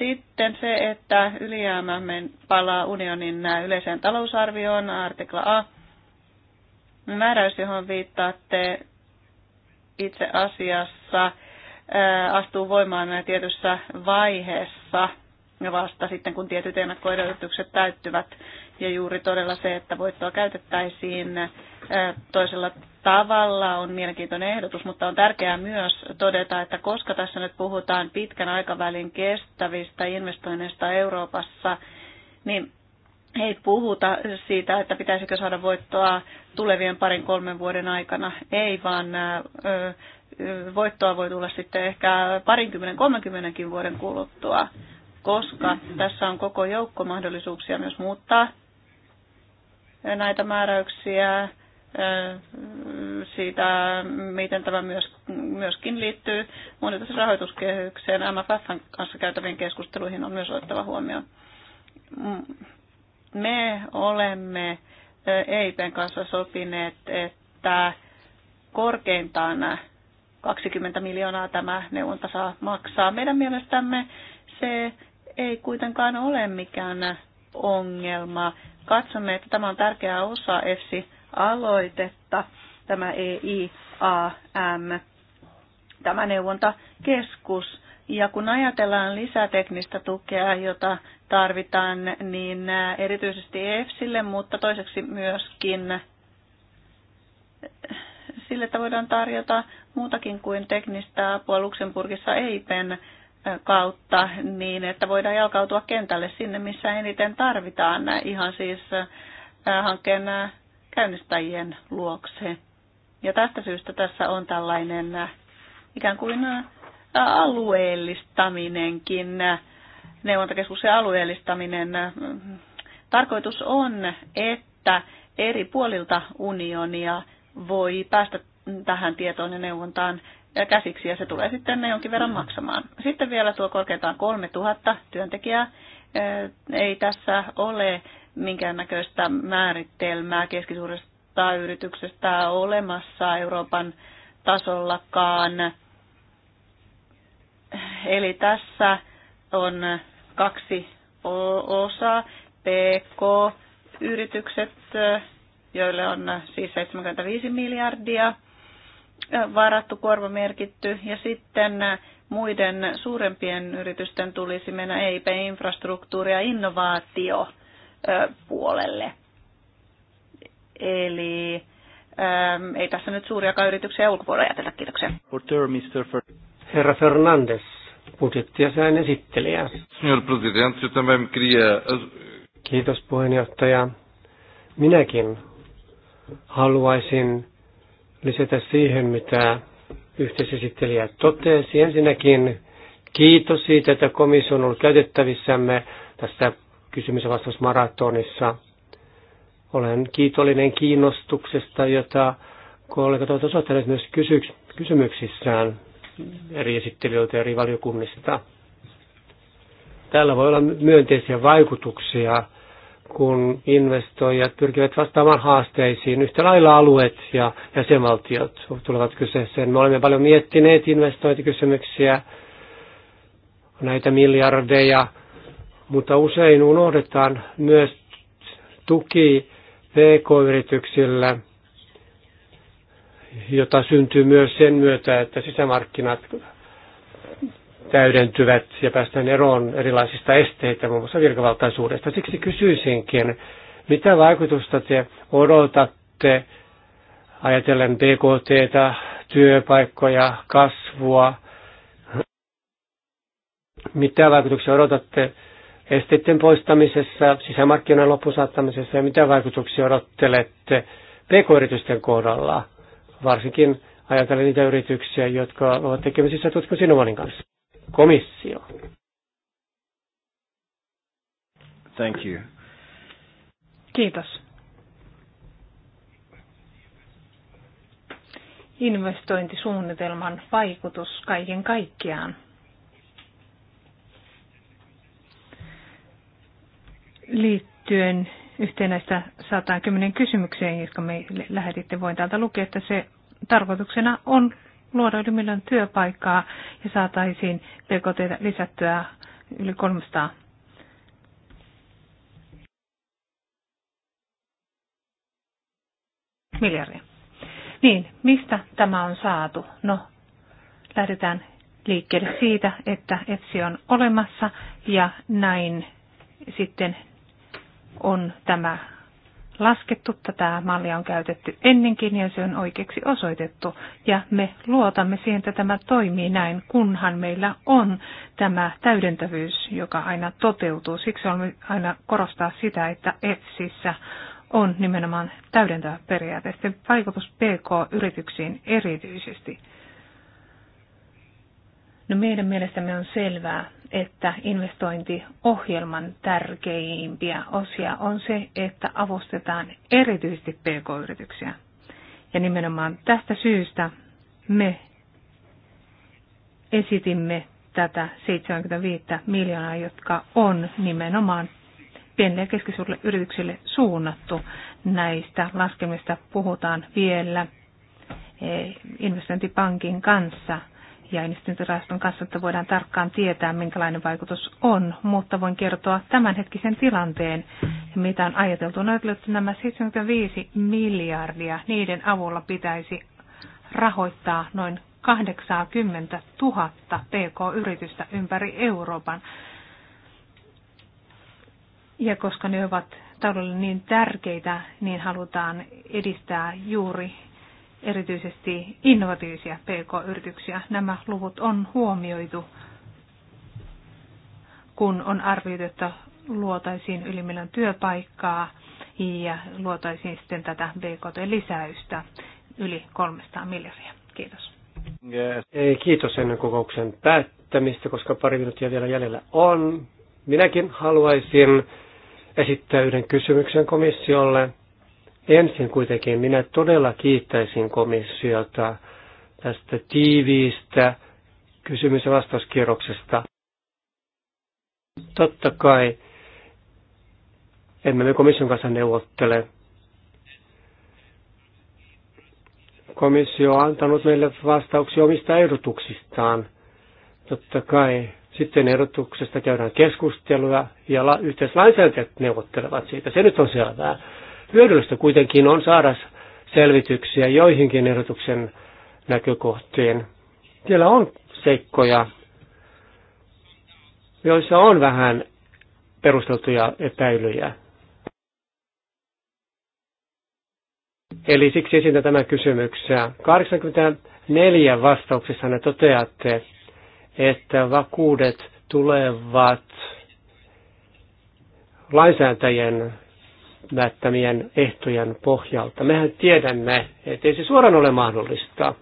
Speaker 3: Sitten se, että ylijäämämme palaa unionin yleiseen talousarvioon, artikla A. Määräys, johon viittaatte itse asiassa, astuu voimaan tietyssä vaiheessa vasta sitten, kun tietyt ennakkoedellytykset täyttyvät. Ja juuri todella se, että voittoa käytettäisiin toisella tavalla on mielenkiintoinen ehdotus, mutta on tärkeää myös todeta, että koska tässä nyt puhutaan pitkän aikavälin kestävistä investoinneista Euroopassa, niin ei puhuta siitä, että pitäisikö saada voittoa tulevien parin kolmen vuoden aikana. Ei, vaan voittoa voi tulla sitten ehkä parinkymmenen, kolmenkymmenenkin vuoden kuluttua, koska tässä on koko joukko mahdollisuuksia myös muuttaa näitä määräyksiä, siitä, miten tämä myös, myöskin liittyy monitaisen rahoituskehykseen. MFFn kanssa käytäviin keskusteluihin on myös otettava huomioon. Mm, me olemme EIPn kanssa sopineet, että korkeintaan 20 miljoonaa tämä neuvonta saa maksaa. Meidän mielestämme se ei kuitenkaan ole mikään ongelma. Katsomme, että tämä on tärkeä osa EFSI aloitetta, tämä EIAM, tämä neuvontakeskus. Ja kun ajatellaan lisäteknistä tukea, jota tarvitaan, niin äh, erityisesti EFSille, mutta toiseksi myöskin äh, sille, että voidaan tarjota muutakin kuin teknistä apua Luxemburgissa EIPen äh, kautta, niin että voidaan jalkautua kentälle sinne, missä eniten tarvitaan ihan siis hankkeen käynnistäjien luokse. Ja tästä syystä tässä on tällainen äh, ikään kuin äh, alueellistaminenkin, äh, neuvontakeskuksen alueellistaminen. Tarkoitus on, että eri puolilta unionia voi päästä tähän tietoon ja neuvontaan käsiksi ja se tulee sitten ne jonkin verran maksamaan. Sitten vielä tuo korkeintaan 3000 työntekijää. Ei tässä ole minkäännäköistä määritelmää keskisuuresta yrityksestä olemassa Euroopan tasollakaan. Eli tässä on kaksi osaa. PK-yritykset, joille on siis 75 miljardia varattu, korva merkitty, ja sitten muiden suurempien yritysten tulisi mennä EIP-infrastruktuuri ja innovaatio puolelle. Eli äm, ei tässä nyt suuriakaan yrityksiä ulkopuolella ajatella. Kiitoksia.
Speaker 2: Herra
Speaker 1: Fernandes, budjettiasiain esittelijä. Presidente, Kiitos puheenjohtaja. Minäkin haluaisin lisätä siihen, mitä yhteisesittelijä totesi. Ensinnäkin kiitos siitä, että komissio on ollut käytettävissämme tässä kysymys- ja maratonissa. Olen kiitollinen kiinnostuksesta, jota kollegat ovat osoittaneet myös kysymyksissään eri esittelijöiltä eri valiokunnista. Tällä voi olla myönteisiä vaikutuksia, kun investoijat pyrkivät vastaamaan haasteisiin. Yhtä lailla alueet ja jäsenvaltiot tulevat kyseeseen. Me olemme paljon miettineet investointikysymyksiä, näitä miljardeja, mutta usein unohdetaan myös tuki PK-yrityksillä, jota syntyy myös sen myötä, että sisämarkkinat täydentyvät ja päästään eroon erilaisista esteitä, muun muassa virkavaltaisuudesta. Siksi kysyisinkin, mitä vaikutusta te odotatte ajatellen BKT, työpaikkoja, kasvua, mitä vaikutuksia odotatte esteiden poistamisessa, sisämarkkinoiden loppusaattamisessa ja mitä vaikutuksia odottelette pk-yritysten kohdalla, varsinkin ajatellen niitä yrityksiä, jotka ovat tekemisissä tutkimus kanssa. Komissio. Thank you.
Speaker 2: Kiitos. Investointisuunnitelman vaikutus kaiken kaikkiaan liittyen yhteen näistä 110 kysymykseen, jotka meille lähetitte. Voin täältä lukea, että se tarkoituksena on luoda ylimmillään työpaikkaa ja saataisiin PKT lisättyä yli 300 miljardia. Niin, mistä tämä on saatu? No, lähdetään liikkeelle siitä, että etsi on olemassa ja näin sitten on tämä laskettu, tätä mallia on käytetty ennenkin ja se on oikeaksi osoitettu. Ja me luotamme siihen, että tämä toimii näin, kunhan meillä on tämä täydentävyys, joka aina toteutuu. Siksi on aina korostaa sitä, että EFSissä on nimenomaan täydentävä periaate. Sitten vaikutus PK-yrityksiin erityisesti. No meidän mielestämme on selvää, että investointiohjelman tärkeimpiä osia on se, että avustetaan erityisesti pk-yrityksiä. Ja nimenomaan tästä syystä me esitimme tätä 75 miljoonaa, jotka on nimenomaan pienille ja keskisuurille yrityksille suunnattu. Näistä laskemista puhutaan vielä eh, investointipankin kanssa ja investointirahaston kanssa, että voidaan tarkkaan tietää, minkälainen vaikutus on, mutta voin kertoa tämänhetkisen tilanteen, mitä on ajateltu. On ajateltu, että nämä 75 miljardia, niiden avulla pitäisi rahoittaa noin 80 000 pk-yritystä ympäri Euroopan. Ja koska ne ovat taloudelle niin tärkeitä, niin halutaan edistää juuri erityisesti innovatiivisia PK-yrityksiä. Nämä luvut on huomioitu, kun on arvioitu, että luotaisiin ylimmillään työpaikkaa ja luotaisiin sitten tätä BKT-lisäystä yli 300 miljardia. Kiitos.
Speaker 1: Ei, kiitos ennen kokouksen päättämistä, koska pari minuuttia vielä jäljellä on. Minäkin haluaisin esittää yhden kysymyksen komissiolle. Ensin kuitenkin minä todella kiittäisin komissiota tästä tiiviistä kysymys- ja vastauskierroksesta. Totta kai emme me komission kanssa neuvottele. Komissio on antanut meille vastauksia omista ehdotuksistaan. Totta kai sitten ehdotuksesta käydään keskustelua ja la- yhteislainsäätäjät neuvottelevat siitä. Se nyt on selvää. Hyödyllistä kuitenkin on saada selvityksiä joihinkin ehdotuksen näkökohtiin. Siellä on seikkoja, joissa on vähän perusteltuja epäilyjä. Eli siksi esitän tämän kysymyksen. 84 vastauksessa ne toteatte, että vakuudet tulevat lainsääntäjien välttämien ehtojen pohjalta. Mehän tiedämme, että ei se suoraan ole mahdollista,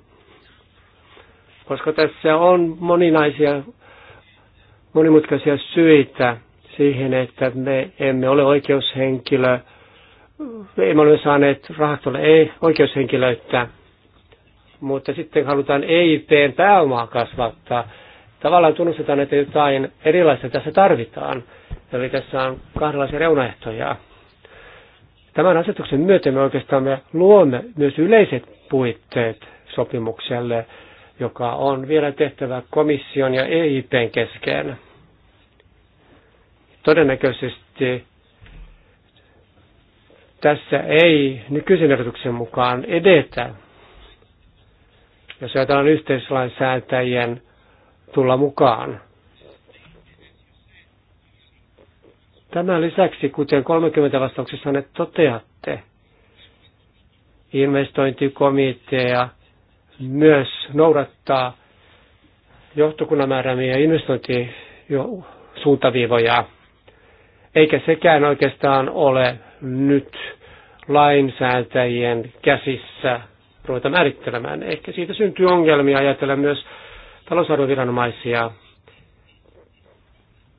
Speaker 1: koska tässä on moninaisia monimutkaisia syitä siihen, että me emme ole oikeushenkilö, me emme ole saaneet rahat ole ei, oikeushenkilöitä, mutta sitten halutaan EIPn pääomaa kasvattaa. Tavallaan tunnustetaan, että jotain erilaista tässä tarvitaan. Eli tässä on kahdenlaisia reunaehtoja. Tämän asetuksen myötä me oikeastaan me luomme myös yleiset puitteet sopimukselle, joka on vielä tehtävä komission ja EIPn kesken. Todennäköisesti tässä ei nykyisen ehdotuksen mukaan edetä. Jos ajatellaan yhteislainsäätäjien tulla mukaan. Tämän lisäksi, kuten 30 vastauksessa ne toteatte, investointikomitea myös noudattaa johtokunnan määräämiä investointisuuntaviivoja, eikä sekään oikeastaan ole nyt lainsäätäjien käsissä ruveta määrittelemään. Ehkä siitä syntyy ongelmia ajatella myös talousarvoviranomaisia,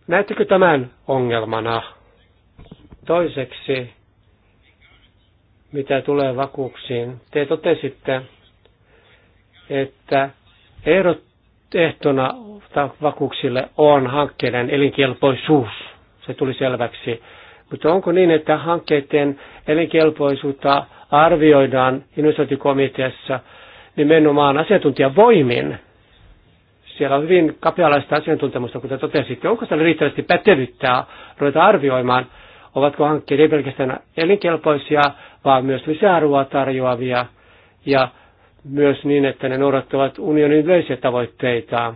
Speaker 1: Näettekö tämän ongelmana? Toiseksi, mitä tulee vakuuksiin, te totesitte, että ehtona vakuuksille on hankkeiden elinkelpoisuus. Se tuli selväksi. Mutta onko niin, että hankkeiden elinkelpoisuutta arvioidaan investointikomiteassa nimenomaan asiantuntijavoimin? Siellä on hyvin kapealaista asiantuntemusta, kuten totesitte. Onko siellä riittävästi pätevyyttä ruveta arvioimaan, ovatko hankkeet ei pelkästään elinkelpoisia, vaan myös lisäarvoa tarjoavia ja myös niin, että ne noudattavat unionin yleisiä tavoitteita,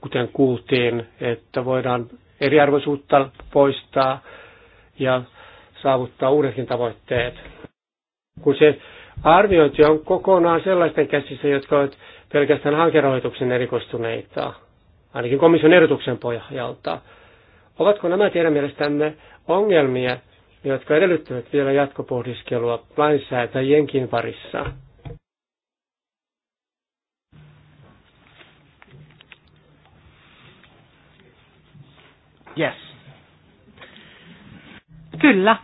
Speaker 1: kuten kuultiin, että voidaan eriarvoisuutta poistaa ja saavuttaa uudetkin tavoitteet. Kun se arviointi on kokonaan sellaisten käsissä, jotka ovat pelkästään hankerahoituksen erikoistuneita, ainakin komission ehdotuksen pohjalta. Ovatko nämä teidän mielestämme ongelmia, jotka edellyttävät vielä jatkopohdiskelua lainsäätäjienkin parissa? Yes.
Speaker 2: Kyllä.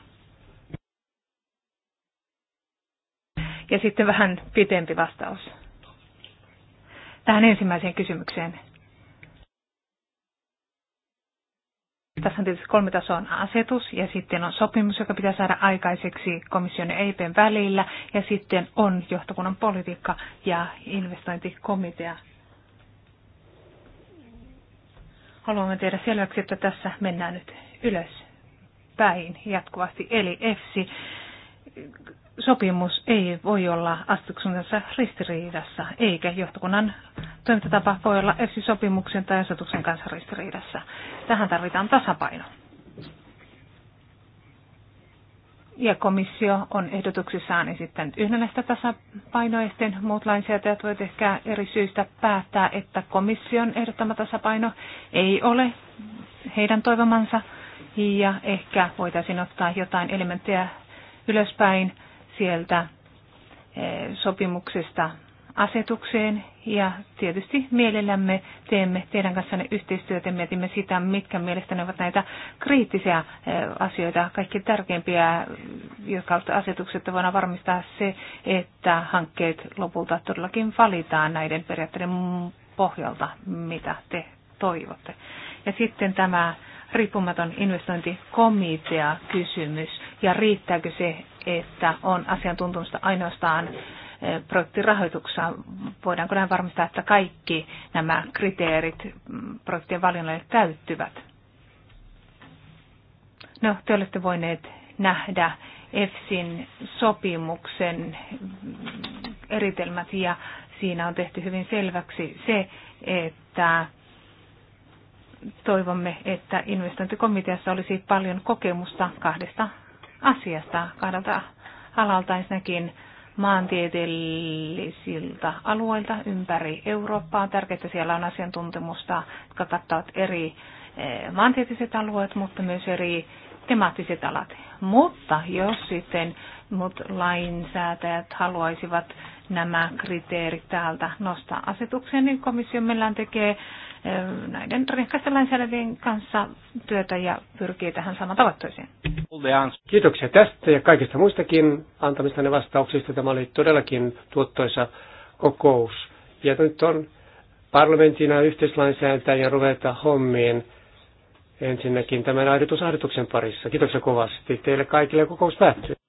Speaker 2: Ja sitten vähän pitempi vastaus tähän ensimmäiseen kysymykseen. Tässä on tietysti kolme on asetus ja sitten on sopimus, joka pitää saada aikaiseksi komission ja EIPn välillä ja sitten on johtokunnan politiikka ja investointikomitea. Haluamme tehdä selväksi, että tässä mennään nyt ylöspäin jatkuvasti. Eli EFSI sopimus ei voi olla asetuksensa ristiriidassa, eikä johtokunnan toimintatapa voi olla esi sopimuksen tai asetuksen kanssa ristiriidassa. Tähän tarvitaan tasapaino. Ja komissio on ehdotuksissaan esittänyt yhden näistä tasapainoehteen. Muut lainsäätäjät voivat ehkä eri syistä päättää, että komission ehdottama tasapaino ei ole heidän toivomansa. Ja ehkä voitaisiin ottaa jotain elementtejä ylöspäin sieltä eh, sopimuksesta asetukseen ja tietysti mielellämme teemme teidän kanssanne yhteistyötä ja mietimme sitä, mitkä mielestäni ovat näitä kriittisiä eh, asioita, kaikki tärkeimpiä, jotka kautta asetukset voidaan varmistaa se, että hankkeet lopulta todellakin valitaan näiden periaatteiden pohjalta, mitä te toivotte. Ja sitten tämä riippumaton investointikomitea kysymys ja riittääkö se, että on asiantuntemusta ainoastaan eh, projektirahoituksessa. Voidaanko näin varmistaa, että kaikki nämä kriteerit mm, projektien valinnalle täyttyvät? No, te olette voineet nähdä EFSin sopimuksen mm, eritelmät ja siinä on tehty hyvin selväksi se, että toivomme, että investointikomiteassa olisi paljon kokemusta kahdesta asiasta kahdelta alalta ensinnäkin maantieteellisiltä alueilta ympäri Eurooppaa. On tärkeää, että siellä on asiantuntemusta, jotka kattavat eri eh, maantieteelliset alueet, mutta myös eri temaattiset alat. Mutta jos sitten mut lainsäätäjät haluaisivat nämä kriteerit täältä nostaa asetukseen, niin komissio meillä tekee näiden rinnakkaisten lainsäädäntöjen kanssa työtä ja pyrkii tähän samaan tavoitteeseen.
Speaker 1: Kiitoksia tästä ja kaikista muistakin Antamista ne vastauksista. Tämä oli todellakin tuottoisa kokous. Ja nyt on parlamentina yhteislainsäätäjä ruveta hommiin ensinnäkin tämän ahdotusahdotuksen parissa. Kiitoksia kovasti teille kaikille kokous päättyy.